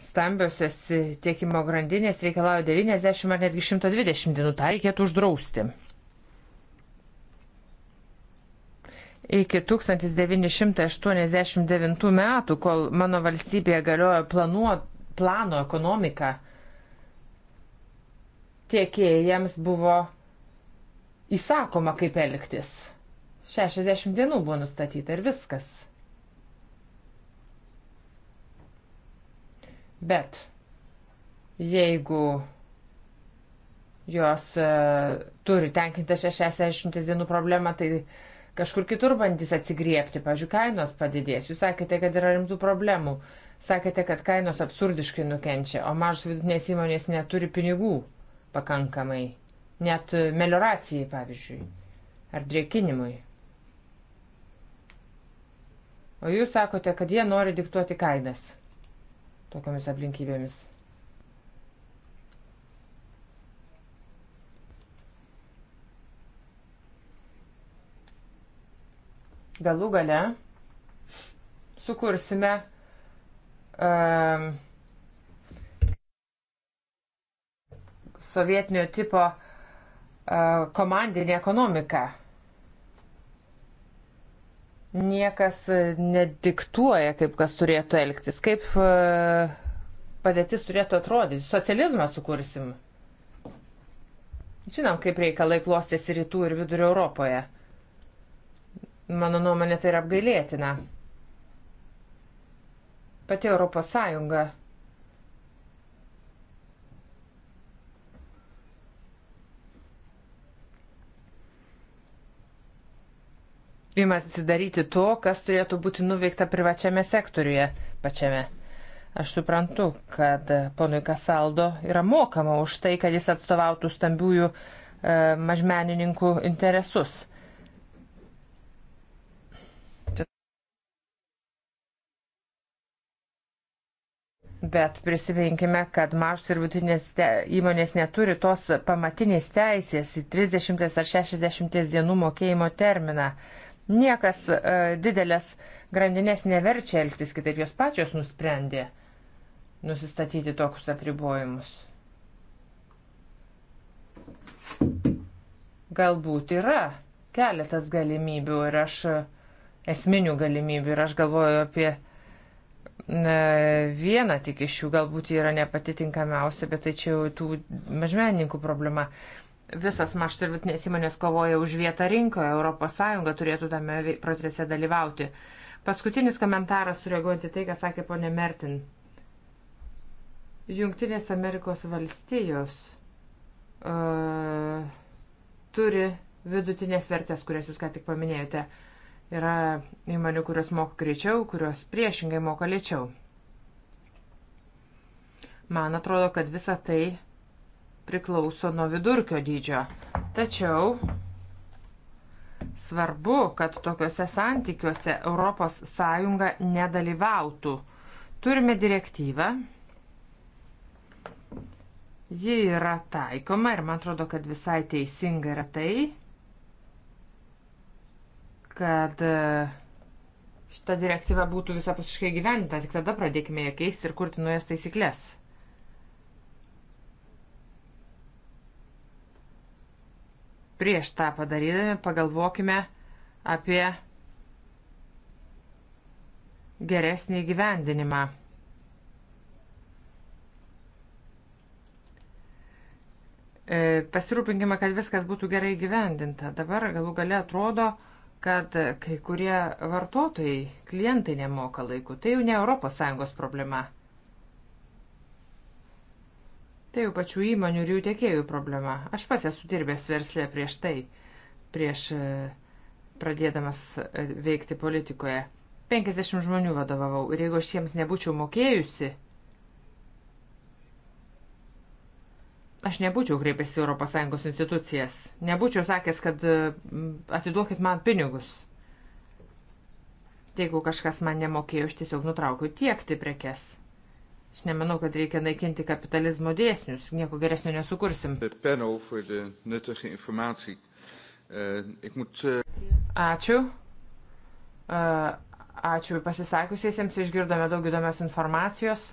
stambiosios e, tiekimo grandinės reikalauja 90 ar netgi 120 dienų. Ta reikėtų uždrausti. Iki 1989 metų, kol mano valstybėje galiojo planuo, plano ekonomika, tiekėjams buvo įsakoma, kaip elgtis. 60 dienų buvo nustatyta ir viskas. Bet jeigu jos uh, turi tenkinti 60 dienų problemą, tai kažkur kitur bandys atsigriepti, pažiūrėjau, kainos padidės. Jūs sakėte, kad yra rimtų problemų. Sakėte, kad kainos absurdiškai nukenčia, o mažos vidutinės įmonės neturi pinigų pakankamai. Net melioracijai, pavyzdžiui, ar drėkinimui. O jūs sakote, kad jie nori diktuoti kainas tokiamis aplinkybėmis. Galų gale sukursime um, sovietinio tipo uh, eh, komandinį ekonomiką niekas e, nediktuoja, kaip kas turėtų elgtis, kaip e, padėtis turėtų atrodyti. Socializmą sukursim. Žinom, kaip reikalai klostėsi rytų ir vidurio Europoje. Mano nuomonė tai yra apgailėtina. Pati Europos Sąjunga imasi daryti to, kas turėtų būti nuveikta privačiame sektoriuje pačiame. Aš suprantu, kad ponui Kasaldo yra mokama už tai, kad jis atstovautų stambiųjų e, mažmenininkų interesus. Bet prisiminkime, kad mažos ir vidutinės te, įmonės neturi tos pamatinės teisės į 30 ar 60 dienų mokėjimo terminą. E, Niekas e, didelės grandinės neverčia elgtis kitaip, jos pačios nusprendė nusistatyti tokius apribojimus. Galbūt yra keletas galimybių ir aš esminių galimybių ir aš galvoju apie vieną tik iš jų, galbūt yra nepatitinkamiausia, bet tai čia jau tų mažmenininkų problema. Visos mažos ir vidutinės įmonės kovoja už vietą rinkoje, ES turėtų tame procese dalyvauti. Paskutinis komentaras sureaguojant į tai, ką sakė ponė Mertin. Junktinės Amerikos valstijos uh, turi vidutinės vertės, kurias jūs ką tik paminėjote. Yra įmonių, kurios moka greičiau, kurios priešingai moka lėčiau. Man atrodo, kad visa tai priklauso nuo vidurkio dydžio. Tačiau svarbu, kad tokiuose santykiuose ES nedalyvautų. Turime direktyvą. Ji yra taikoma ir man atrodo, kad visai teisinga yra tai, kad e, šita direktyva būtų visapusiškai gyvendinta, tik tada pradėkime ją keisti ir kurti naujas taisyklės. Prieš tą padarydami pagalvokime apie geresnį gyvendinimą. E, pasirūpinkime, kad viskas būtų gerai gyvendinta. Dabar galų gale atrodo, kad kai kurie vartotojai, klientai nemoka laiku. Tai jau ne ES problema. Tai jų pačių įmonių ir jų tiekėjų problema. Aš pats esu dirbęs verslė prieš tai, prieš e, pradėdamas e, veikti politikoje. 50 žmonių vadovavau ir jeigu aš jiems nebūčiau mokėjusi, aš nebūčiau kreipęs į ES institucijas, nebūčiau sakęs, kad e, atiduokit man pinigus. Tai jeigu kažkas man nemokėjo, aš tiesiog nutraukiau tiekti prekes. Aš nemanau, kad reikia naikinti kapitalizmo dėsnius, nieko geresnio nesukursim. Eh, eh, ačiū. Eh, ačiū pasisakiusiesiems, išgirdome daug įdomios informacijos.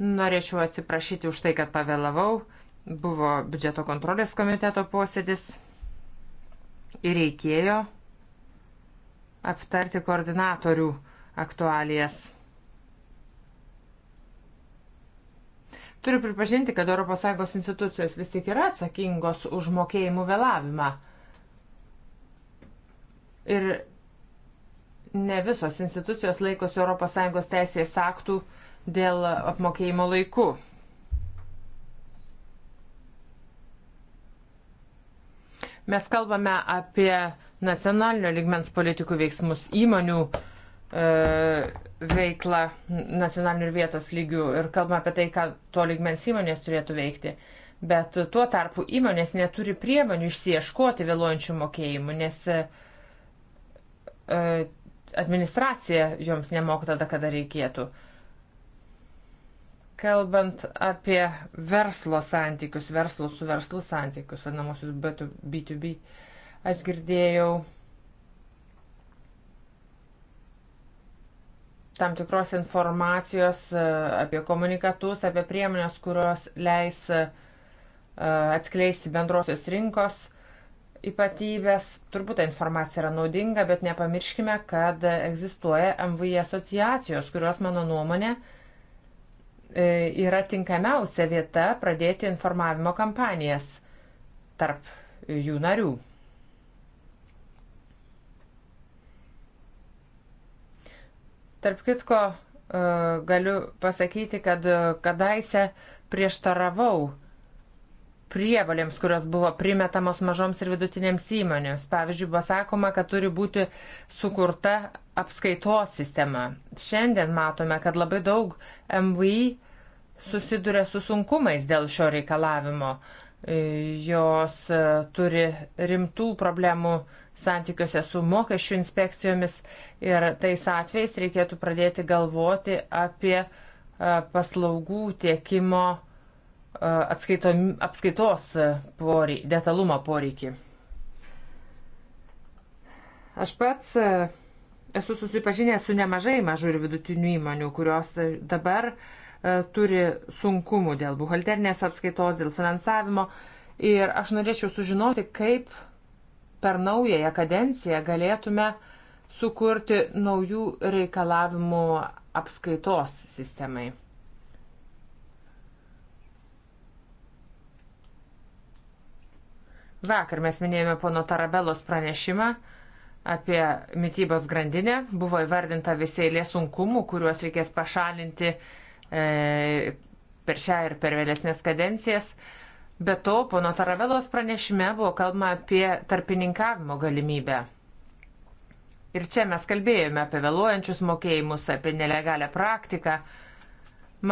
Norėčiau atsiprašyti už tai, kad pavėlavau. Buvo biudžeto kontrolės komiteto posėdis ir reikėjo aptarti koordinatorių aktualijas. Turiu pripažinti, kad ES institucijos vis tik yra atsakingos už mokėjimų vėlavimą. Ir ne visos institucijos laikosi ES teisės aktų dėl apmokėjimo laikų. Mes kalbame apie nacionalinio ligmens politikų veiksmus įmonių. E, veiklą nacionaliniu ir vietos lygiu ir kalbame apie tai, ką to lygmens įmonės turėtų veikti. Bet tuo tarpu įmonės neturi priemonių išsieškoti vėluojančių mokėjimų, nes e, administracija joms nemoka tada, kada reikėtų. Kalbant apie verslo santykius, verslo su verslu santykius, vadinamosius B2B, aš girdėjau tam tikros informacijos e, apie komunikatus, apie priemonės, kurios leis e, atskleisti bendrosios rinkos ypatybės. Turbūt ta informacija yra naudinga, bet nepamirškime, kad egzistuoja MVI asociacijos, kurios, mano nuomonė, e, yra tinkamiausia vieta pradėti informavimo kampanijas tarp jų narių. Tarp kitko, e, galiu pasakyti, kad e, kadaise prieštaravau prievalėms, kurios buvo primetamos mažoms ir vidutinėms įmonėms. Pavyzdžiui, buvo sakoma, kad turi būti sukurta apskaitos sistema. Šiandien matome, kad labai daug MVI susiduria su sunkumais dėl šio reikalavimo. E, jos turi rimtų problemų santykiuose su mokesčių inspekcijomis ir tais atvejais reikėtų pradėti galvoti apie e, paslaugų tiekimo e, atskaito, apskaitos porį, detalumo poreikį. Aš pats e, esu susipažinęs su nemažai mažų ir vidutinių įmonių, kurios dabar turi sunkumų dėl buhalternės apskaitos, dėl finansavimo. Ir aš norėčiau sužinoti, kaip per naująją kadenciją galėtume sukurti naujų reikalavimų apskaitos sistemai. Vakar mes minėjome pono Tarabelos pranešimą apie mytybos grandinę. Buvo įvardinta visi eilė sunkumų, kuriuos reikės pašalinti e, per šią ir per vėlesnės kadencijas. E, Be to, pono Taravelos pranešime buvo kalbama apie tarpininkavimo galimybę. Ir čia mes kalbėjome apie vėluojančius mokėjimus, apie nelegalią praktiką.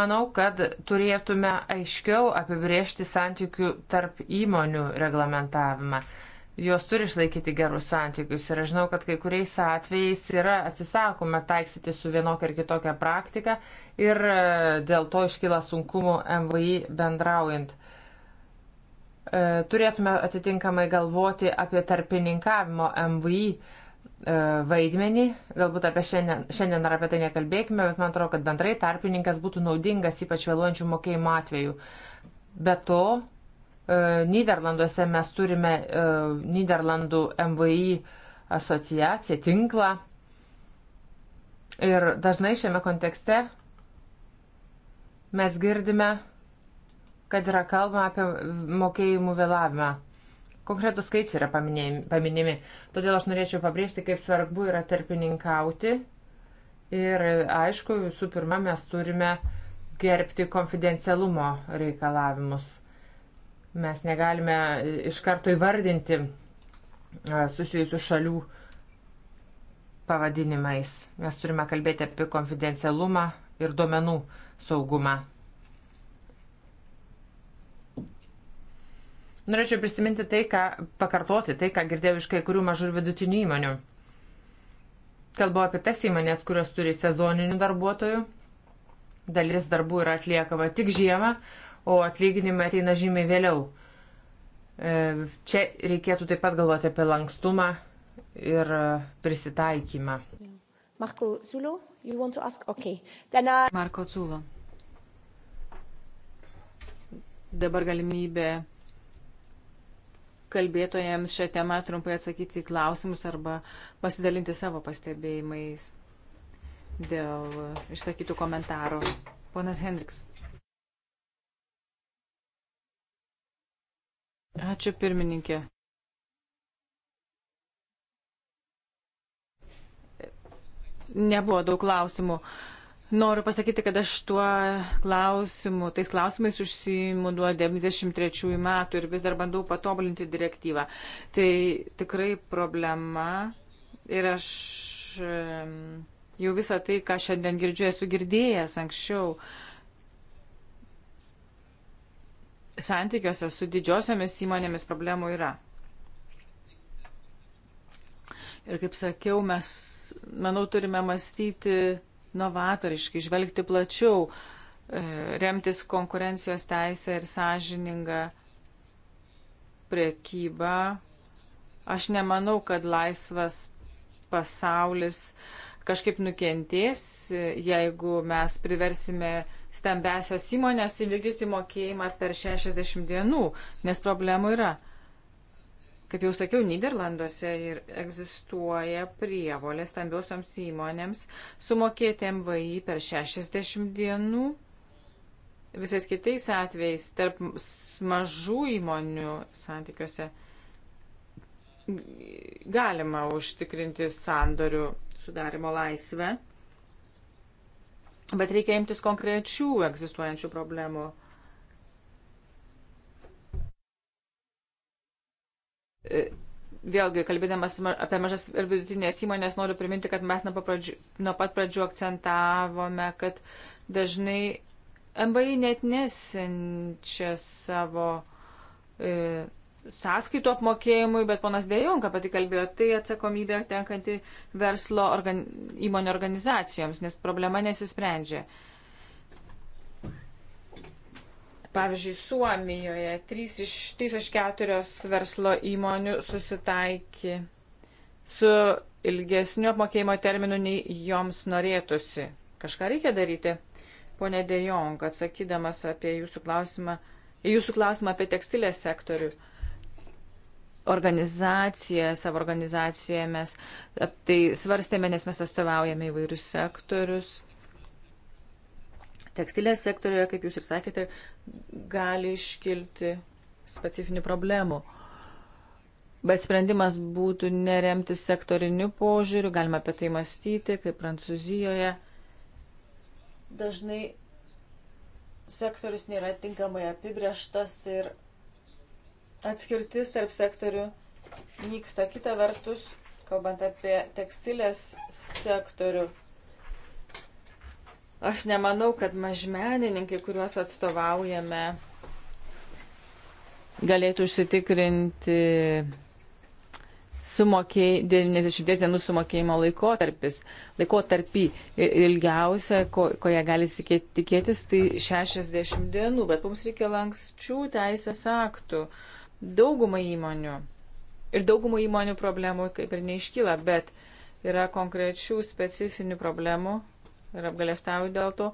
Manau, kad turėtume aiškiau apibriežti santykių tarp įmonių reglamentavimą. Jos turi išlaikyti gerus santykius ir aš žinau, kad kai kuriais atvejais yra atsisakoma taiksyti su vienokia ir kitokia praktika ir e, dėl to iškyla sunkumų MVI bendraujant. E, turėtume atitinkamai galvoti apie tarpininkavimo MVI e, vaidmenį, galbūt apie šiandien, šiandien ar apie tai nekalbėkime, bet man atrodo, kad bendrai tarpininkas būtų naudingas, ypač vėluojančių mokėjimo atveju. Be to, e, Niderlanduose mes turime Niderlandų MVI asociaciją, tinklą. Ir dažnai šiame kontekste mes girdime kad yra kalbama apie mokėjimų vėlavimą. Konkretus skaičiai yra paminimi. Todėl aš norėčiau pabrėžti, kaip svarbu yra tarpininkauti. Ir aišku, visų pirma, mes turime gerbti konfidencialumo reikalavimus. Mes negalime iš karto įvardinti susijusių šalių pavadinimais. Mes turime kalbėti apie konfidencialumą ir duomenų saugumą. Norėčiau prisiminti tai, ką pakartoti, tai, ką girdėjau iš kai kurių mažų ir vidutinių įmonių. Kalbu apie tas įmonės, kurios turi sezoninių darbuotojų. Dalis darbų yra atliekama tik žiemą, o atlyginimai ateina žymiai vėliau. E, čia reikėtų taip pat galvoti apie lankstumą ir e, prisitaikymą. Marko Zulo, you want to ask? Okay. Then I... Marko Zulo. Dabar galimybė kalbėtojams šią temą trumpai atsakyti į klausimus arba pasidalinti savo pastebėjimais dėl išsakytų komentarų. Ponas Hendriks. Ačiū pirmininkė. Nebuvo daug klausimų. Uh, Noriu pasakyti, kad aš tuo klausimu, tais klausimais užsijimu nuo 93 metų ir vis dar bandau patobulinti direktyvą. Tai tikrai problema ir aš jau visą tai, ką šiandien girdžiu, esu girdėjęs anksčiau santykiuose su didžiosiomis įmonėmis problemų yra. Ir kaip sakiau, mes, manau, turime mąstyti novatoriški, žvelgti plačiau, e, remtis konkurencijos teisę ir sąžiningą priekybą. Aš nemanau, kad laisvas pasaulis kažkaip nukentės, e, jeigu mes priversime stambesios įmonės įvykdyti mokėjimą per 60 dienų, nes problemų yra. Kaip jau sakiau, Niderlanduose ir egzistuoja prievolė stambiosioms įmonėms sumokėti MVI per 60 dienų. Visais kitais atvejais tarp mažų įmonių santykiuose galima užtikrinti sandorių sudarimo laisvę, bet reikia imtis konkrečių egzistuojančių problemų E, vėlgi, kalbėdamas apie mažas ir vidutinės įmonės, noriu priminti, kad mes nuo, papradžių, nuo pat pradžių akcentavome, kad dažnai MBI net nesinčia savo e, sąskaitų apmokėjimui, bet ponas Dejong apie tai kalbėjo, tai atsakomybė tenkanti verslo organi įmonė organizacijoms, nes problema nesisprendžia. E, Pavyzdžiui, Suomijoje 3 iš, 3 iš 4 verslo įmonių susitaikė su ilgesniu apmokėjimo terminu, nei joms norėtųsi. Kažką reikia daryti. Pone Dejong, atsakydamas apie jūsų klausimą, jūsų klausimą apie tekstilės sektorių organizaciją, savo organizaciją mes tai svarstėme, nes mes atstovaujame įvairius sektorius tekstilės sektorioje, kaip jūs ir sakėte, gali iškilti specifinių problemų. Bet sprendimas būtų neremti sektoriniu požiūriu, galima apie tai mąstyti, kaip Prancūzijoje. Dažnai sektorius nėra tinkamai apibrieštas ir atskirtis tarp sektorių nyksta. Kita vertus, kalbant apie tekstilės sektorių, Aš nemanau, kad mažmenininkai, kuriuos atstovaujame, galėtų užsitikrinti sumokėj, 90 dienų sumokėjimo laikotarpis, laikotarpį ilgiausia, ko, ko jie gali tikėtis, tai 60 dienų, bet mums reikia lankščių teisės aktų daugumai įmonių. Ir daugumai įmonių problemų kaip ir neiškyla, bet yra konkrečių specifinių problemų, ir apgalėstauju dėl to,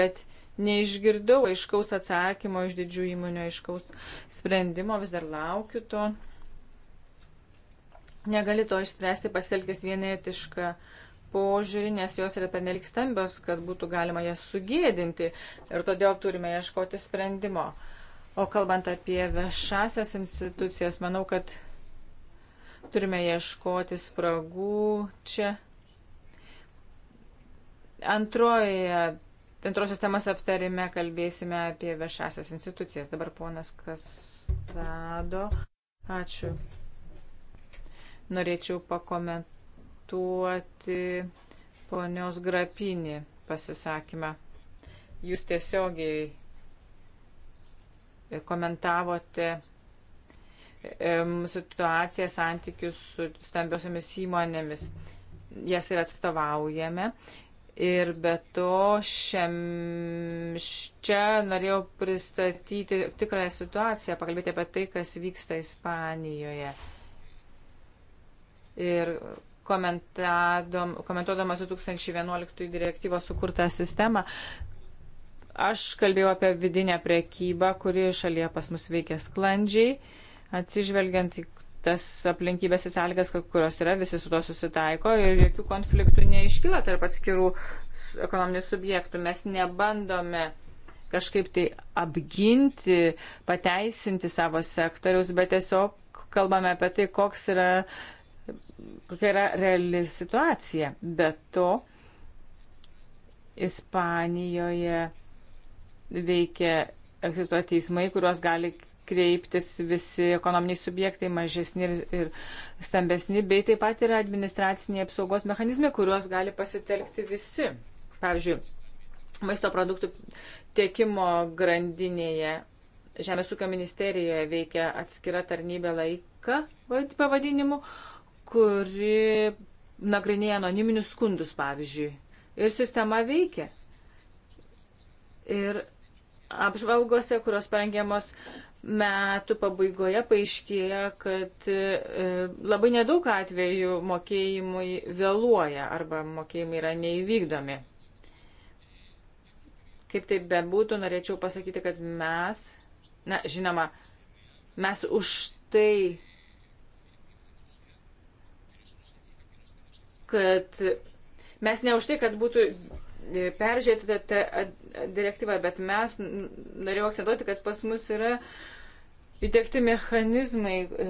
bet neišgirdau aiškaus atsakymo iš didžių įmonių, aiškaus sprendimo, vis dar laukiu to. Negali to išspręsti pasitelkęs vienetišką požiūrį, nes jos yra pernelik stambios, kad būtų galima jas sugėdinti ir todėl turime ieškoti sprendimo. O kalbant apie viešasias institucijas, manau, kad turime ieškoti spragų čia Antrojoje, antrosios temas aptarime kalbėsime apie viešasias institucijas. Dabar ponas Kastado. Ačiū. Norėčiau pakomentuoti ponios Grapinį pasisakymą. Jūs tiesiogiai komentavote situaciją santykius su stambiosiomis įmonėmis. Jas ir atstovaujame. Ir be to šiam, čia norėjau pristatyti tikrąją situaciją, pakalbėti apie tai, kas vyksta Ispanijoje. Ir komentuodamas 2011 direktyvos sukurtą sistemą, aš kalbėjau apie vidinę priekybą, kuri šalyje pas mus veikia sklandžiai, atsižvelgiant į tas aplinkybės ir sąlygas, kurios yra, visi su to susitaiko ir jokių konfliktų neiškyla tarp atskirų ekonominių subjektų. Mes nebandome kažkaip tai apginti, pateisinti savo sektorius, bet tiesiog kalbame apie tai, koks yra, kokia yra reali situacija. Be to, Ispanijoje veikia egzistuoja teismai, kuriuos gali kreiptis visi ekonominiai subjektai, mažesni ir, ir stambesni, bei taip pat yra administraciniai apsaugos mechanizmai, kuriuos gali pasitelkti visi. Pavyzdžiui, maisto produktų tiekimo grandinėje Žemės ūkio ministerijoje veikia atskira tarnybė laika pavadinimu, kuri nagrinėja anoniminius skundus, pavyzdžiui. Ir sistema veikia. Ir apžvalgose, kurios parengiamos metų pabaigoje paaiškėja, kad e, labai nedaug atvejų mokėjimai vėluoja arba mokėjimai yra neįvykdomi. Kaip tai bebūtų, norėčiau pasakyti, kad mes, na, žinoma, mes už tai, kad mes ne už tai, kad būtų peržiūrėtumėte direktyvą, bet mes norėjau akcentuoti, kad pas mus yra įdėkti mechanizmai e,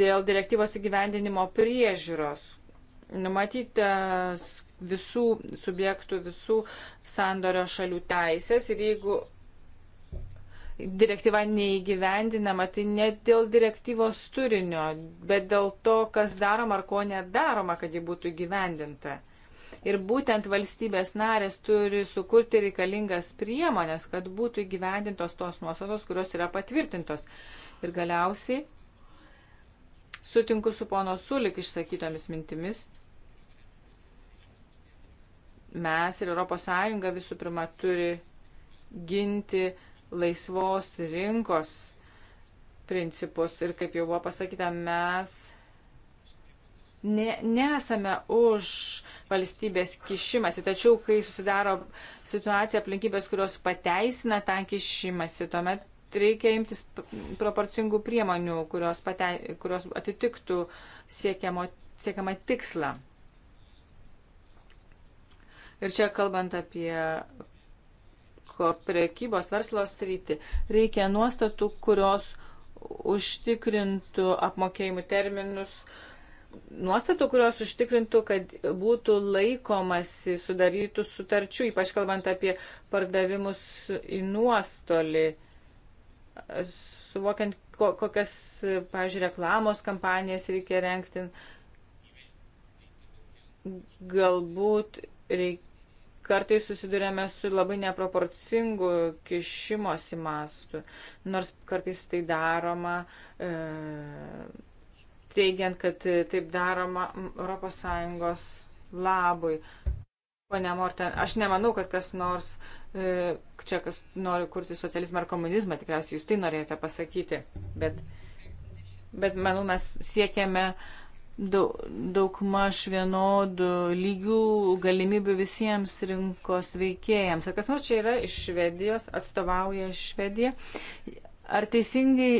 dėl direktyvos įgyvendinimo priežiūros. Numatytas visų subjektų, visų sandorio šalių teisės ir jeigu direktyva neįgyvendinama, tai ne dėl direktyvos turinio, bet dėl to, kas daroma ar ko nedaroma, kad ji būtų įgyvendinta. Mhm Ir būtent valstybės narės turi sukurti reikalingas priemonės, kad būtų įgyvendintos tos nuostatos, kurios yra patvirtintos. Ir galiausiai sutinku su pono Sulik išsakytomis mintimis. Mes ir ES visų pirma turi ginti laisvos rinkos principus. Ir kaip jau buvo pasakyta, mes ne, nesame už valstybės kišimasi, tačiau kai susidaro situacija aplinkybės, kurios pateisina tą kišimasi, tuomet reikia imtis proporcingų priemonių, kurios, patei, kurios atitiktų siekiamo, siekiamą tikslą. Ir čia kalbant apie prekybos verslo sritį, reikia nuostatų, kurios užtikrintų apmokėjimų terminus, uh, nuostatų, kurios užtikrintų, kad būtų laikomasi sudarytų sutarčių, ypač kalbant apie pardavimus į nuostolį, suvokiant, kokias, pažiūrėjau, reklamos kampanijas reikia renkti. Galbūt reik, kartais susidurėme su labai neproporcingu kišimosi mastu, nors kartais tai daroma. E, teigiant, kad taip daroma ES labui. Pone Morten, aš nemanau, kad kas nors e, čia kas nori kurti socializmą ar komunizmą, tikriausiai jūs tai norėjote pasakyti, bet, bet manau, mes siekiame daug, daug maž vienodų lygių galimybių visiems rinkos veikėjams. Ar kas nors čia yra iš Švedijos, atstovauja Švediją? Ar teisingai,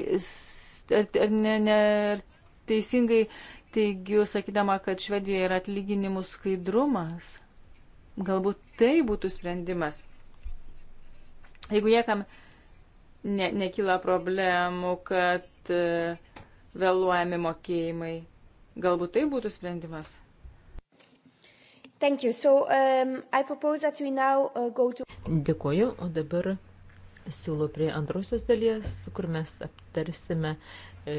ar, ar ne, ne, ar teisingai teigiu, sakydama, kad Švedijoje yra atlyginimų skaidrumas. Galbūt tai būtų sprendimas. Jeigu niekam ne, nekyla problemų, kad e, vėluojami mokėjimai, galbūt tai būtų sprendimas. Thank you. So, um, I propose that we now uh, go to... Dėkuoju, o dabar siūlau prie antrosios dalies, kur mes aptarsime e,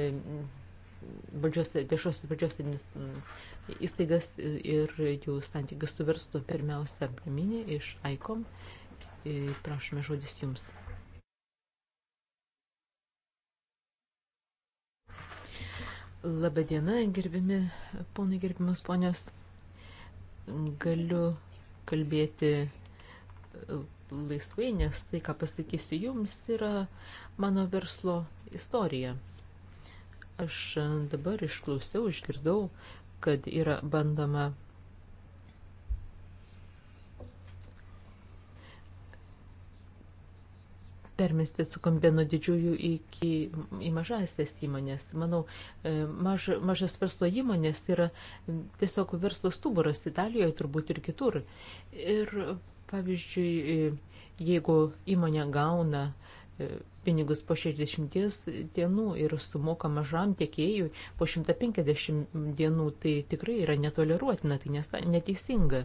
valdžios, viešos valdžios įstaigas ir jų santykius su verslu. Pirmiausia, Braminė iš ICOM. Prašome žodis jums. Labadiena, gerbiami ponai, gerbimas ponios. Galiu kalbėti e, laisvai, nes tai, ką pasakysiu jums, yra mano verslo istorija. Aš dabar išklausiau, išgirdau, kad yra bandoma permesti atsakomybę nuo didžiųjų iki į mažasias įmonės. Manau, e, maž, mažas verslo įmonės yra tiesiog verslo stuburas Italijoje, turbūt ir kitur. Ir pavyzdžiui, e, jeigu įmonė gauna uh, pinigus po 60 dienų ir sumoka mažam tiekėjui po 150 dienų, tai tikrai yra netoleruotina, tai neteisinga.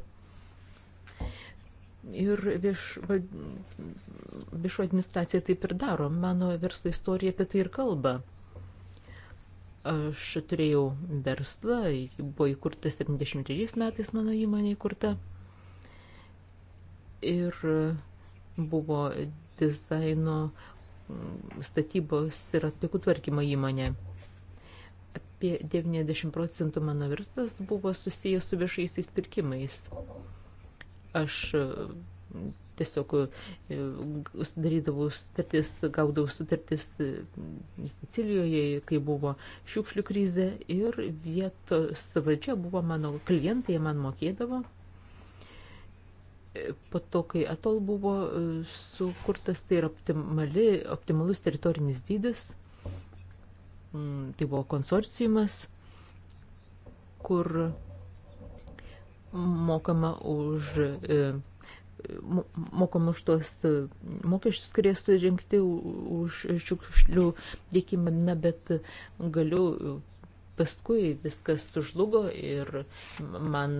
Ir viešo vieš administracija taip ir daro. Mano verslo istorija apie tai ir kalba. Aš turėjau verslą, buvo įkurta 73 metais mano įmonė įkurta. Ir buvo dizaino mm, statybos ir atlikų tvarkymo įmonė. Apie 90 procentų mano verslas buvo susijęs su viešaisiais pirkimais. Aš mm, tiesiog sudarydavau e, sutartis, gaudavau sutartis mm, Sicilijoje, kai buvo šiukšlių krizė ir vietos valdžia buvo mano klientai, man mokėdavo po to, kai atol buvo e, sukurtas, tai yra optimali, optimalus teritorinis dydis. Mm, tai buvo konsorcijumas, kur mokama už, e, mokama už tuos e, mokesčius, kurie surinkti už šiukšlių dėkimą, bet galiu paskui viskas sužlugo ir man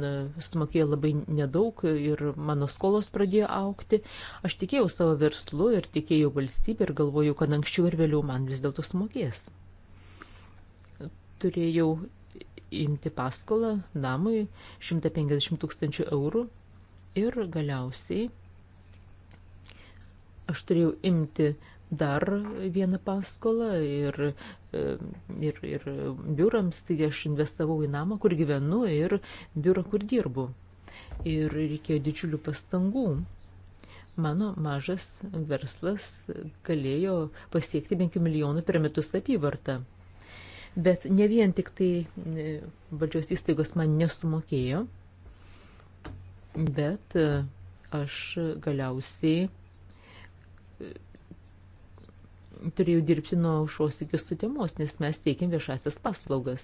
sumokėjo labai nedaug ir mano skolos pradėjo aukti. Aš tikėjau savo verslu ir tikėjau valstybę ir galvojau, kad anksčiau ir vėliau man vis dėlto sumokės. Turėjau imti paskolą namui 150 tūkstančių eurų ir galiausiai aš turėjau imti dar vieną paskolą ir, e, ir, ir biurams, tai aš investavau į namą, kur gyvenu ir biurą, kur dirbu. Ir reikėjo didžiulių pastangų. Mano mažas verslas galėjo pasiekti 5 milijonų per metus apyvartą. Bet ne vien tik tai e, valdžios įstaigos man nesumokėjo, bet e, aš galiausiai turėjau dirbti nuo aušros iki sutemos, nes mes teikiam viešasias paslaugas.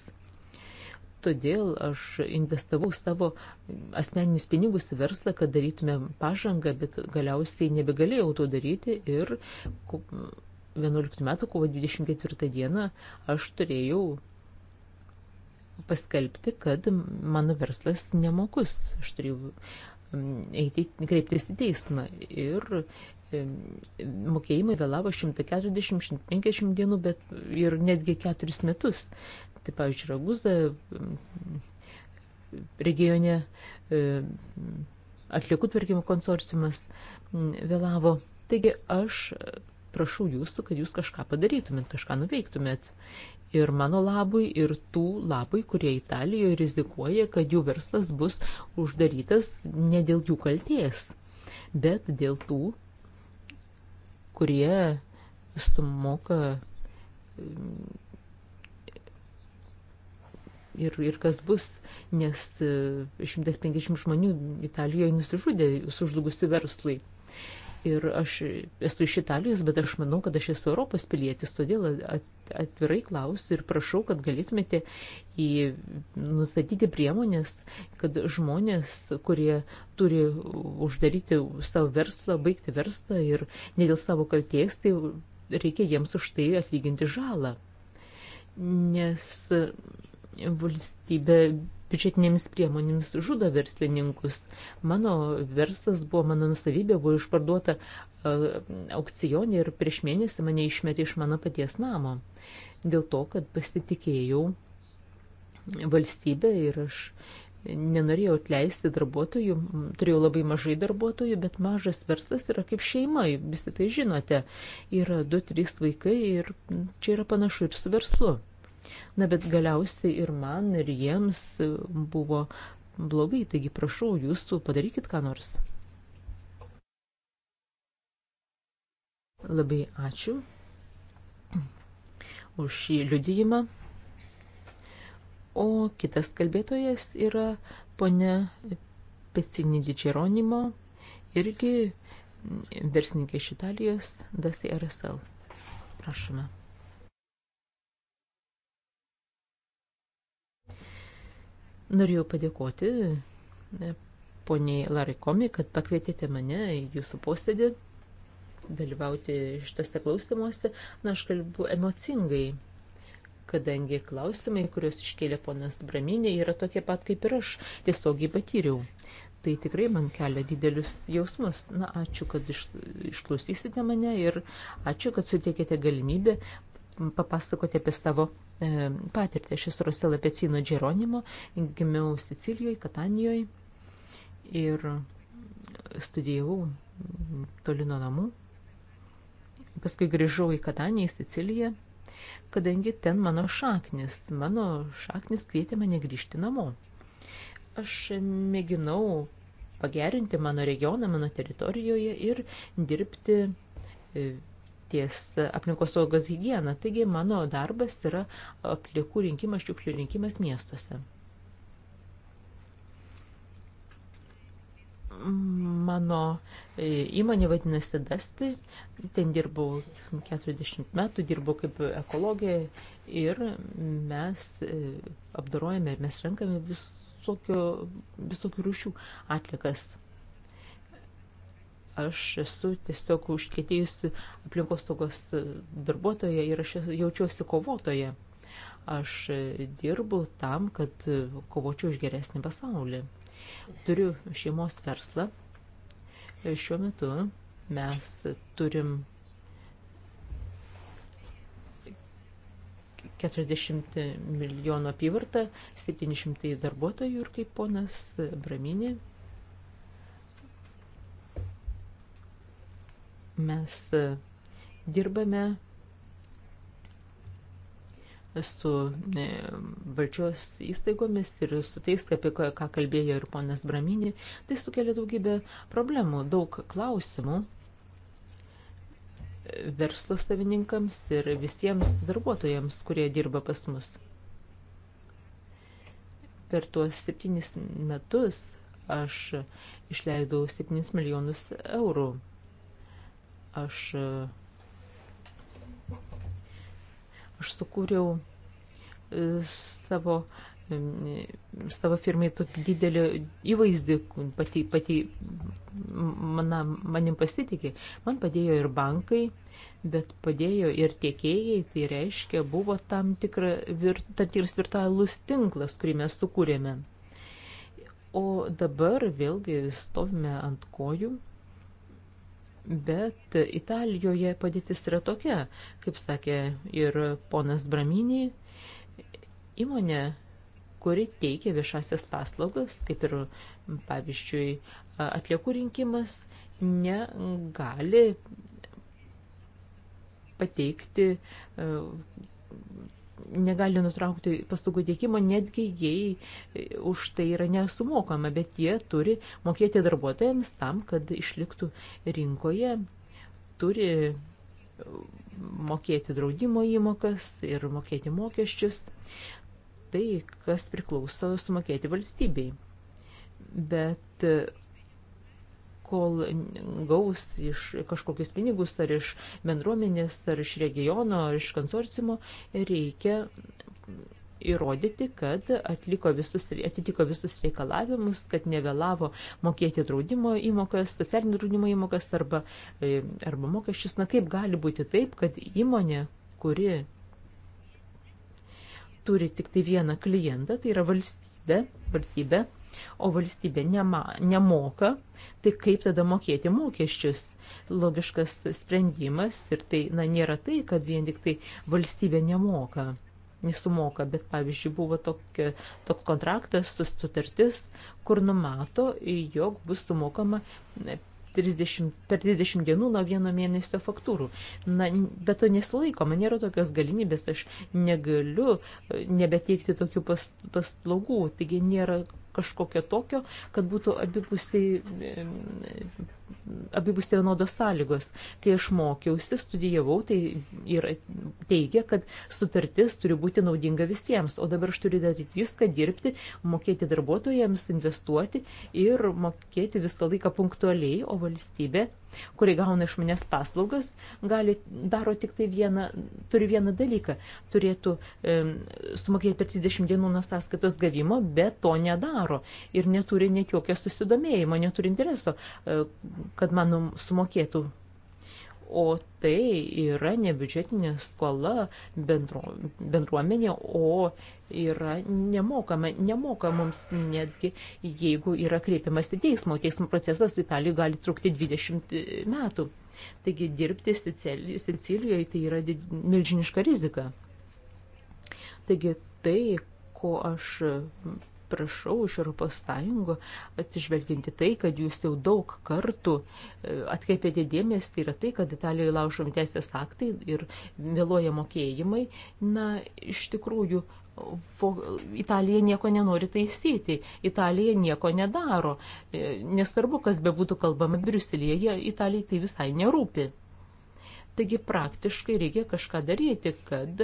Todėl aš investavau savo asmeninius pinigus į verslą, kad darytume pažangą, bet galiausiai nebegalėjau to daryti ir 11 metų, kovo 24 dieną, aš turėjau paskelbti, kad mano verslas nemokus. Aš turėjau mm, eiti, kreiptis į teismą ir mokėjimai vėlavo 140-150 dienų, bet ir netgi 4 metus. Tai pavyzdžiui, Raguzda regione atliekų tvarkymo konsorciumas vėlavo. Taigi aš prašau jūsų, kad jūs kažką padarytumėt, kažką nuveiktumėt. Ir mano labui, ir tų labui, kurie Italijoje rizikuoja, kad jų verslas bus uždarytas ne dėl jų kalties, bet dėl tų kurie sumoka mm, ir, ir kas bus, nes 150 e, žmonių Italijoje nusižudė sužlugusių verslai. Ir aš esu iš Italijos, bet aš manau, kad aš esu Europos pilietis, todėl atvirai klausiu ir prašau, kad galėtumėte į, nustatyti priemonės, kad žmonės, kurie turi uždaryti savo verslą, baigti verslą ir ne dėl savo kalties, tai reikia jiems už tai atlyginti žalą. Nes valstybė biudžetinėmis priemonėmis žudo verslininkus. Mano verslas buvo, mano nusavybė buvo išparduota e, aukcijonė ir prieš mėnesį mane išmetė iš mano paties namo. Dėl to, kad pasitikėjau valstybę ir aš nenorėjau atleisti darbuotojų, turėjau labai mažai darbuotojų, bet mažas verslas yra kaip šeima, visi tai žinote. Yra du, trys vaikai ir čia yra panašu ir su verslu. Na, bet galiausiai ir man, ir jiems e, buvo blogai, taigi prašau, jūs padarykit ką nors. Labai ačiū už šį liudijimą. O kitas kalbėtojas yra ponia Pecinį Didžeronimo, irgi verslininkė iš Italijos, Dasi RSL. Prašome. Norėjau padėkoti e, poniai Larikomi, kad pakvietėte mane į jūsų posėdį dalyvauti šitose klausimuose. Na, aš kalbu emocingai, kadangi klausimai, kuriuos iškėlė ponas Braminė, yra tokie pat kaip ir aš, tiesiogiai patyriau. Tai tikrai man kelia didelius jausmus. Na, ačiū, kad iš, išklausysite mane ir ačiū, kad suteikėte galimybę papasakoti apie savo e, patirtį. Aš esu Rosela Pecino Džeronimo, gimiau Sicilijoje, Katanijoje ir studijavau toli nuo namų. Paskui grįžau į Kataniją, į Siciliją, kadangi ten mano šaknis, mano šaknis kvietė mane grįžti namo. Aš mėginau pagerinti mano regioną, mano teritorijoje ir dirbti e, ties e, aplinkos saugos higiena. Taigi mano darbas yra aplikų rinkimas, šiukšlių rinkimas miestuose. Mano e, įmonė vadinasi Dasti, ten dirbau 40 metų, dirbau kaip ekologija ir mes e, apdarojame ir mes renkame visokio, visokių rūšių atlikas aš esu tiesiog užkėtėjusi aplinkos saugos darbuotoja ir aš jaučiuosi kovotoja. Aš dirbu tam, kad kovočiau už geresnį pasaulį. Turiu šeimos verslą. Šiuo metu mes turim 40 milijonų apyvartą, 700 darbuotojų ir kaip ponas Braminė Mes e, dirbame su e, valdžios įstaigomis ir su tais, apie ką kalbėjo ir ponas Braminį, tai sukelia daugybę problemų, daug klausimų verslo savininkams ir visiems darbuotojams, kurie dirba pas mus. Per tuos septynis metus aš išleidau 7 milijonus eurų aš, aš sukūriau e, savo savo firmai tokį didelį įvaizdį, pati, pati mana, manim pasitikė. Man padėjo ir bankai, bet padėjo ir tiekėjai, tai reiškia, buvo tam, tikra, vir, tam tikras virtualus tinklas, kurį mes sukūrėme. O dabar vėlgi stovime ant kojų Bet Italijoje padėtis yra tokia, kaip sakė ir ponas Braminį, įmonė, kuri teikia viešasias paslaugas, kaip ir pavyzdžiui atliekų rinkimas, negali pateikti negali nutraukti paslaugų teikimo, netgi jei e, už tai yra nesumokama, bet jie turi mokėti darbuotojams tam, kad išliktų rinkoje, turi e, mokėti draudimo įmokas ir mokėti mokesčius, tai kas priklauso sumokėti valstybei. Bet e, kol gaus iš kažkokius pinigus ar iš bendruomenės, ar iš regiono, ar iš konsorcimo, reikia įrodyti, kad atliko visus, atitiko visus reikalavimus, kad nevėlavo mokėti draudimo įmokas, socialinio draudimo įmokas arba, e, arba mokesčius. Na kaip gali būti taip, kad įmonė, kuri turi tik tai vieną klientą, tai yra valstybė, valstybė o valstybė nema, nemoka, tai kaip tada mokėti mokesčius? Logiškas sprendimas ir tai na, nėra tai, kad vien tik tai valstybė nemoka nesumoka, bet pavyzdžiui buvo tokia, toks kontraktas, sutartis, kur numato, jog bus sumokama 30, per 30 dienų nuo vieno mėnesio faktūrų. Na, bet to nesilaikoma, nėra tokios galimybės, aš negaliu e, nebeteikti tokių pas, paslaugų, taigi nėra kažkokio tokio, kad būtų abipusiai abipusė vienodos sąlygos. Kai aš mokiausi, studijavau, tai ir teigia, kad sutartis turi būti naudinga visiems, o dabar aš turiu daryti viską, dirbti, mokėti darbuotojams, investuoti ir mokėti visą laiką punktualiai, o valstybė, kuri gauna iš manęs paslaugas, gali, daro tik tai vieną, turi vieną dalyką, turėtų e, sumokėti per 30 dienų nuo sąskaitos gavimo, bet to nedaro ir neturi net jokio susidomėjimo, neturi intereso. E, kad man sumokėtų. O tai yra ne biudžetinė skola bendro, bendruomenė, o yra nemokama. Nemoka mums netgi, jeigu yra kreipiamas į teismą. Teismo procesas Italijoje gali trukti 20 metų. Taigi dirbti Sicilijoje tai yra milžiniška rizika. Taigi tai, ko aš prašau iš Europos Sąjungo, atsižvelginti tai, kad jūs jau daug kartų e, atkreipėte dėmesį, tai yra tai, kad Italijoje laužomi teisės aktai ir vėluoja mokėjimai. Na, iš tikrųjų, Italija nieko nenori taisyti, Italija nieko nedaro. E, nesvarbu, kas bebūtų kalbama Briuselėje, Italijai tai visai nerūpi. Taigi praktiškai reikia kažką daryti, kad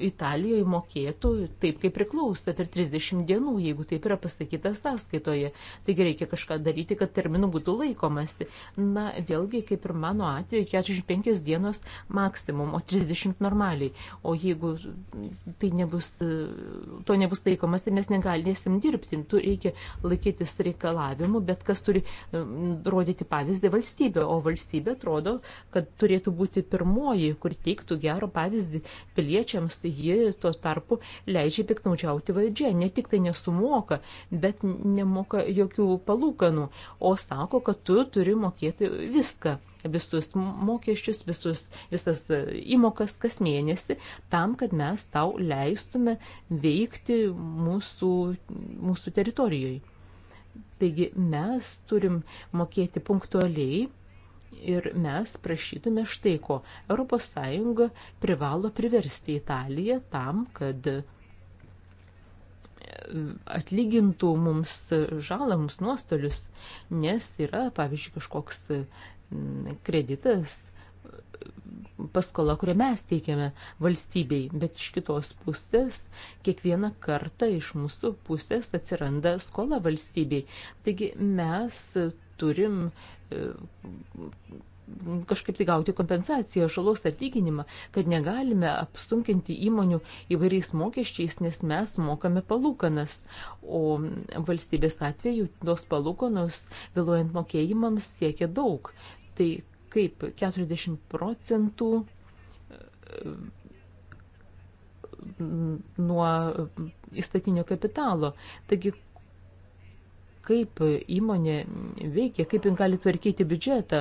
Italijoje mokėtų taip, kaip priklauso per 30 dienų, jeigu taip yra pasakyta sąskaitoje. Taigi reikia kažką daryti, kad terminų būtų laikomasi. Na, vėlgi, kaip ir mano atveju, 45 dienos maksimum, o 30 normaliai. O jeigu tai nebus, to nebus laikomasi, mes negalėsim dirbti. Tu reikia laikytis reikalavimų, bet kas turi mm, rodyti pavyzdį valstybė, o valstybė atrodo, kad turėtų būti pirmoji pirmoji, kur teiktų gerą pavyzdį piliečiams, ji tuo tarpu leidžia piknaudžiauti valdžią, ne tik tai nesumoka, bet nemoka jokių palūkanų, o sako, kad tu turi mokėti viską visus mokesčius, visus, visas įmokas kas mėnesį, tam, kad mes tau leistume veikti mūsų, mūsų teritorijoje. Taigi mes turim mokėti punktualiai Ir mes prašytume štai ko. ES privalo priversti Italiją tam, kad e, atlygintų mums žalą, mums nuostolius, nes yra, pavyzdžiui, kažkoks e, kreditas, e, paskola, kurią mes teikiame valstybei, bet iš kitos pusės kiekvieną kartą iš mūsų pusės atsiranda skola valstybei. Taigi mes turim kažkaip tai gauti kompensaciją, žalos atlyginimą, kad negalime apsunkinti įmonių įvairiais mokesčiais, nes mes mokame palūkanas, o valstybės atveju tos palūkanos vėluojant mokėjimams siekia daug. Tai kaip 40 procentų nuo įstatinio kapitalo. Taigi, kaip įmonė veikia, kaip jin gali tvarkyti biudžetą,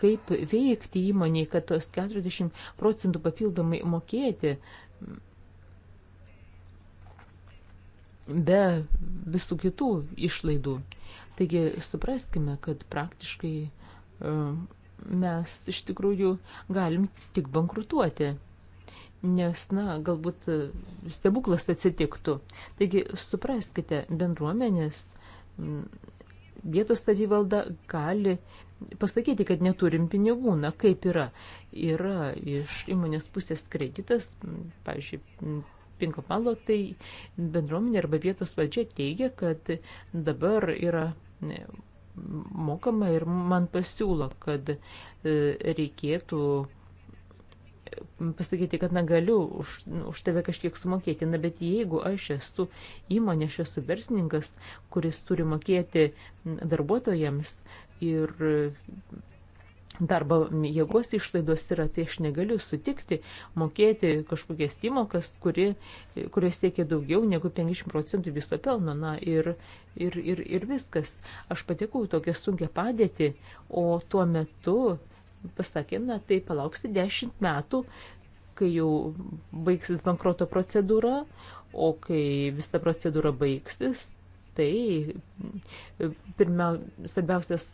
kaip veikti įmoniai, kad tos 40 procentų papildomai mokėti be visų kitų išlaidų. Taigi supraskime, kad praktiškai e, mes iš tikrųjų galim tik bankrutuoti nes, na, galbūt stebuklas atsitiktų. Taigi, supraskite, bendruomenės vietos savivalda gali pasakyti, kad neturim pinigų, na kaip yra. Yra iš įmonės pusės kreditas, pavyzdžiui, Pinkopalo, tai bendruomenė arba vietos valdžia teigia, kad dabar yra mokama ir man pasiūlo, kad e, reikėtų pasakyti, kad na galiu už, už tave kažkiek sumokėti, na bet jeigu aš esu įmonė, aš esu verslininkas, kuris turi mokėti darbuotojams ir darbo jėgos išlaidos yra, tai aš negaliu sutikti mokėti kažkokias įmokas, kuri, kurios siekia daugiau negu 50 procentų viso pelno. Na ir, ir, ir, ir viskas. Aš patekau tokią sunkę padėtį, o tuo metu pasakė, na tai palauksi 10 metų, kai jau baigsis bankroto procedūra, o kai visa procedūra baigsis, tai pirmia, svarbiausias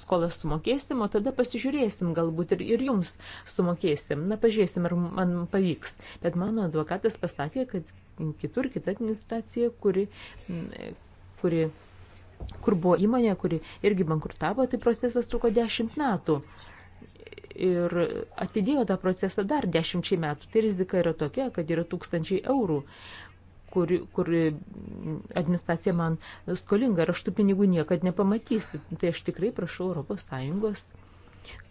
skolas sumokėsim, o tada pasižiūrėsim, galbūt ir, ir jums sumokėsim. Na, pažiūrėsim, ar man pavyks. Bet mano advokatas pasakė, kad kitur kita administracija, kuri, kuri kur buvo įmonė, kuri irgi bankrutavo, tai procesas truko 10 metų ir atidėjo tą procesą dar dešimčiai metų. Tai rizika yra tokia, kad yra tūkstančiai eurų, kur, kur administracija man skolinga ir aš tų pinigų niekad nepamatysiu. Tai aš tikrai prašau ES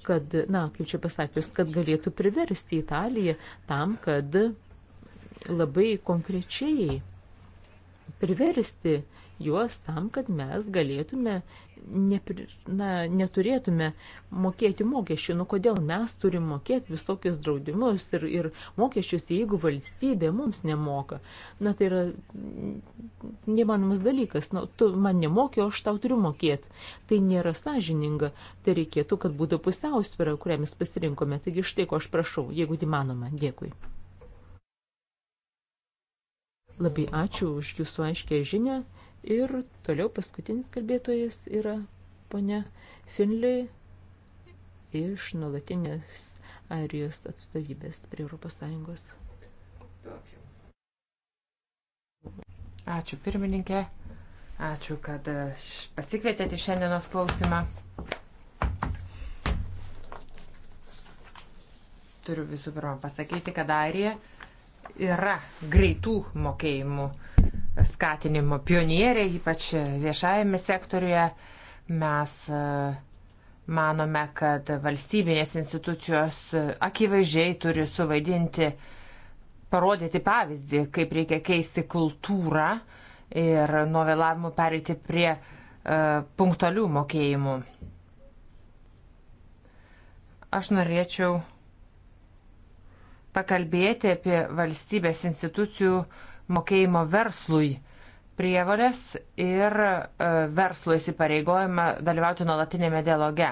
kad, na, kaip čia pasakius, kad galėtų priversti Italiją tam, kad labai konkrečiai priversti juos tam, kad mes galėtume nepri, na, neturėtume mokėti mokesčių. Nu kodėl mes turim mokėti visokius draudimus ir, ir mokesčius, jeigu valstybė mums nemoka? Na tai yra nemanomas dalykas. Nu, tu man nemokė, aš tau turiu mokėti. Tai nėra sąžininga. Tai reikėtų, kad būtų pusiausvėra, kurią mes pasirinkome. Taigi štai ko aš prašau, jeigu įmanoma. Dėkui. Labai ačiū už jūsų aiškę žinią. Ir toliau paskutinis kalbėtojas yra ponia Finley iš nuolatinės Airijos atstovybės prie Europos Sąjungos. Ačiū pirmininkė, ačiū, kad e, pasikvietėte šiandienos klausimą. Turiu visų pirma pasakyti, kad Airija yra greitų mokėjimų skatinimo pionieriai, ypač viešajame sektoriuje. Mes e, manome, kad valstybinės institucijos akivaizdžiai turi suvaidinti, parodyti pavyzdį, kaip reikia keisti kultūrą ir nuo vėlavimų pereiti prie e, punktualių mokėjimų. Aš norėčiau pakalbėti apie valstybės institucijų uh, mokėjimo verslui prievalės ir e, verslo įsipareigojimą dalyvauti nuolatinėme dialoge.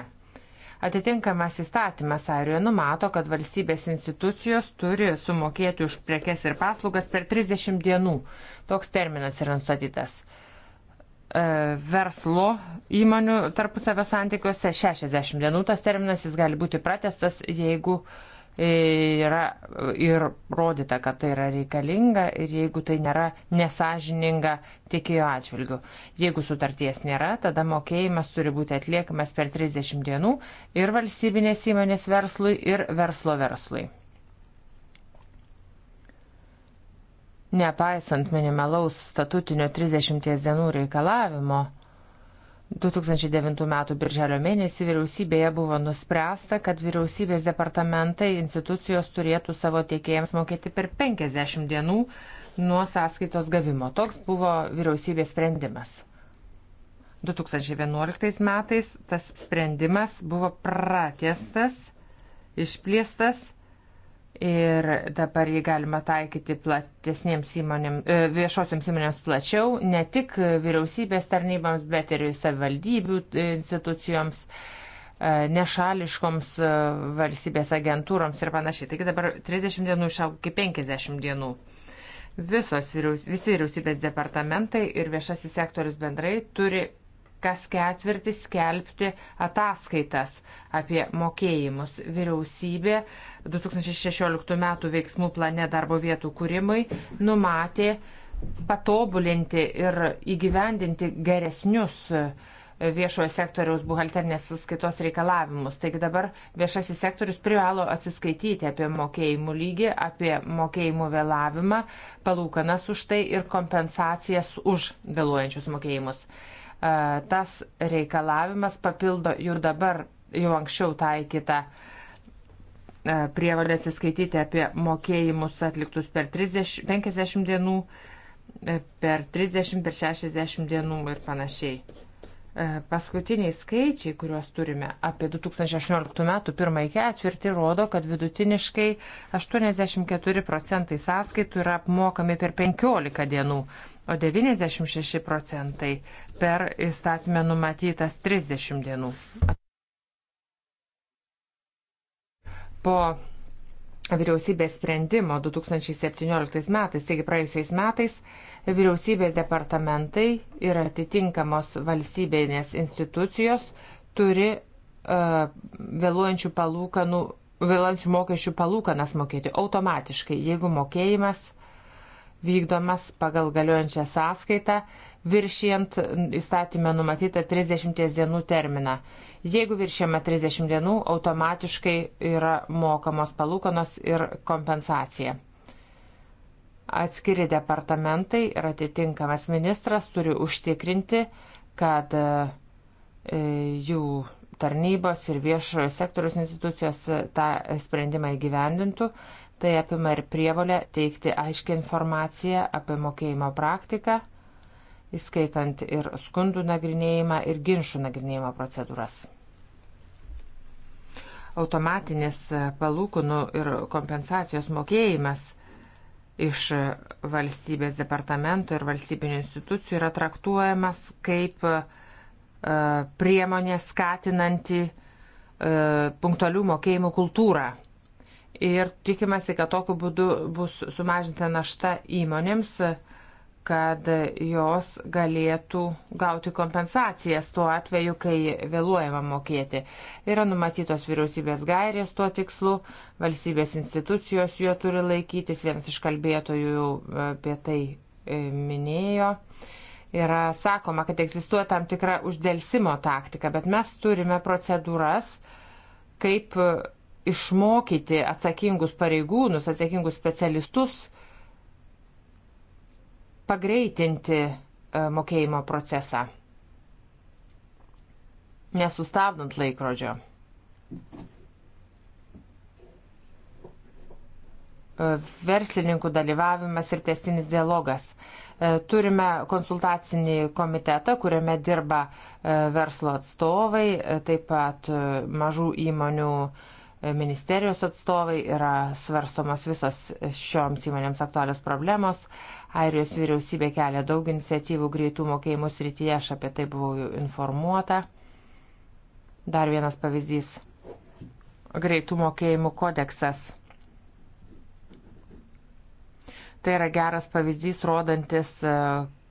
Atitinkamas įstatymas Airijoje numato, kad valstybės institucijos turi sumokėti už prekes ir paslaugas per 30 dienų. Toks terminas yra nustatytas. E, verslo įmonių tarpusavio santykiuose 60 dienų tas terminas, jis gali būti pratestas, jeigu uh, yra ir rodyta, kad tai yra reikalinga ir jeigu tai nėra nesažininga tiekėjo atžvilgiu. Jeigu sutarties nėra, tada mokėjimas turi būti atliekamas per 30 dienų ir valstybinės įmonės verslui, ir verslo verslui. Nepaisant minimalaus statutinio 30 dienų reikalavimo, 2009 m. birželio mėnesį vyriausybėje buvo nuspręsta, kad vyriausybės departamentai institucijos turėtų savo tiekėjams mokėti per 50 dienų nuo sąskaitos gavimo. Toks buvo vyriausybės sprendimas. 2011 metais tas sprendimas buvo pratestas, išplėstas ir dabar jį galima taikyti platesniems įmonėm, e, viešosiams įmonėms plačiau, ne tik vyriausybės tarnybams, bet ir savivaldybių e, institucijoms, e, nešališkoms valstybės agentūroms ir panašiai. Taigi dabar 30 dienų išaugo iki 50 dienų. Visos, visi vyriausybės departamentai ir viešasis sektorius bendrai turi kas ketvirtį skelbti ataskaitas apie mokėjimus. Vyriausybė 2016 m. veiksmų plane darbo vietų kūrimui numatė patobulinti ir įgyvendinti geresnius viešojo sektoriaus buhalternės sąskaitos reikalavimus. Taigi dabar viešasis sektorius privalo atsiskaityti apie mokėjimų lygį, apie mokėjimų vėlavimą, palūkanas už tai ir kompensacijas už vėluojančius mokėjimus tas reikalavimas papildo jau dabar, jau anksčiau taikytą prievalę atsiskaityti apie mokėjimus atliktus per 30, 50 dienų, e, per 30, per 60 dienų ir panašiai. E, paskutiniai skaičiai, kuriuos turime apie 2018 metų pirmąjį ketvirtį, rodo, kad vidutiniškai 84 procentai sąskaitų yra apmokami per 15 dienų, o 96 procentai per įstatymę numatytas 30 dienų. Po vyriausybės sprendimo 2017 metais, taigi praėjusiais metais, vyriausybės departamentai ir atitinkamos valstybinės institucijos turi uh, vėluojančių palūkanų, vėluojančių mokesčių palūkanas mokėti automatiškai, jeigu mokėjimas uh, vykdomas pagal galiojančią sąskaitą, viršijant įstatymę numatytą 30 dienų terminą. Jeigu viršijama 30 dienų, automatiškai yra mokamos palūkanos ir kompensacija. Atskiri departamentai ir atitinkamas ministras turi užtikrinti, kad e, jų tarnybos ir viešojo sektoriaus institucijos tą sprendimą įgyvendintų Tai apima ir prievalę teikti aiškę informaciją apie mokėjimo praktiką, įskaitant ir skundų nagrinėjimą ir ginčių nagrinėjimo procedūras. Automatinis palūkunų ir kompensacijos mokėjimas iš valstybės departamento ir valstybinių institucijų yra traktuojamas kaip e, priemonė skatinanti e, punktualių mokėjimų kultūrą ir tikimasi, kad tokiu būdu bus sumažinta našta įmonėms, kad jos galėtų gauti kompensacijas tuo atveju, kai vėluojama mokėti. Yra numatytos vyriausybės gairės tuo tikslu, valstybės institucijos jo turi laikytis, vienas iš kalbėtojų apie tai e, minėjo yra sakoma, kad egzistuoja tam tikra uždelsimo taktika, bet mes turime procedūras, kaip išmokyti atsakingus pareigūnus, atsakingus specialistus, pagreitinti e, mokėjimo procesą, nesustabdant laikrodžio. E, verslininkų dalyvavimas ir testinis dialogas. E, turime konsultacinį komitetą, kuriame dirba verslo atstovai, taip pat mažų įmonių uh, ministerijos atstovai, yra svarstomos visos šioms įmonėms aktualios problemos. Airijos vyriausybė kelia daug iniciatyvų greitų mokėjimų srityje, aš apie tai buvau informuota. Dar vienas pavyzdys - greitų mokėjimų kodeksas. Tai yra geras pavyzdys, rodantis, e,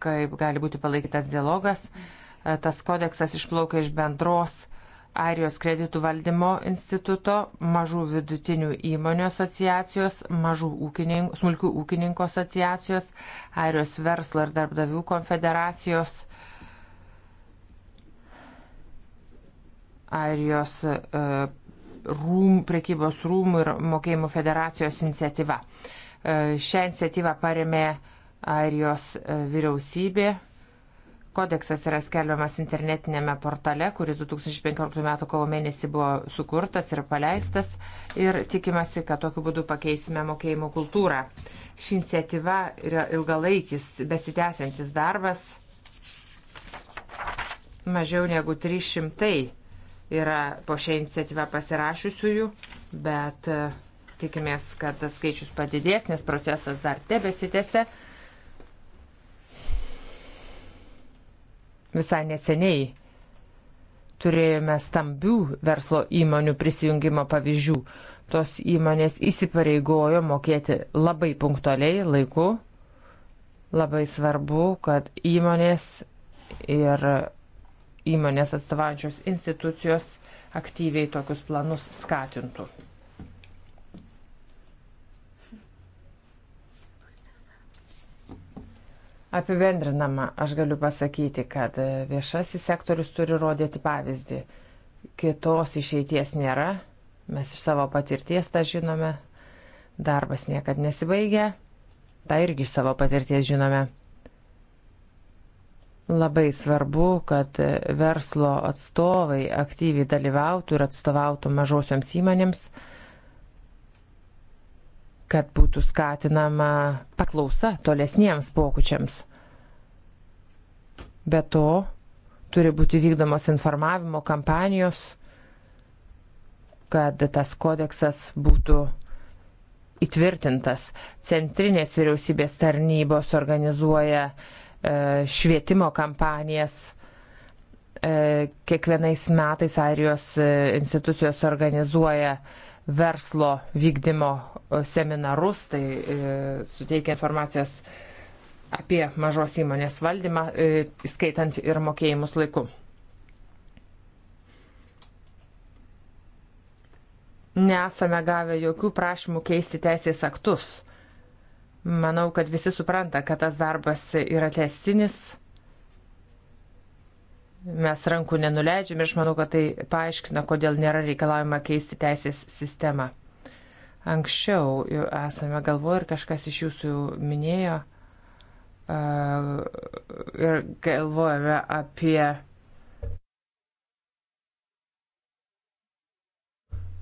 kaip gali būti palaikytas dialogas. E, tas kodeksas išplaukia iš bendros Airijos kreditų valdymo instituto, mažų vidutinių įmonių asociacijos, mažų ūkininkų, smulkių ūkininkų asociacijos, Airijos verslo ir darbdavių konfederacijos, Airijos e, rūm, prekybos rūmų ir mokėjimų federacijos iniciatyva. E, šią iniciatyvą paremė Airijos e, vyriausybė Kodeksas yra skelbiamas internetinėme portale, kuris 2015 m. kovo mėnesį buvo sukurtas ir paleistas ir tikimasi, kad tokiu būdu pakeisime mokėjimo kultūrą. Ši iniciatyva yra ilgalaikis, besitęsiantis darbas. Mažiau negu 300 yra po šią iniciatyvą pasirašiusiųjų, bet e, tikimės, kad tas skaičius padidės, nes procesas dar tebesitėse. Visai neseniai turėjome stambių verslo įmonių prisijungimo pavyzdžių. Tos įmonės įsipareigojo mokėti labai punktualiai laiku. Labai svarbu, kad įmonės ir įmonės atstovaujančios institucijos aktyviai tokius planus skatintų. Apibendrinama, aš galiu pasakyti, kad e, viešasis sektorius turi rodyti pavyzdį. Kitos išeities nėra, mes iš savo patirties tą žinome, darbas niekad nesibaigia, tą irgi iš savo patirties žinome. Labai svarbu, kad e, verslo atstovai aktyviai dalyvautų ir atstovautų mažosioms įmonėms kad būtų skatinama paklausa tolesniems pokyčiams. Be to, turi būti vykdomos informavimo kampanijos, kad tas kodeksas būtų įtvirtintas. Centrinės vyriausybės tarnybos organizuoja e, švietimo kampanijas. E, kiekvienais metais airijos e, institucijos organizuoja e, verslo vykdymo e, seminarus, tai e, suteikia informacijos apie mažos įmonės valdymą, e, skaitant ir mokėjimus laiku. Nesame gavę jokių prašymų keisti teisės aktus. Manau, kad visi supranta, kad tas darbas yra testinis Mes rankų nenuleidžiam ir aš manau, kad tai paaiškina, kodėl nėra reikalavima keisti teisės sistemą. Anksčiau jau esame galvoję ir kažkas iš jūsų minėjo ir galvojame apie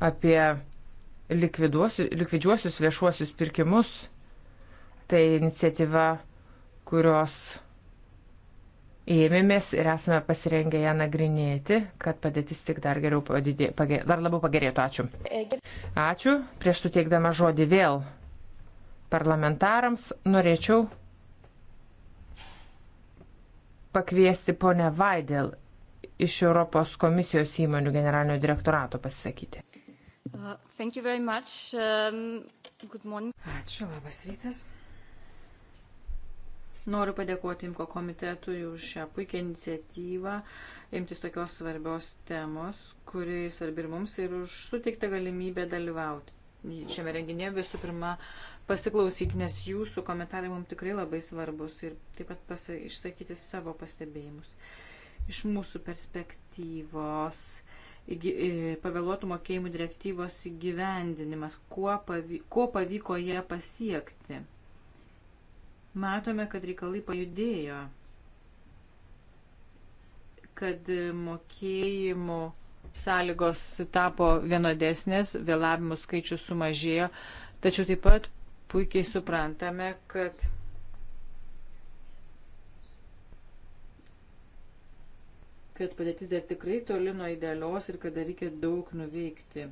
apie likviduosius viešuosius pirkimus. Tai iniciatyva, kurios ėmėmės ir esame pasirengę ją nagrinėti, kad padėtis tik dar, geriau padidė, pagė, dar labiau pagerėtų. Ačiū. Ačiū. Prieš suteikdama žodį vėl parlamentarams norėčiau pakviesti ponę Vaidel iš Europos komisijos įmonių generalinio direktorato pasisakyti. Uh, um, Ačiū, labas rytas. Noriu padėkoti Imko komitetui už šią puikią iniciatyvą imtis tokios svarbios temos, kuri svarbi ir mums, ir už suteiktą galimybę dalyvauti. Šiame renginėje visų pirma pasiklausyti, nes jūsų komentarai mums tikrai labai svarbus ir taip pat pasa, išsakyti savo pastebėjimus. Iš mūsų perspektyvos e, pavėluotų mokėjimų direktyvos įgyvendinimas, kuo pavyko, kuo pavyko ją pasiekti matome, kad reikalai pajudėjo, kad mokėjimų sąlygos tapo vienodesnės, vėlavimų skaičius sumažėjo, tačiau taip pat puikiai suprantame, kad kad padėtis dar tikrai toli nuo idealios ir kad dar reikia daug nuveikti.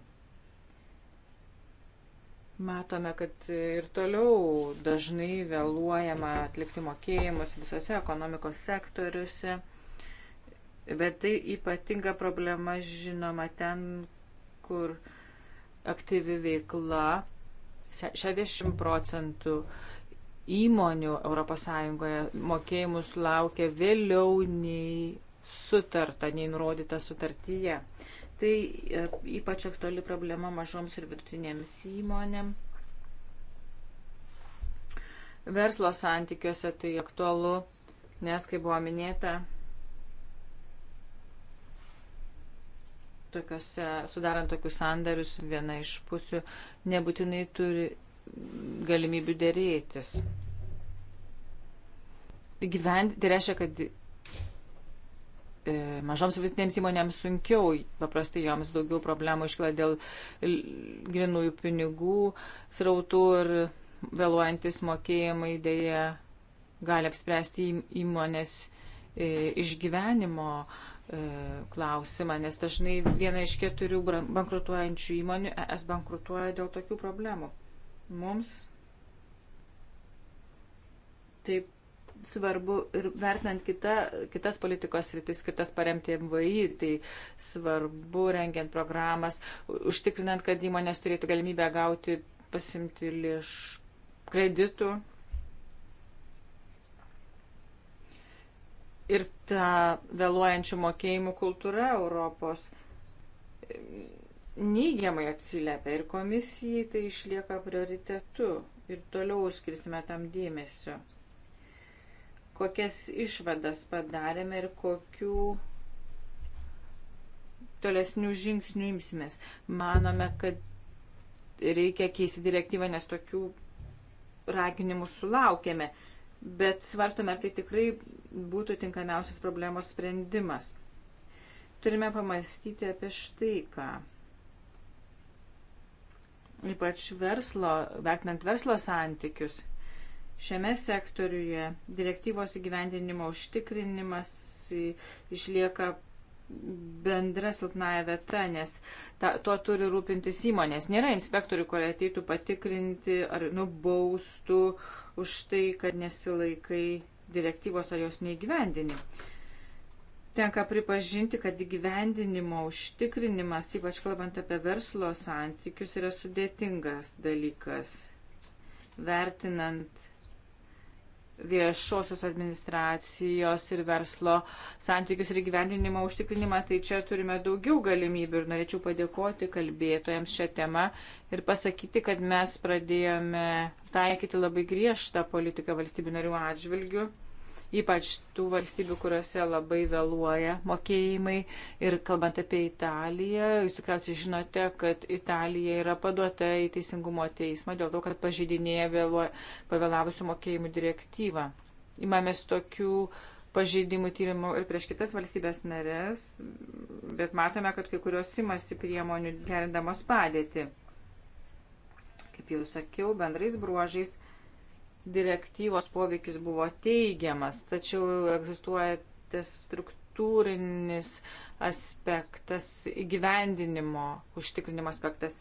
Matome, kad ir toliau dažnai vėluojama atlikti mokėjimus visose ekonomikos sektoriuose, bet tai ypatinga problema, žinoma, ten, kur aktyvi veikla 60 procentų įmonių ES mokėjimus laukia vėliau nei sutarta, nei nurodyta sutartyje. Tai e, ypač aktuali problema mažoms ir vidutinėms įmonėms. Verslo santykiuose tai aktualu, nes, kaip buvo minėta, tokiuose, sudarant tokius sandarius, viena iš pusių nebūtinai turi galimybių dėrėtis. Gyventi, tai reiškia, kad E, mažoms vidutinėms įmonėms sunkiau, paprastai joms daugiau problemų iškyla dėl grinųjų pinigų srautų ir vėluojantis mokėjimai dėja gali apspręsti įmonės e, išgyvenimo e, klausimą, nes dažnai viena iš keturių bankrutuojančių įmonių es bankrutuoja dėl tokių problemų. Mums taip svarbu ir vertinant kita, kitas politikos rytis, kitas paremti MVI, tai svarbu rengiant programas, užtikrinant, kad įmonės turėtų galimybę gauti, pasimti lėš kreditų. Ir ta vėluojančių mokėjimų kultūra Europos neigiamai atsiliepia ir komisijai tai išlieka prioritetu ir toliau skirsime tam dėmesio kokias išvadas padarėme ir kokių tolesnių žingsnių imsimės. Manome, kad reikia keisti direktyvą, nes tokių raginimų sulaukėme, bet svarstome, ar tai tikrai būtų tinkamiausias problemos sprendimas. Turime pamastyti apie štai ką. Ypač verslo, vertinant verslo santykius, Šiame sektoriuje direktyvos įgyvendinimo užtikrinimas išlieka bendra silpnaja vieta, nes ta, tuo turi rūpintis įmonės. Nėra inspektorių, kurie ateitų patikrinti ar nubaustų už tai, kad nesilaikai direktyvos ar jos neįgyvendini. Tenka pripažinti, kad įgyvendinimo užtikrinimas, ypač kalbant apie verslo santykius, yra sudėtingas dalykas. Vertinant viešosios administracijos ir verslo santykius ir gyvendinimo užtikrinimą, tai čia turime daugiau galimybių ir norėčiau padėkoti kalbėtojams šią temą ir pasakyti, kad mes pradėjome taikyti labai griežtą politiką valstybių narių atžvilgių ypač tų valstybių, kuriuose labai vėluoja mokėjimai. Ir kalbant apie Italiją, jūs tikriausiai žinote, kad Italija yra paduota į Teisingumo teismą dėl to, kad pažydinėja vėluoja, pavėlavusių mokėjimų direktyvą. Imamės tokių pažeidimų tyrimų ir prieš kitas valstybės narės, bet matome, kad kai kurios imasi priemonių gerindamos padėti. Kaip jau sakiau, bendrais bruožais direktyvos poveikis buvo teigiamas, tačiau egzistuoja tas struktūrinis aspektas, įgyvendinimo užtikrinimo aspektas.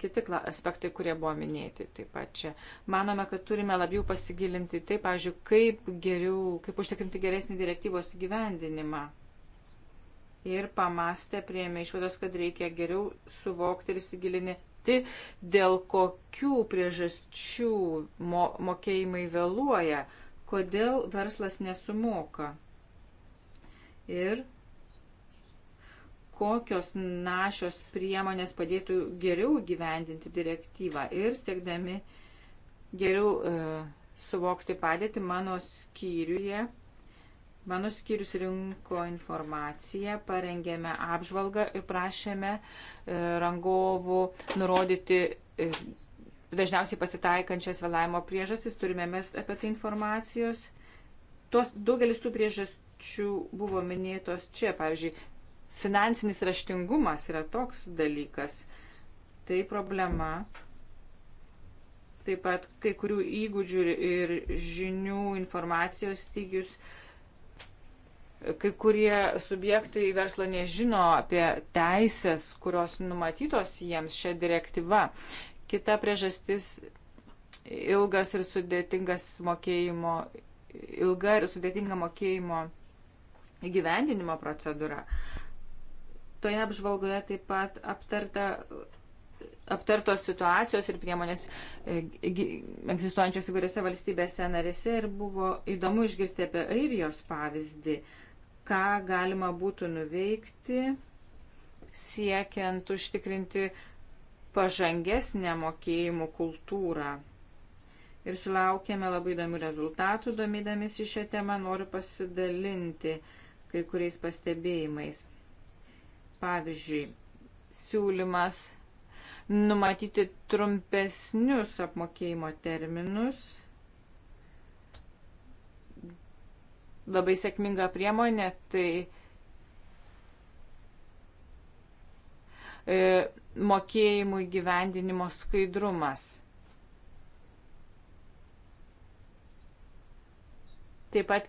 Kiti aspektai, kurie buvo minėti taip pat čia. Manome, kad turime labiau pasigilinti tai, pavyzdžiui, kaip geriau, kaip užtikrinti geresnį direktyvos įgyvendinimą ir pamastę prieėmė išvados, kad reikia geriau suvokti ir įsigilinti aptarti, dėl kokių priežasčių mo mokėjimai vėluoja, kodėl verslas nesumoka ir kokios našios priemonės padėtų geriau gyvendinti direktyvą ir siekdami geriau e, suvokti padėtį mano skyriuje Mano skyrius rinko informaciją, parengėme apžvalgą ir prašėme e, rangovų nurodyti e, dažniausiai pasitaikančias vėlavimo priežastis, turime apie tai informacijos. Tos, daugelis tų priežasčių buvo minėtos čia, pavyzdžiui, finansinis raštingumas yra toks dalykas. Tai problema. Taip pat kai kurių įgūdžių ir žinių informacijos stygius. Uh, kai kurie subjektai verslo nežino apie teisės, kurios numatytos jiems šią direktyvą. Kita priežastis - ilgas ir sudėtingas mokėjimo, ilga ir sudėtinga mokėjimo įgyvendinimo procedūra. Toje apžvalgoje taip pat aptarta aptartos situacijos ir priemonės e, egzistuojančios įvairiose valstybėse narėse ir buvo įdomu išgirsti apie Airijos pavyzdį. Uh, ką galima būtų nuveikti, siekiant užtikrinti pažangesnę mokėjimų kultūrą. Ir sulaukėme labai įdomių rezultatų, domydamis į šią temą noriu pasidalinti kai kuriais pastebėjimais. Pavyzdžiui, siūlymas numatyti trumpesnius apmokėjimo terminus labai sėkminga priemonė, tai e, mokėjimų įgyvendinimo skaidrumas. Taip pat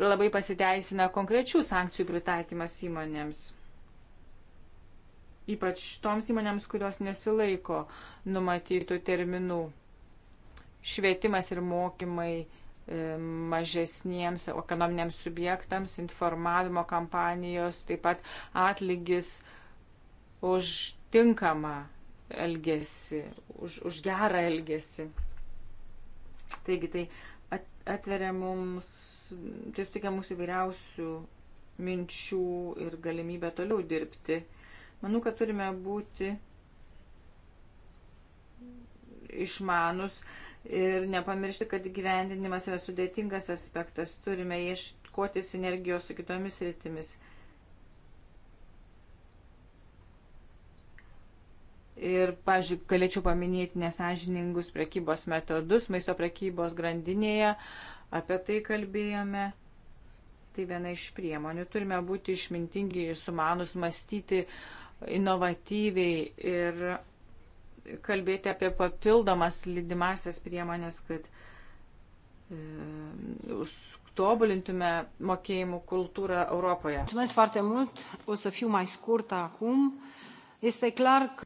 labai pasiteisina konkrečių sankcijų pritaikymas įmonėms. Ypač toms įmonėms, kurios nesilaiko numatytų terminų. Švietimas ir mokymai mažesniems ekonominiams subjektams, informavimo kampanijos, taip pat atlygis už tinkamą elgesį, už, už gerą elgesį. Taigi tai atveria mums, tai sutikia mums įvairiausių minčių ir galimybę toliau dirbti. Manau, kad turime būti išmanus ir nepamiršti, kad gyvendinimas yra sudėtingas aspektas. Turime ieškoti sinergijos su kitomis rytimis. Ir, pažiūrėjau, galėčiau paminėti nesažiningus prekybos metodus maisto prekybos grandinėje. Apie tai kalbėjome. Tai viena iš priemonių. Turime būti išmintingi, sumanus, mąstyti inovatyviai ir kalbėti apie papildomas lydimasias priemonės, kad e, tobulintume mokėjimų kultūrą Europoje.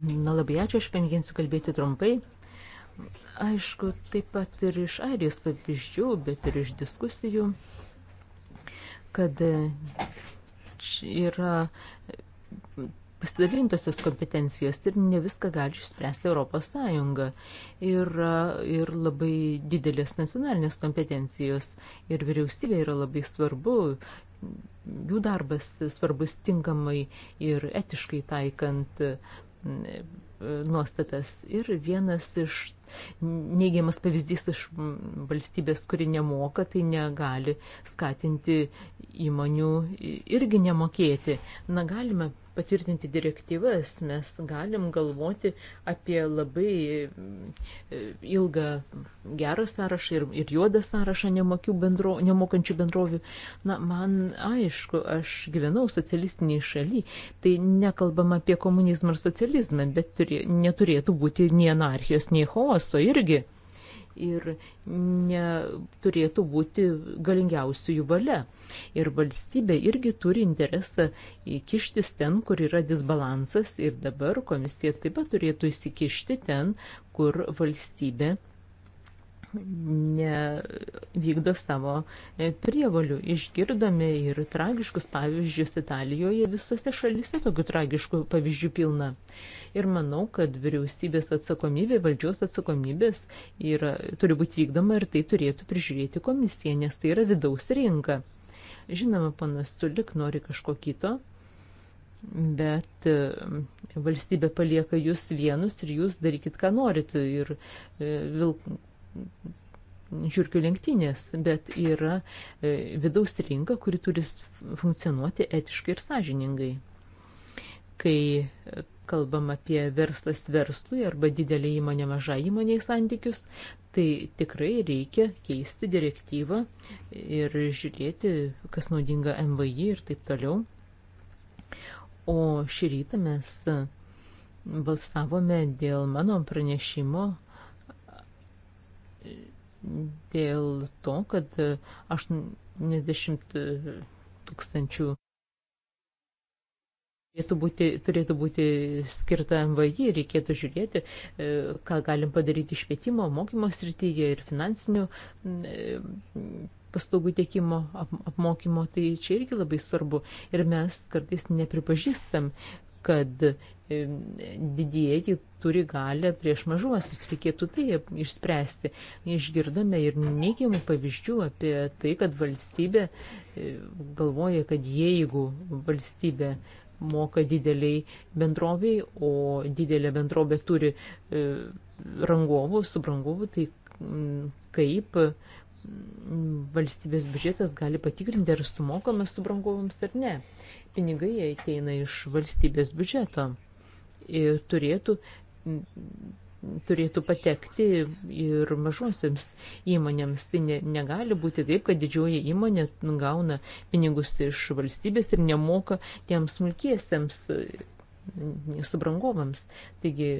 Na labai ačiū, aš penginsiu kalbėti trumpai. Aišku, taip pat ir iš airijos pavyzdžių, bet ir iš diskusijų, kad e, yra pasidalintosios kompetencijos ir ne viską gali išspręsti Europos Sąjunga. Ir, ir labai didelės nacionalinės kompetencijos ir vyriausybė yra labai svarbu, jų darbas svarbus tinkamai ir etiškai taikant nuostatas. Ir vienas iš neigiamas pavyzdys iš valstybės, kuri nemoka, tai negali skatinti įmonių irgi nemokėti. Na, galime patvirtinti direktyvas, mes galim galvoti apie labai e, ilgą gerą sąrašą ir, ir juodą sąrašą bendro, nemokančių bendrovių. Na, man aišku, aš gyvenau socialistiniai šaly, tai nekalbam apie komunizmą ir socializmą, bet turė, neturėtų būti nei anarchijos, nei chaoso irgi ir neturėtų būti galingiausiųjų valia. Ir valstybė irgi turi interesą įkištis ten, kur yra disbalansas ir dabar komisija taip pat turėtų įsikišti ten, kur valstybė nevykdo savo e, prievalių. Išgirdome ir tragiškus pavyzdžius Italijoje, visose šalyse tokių tragiškų pavyzdžių pilna. Ir manau, kad vyriausybės atsakomybė, valdžios atsakomybės yra, turi būti vykdoma ir tai turėtų prižiūrėti komisija, nes tai yra vidaus rinka. Žinoma, panas Sulik nori kažko kito, bet e, valstybė palieka jūs vienus ir jūs darykit, ką norit. Ir e, vilk, žiūrkių lenktynės, bet yra e, vidaus rinka, kuri turi funkcionuoti etiškai ir sąžiningai. Kai kalbam apie verslas verslui arba didelį įmonę mažą įmonę į santykius, tai tikrai reikia keisti direktyvą ir žiūrėti, kas naudinga MVI ir taip toliau. O šį rytą mes balsavome dėl mano pranešimo dėl to, kad 80 tūkstančių turėtų būti, turėtų būti skirta MVI, reikėtų žiūrėti, e, ką galim padaryti švietimo, mokymo srityje ir finansinių e, paslaugų tiekimo, apmokymo, tai čia irgi labai svarbu. Ir mes kartais nepripažįstam, kad didieji turi galę prieš mažuosius, reikėtų tai išspręsti. Išgirdome ir neigiamų pavyzdžių apie tai, kad valstybė e, galvoja, kad jeigu valstybė moka dideliai bendroviai, o didelė bendrovė turi e, rangovų, subrangovų, tai kaip valstybės biudžetas gali patikrinti, ar sumokame subrangovams ar ne pinigai ateina iš valstybės biudžeto ir turėtų, turėtų patekti ir mažosioms įmonėms. Tai ne, negali būti taip, kad didžioji įmonė gauna pinigus iš valstybės ir nemoka tiems smulkiesiems mm, subrangovams. Taigi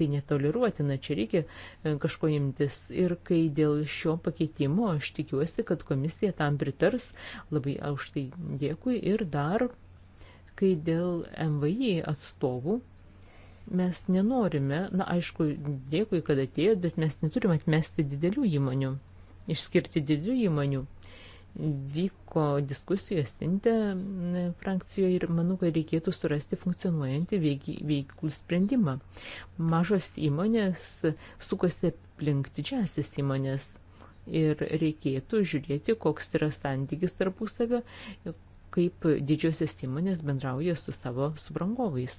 tai netoleruotina, čia reikia e, kažko imtis. Ir kai dėl šio pakeitimo aš tikiuosi, kad komisija tam pritars, labai aukštai dėkui ir dar kai dėl MVI atstovų mes nenorime, na aišku, dėkui, kad atėjot, bet mes neturim atmesti didelių įmonių, išskirti didelių įmonių. Vyko diskusijos Sinte frakcijoje ir manau, kad reikėtų surasti funkcionuojantį veiklų sprendimą. Mažos įmonės sukasi aplink didžiasis įmonės ir reikėtų žiūrėti, koks yra santykis tarpusavio, kaip didžiosios įmonės bendrauja su savo subrangovais.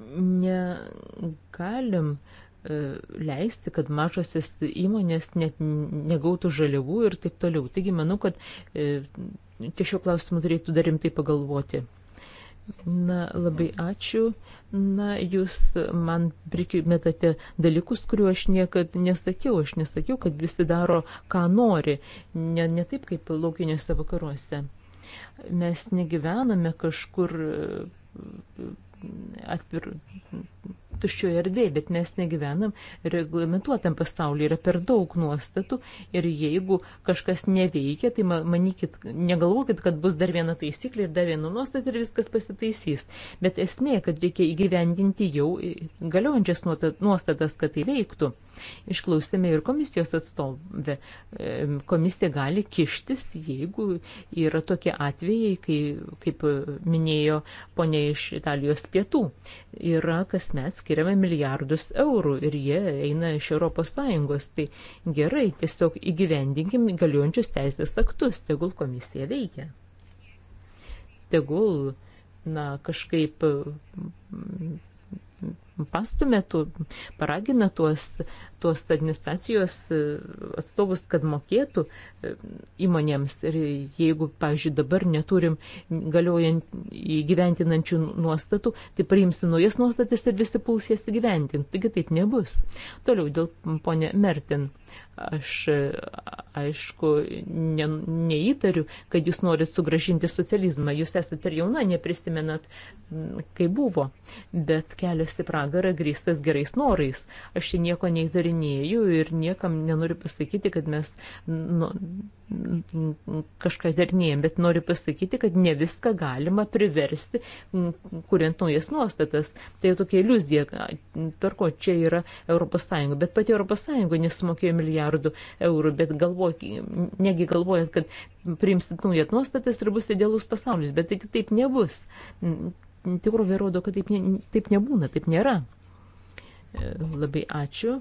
Negalim e, leisti, kad mažosios įmonės net negautų žaliavų ir taip toliau. Taigi manau, kad čia e, šio klausimu turėtų dar rimtai pagalvoti. Na, labai ačiū. Na, jūs man primetate dalykus, kuriuo aš niekad nesakiau. Aš nesakiau, kad visi daro, ką nori. Ne, ne taip kaip laukiniuose vakaruose. Mes negyvename kažkur atvir tuščioje erdvėje, bet mes negyvenam reglamentuotam pasaulyje, yra per daug nuostatų ir jeigu kažkas neveikia, tai manykit, negalvokit, kad bus dar viena taisyklė ir dar viena nuostata ir viskas pasitaisys. Bet esmė, kad reikia įgyvendinti jau galiojančias nuostatas, kad tai veiktų. Išklausėme ir komisijos atstovę. E, komisija gali kištis, jeigu yra tokie atvejai, kai, kaip minėjo ponia iš Italijos pietų yra kasmet skiriama milijardus eurų ir jie eina iš Europos Sąjungos. Tai gerai, tiesiog įgyvendinkim galiojančius teisės aktus, tegul komisija veikia. Tegul, na, kažkaip pastumė, tu, paragina tuos, tuos administracijos e, atstovus, kad mokėtų e, įmonėms. Ir jeigu, pavyzdžiui, dabar neturim galiojant įgyventinančių nuostatų, tai priimsim naujas nuostatas ir visi puls jas įgyventinti. Taigi taip nebus. Toliau dėl ponė Mertin. Aš, e, aišku, ne, neįtariu, kad jūs norit sugražinti socializmą. Jūs esate per jauna, neprisimenat, kai buvo. Bet kelias į pragarą pragara grįstas gerais norais. Aš čia nieko neįtarinėjau ir niekam nenoriu pasakyti, kad mes nu, kažką darnėjom, bet noriu pasakyti, kad ne viską galima priversti, kuriant naujas nuostatas. Tai tokia iliuzija, per ko čia yra ES. Bet pati ES nesumokėjo milijardų eurų, bet galvok, negi galvojat, kad priimsit naujas nuostatas ir bus idealus pasaulis, bet tai taip nebus tikrovė rodo, kad taip, ne, taip nebūna, taip nėra. E, labai ačiū.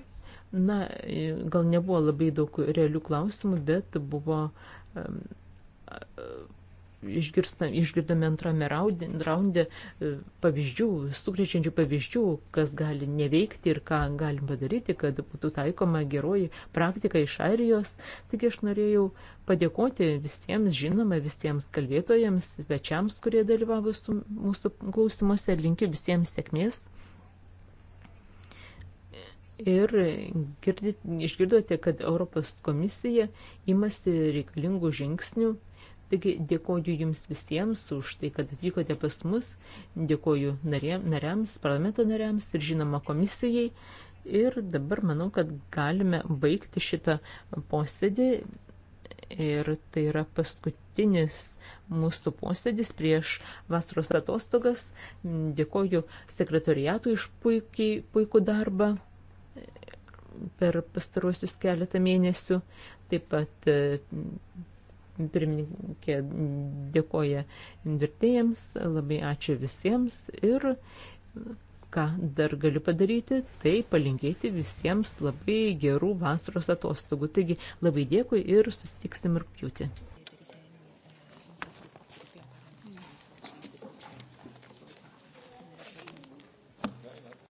Na, e, gal nebuvo labai daug realių klausimų, bet buvo išgirdome antrame raunde e, pavyzdžių, sukrečiančių pavyzdžių, kas gali neveikti ir ką galim padaryti, kad būtų taikoma geroji praktika iš Airijos. Taigi aš norėjau padėkoti visiems, žinoma, visiems kalbėtojams, svečiams, kurie dalyvavo mūsų klausimuose. Linkiu visiems sėkmės. Ir girdit, išgirdote, kad Europos komisija imasi reikalingų žingsnių Taigi dėkoju Jums visiems už tai, kad atvykote pas mus, dėkoju nariams, parlamento nariams ir žinoma komisijai. Ir dabar manau, kad galime baigti šitą posėdį. Ir tai yra paskutinis mūsų posėdis prieš vasaros atostogas. Dėkoju sekretoriatui iš puikiai, puikų darbą per pastaruosius keletą mėnesių. Taip pat Pirmininkė dėkoja vertėjams, labai ačiū visiems ir ką dar galiu padaryti, tai palinkėti visiems labai gerų vasaros atostogų. Taigi labai dėkui ir susitiksim ir pjūti.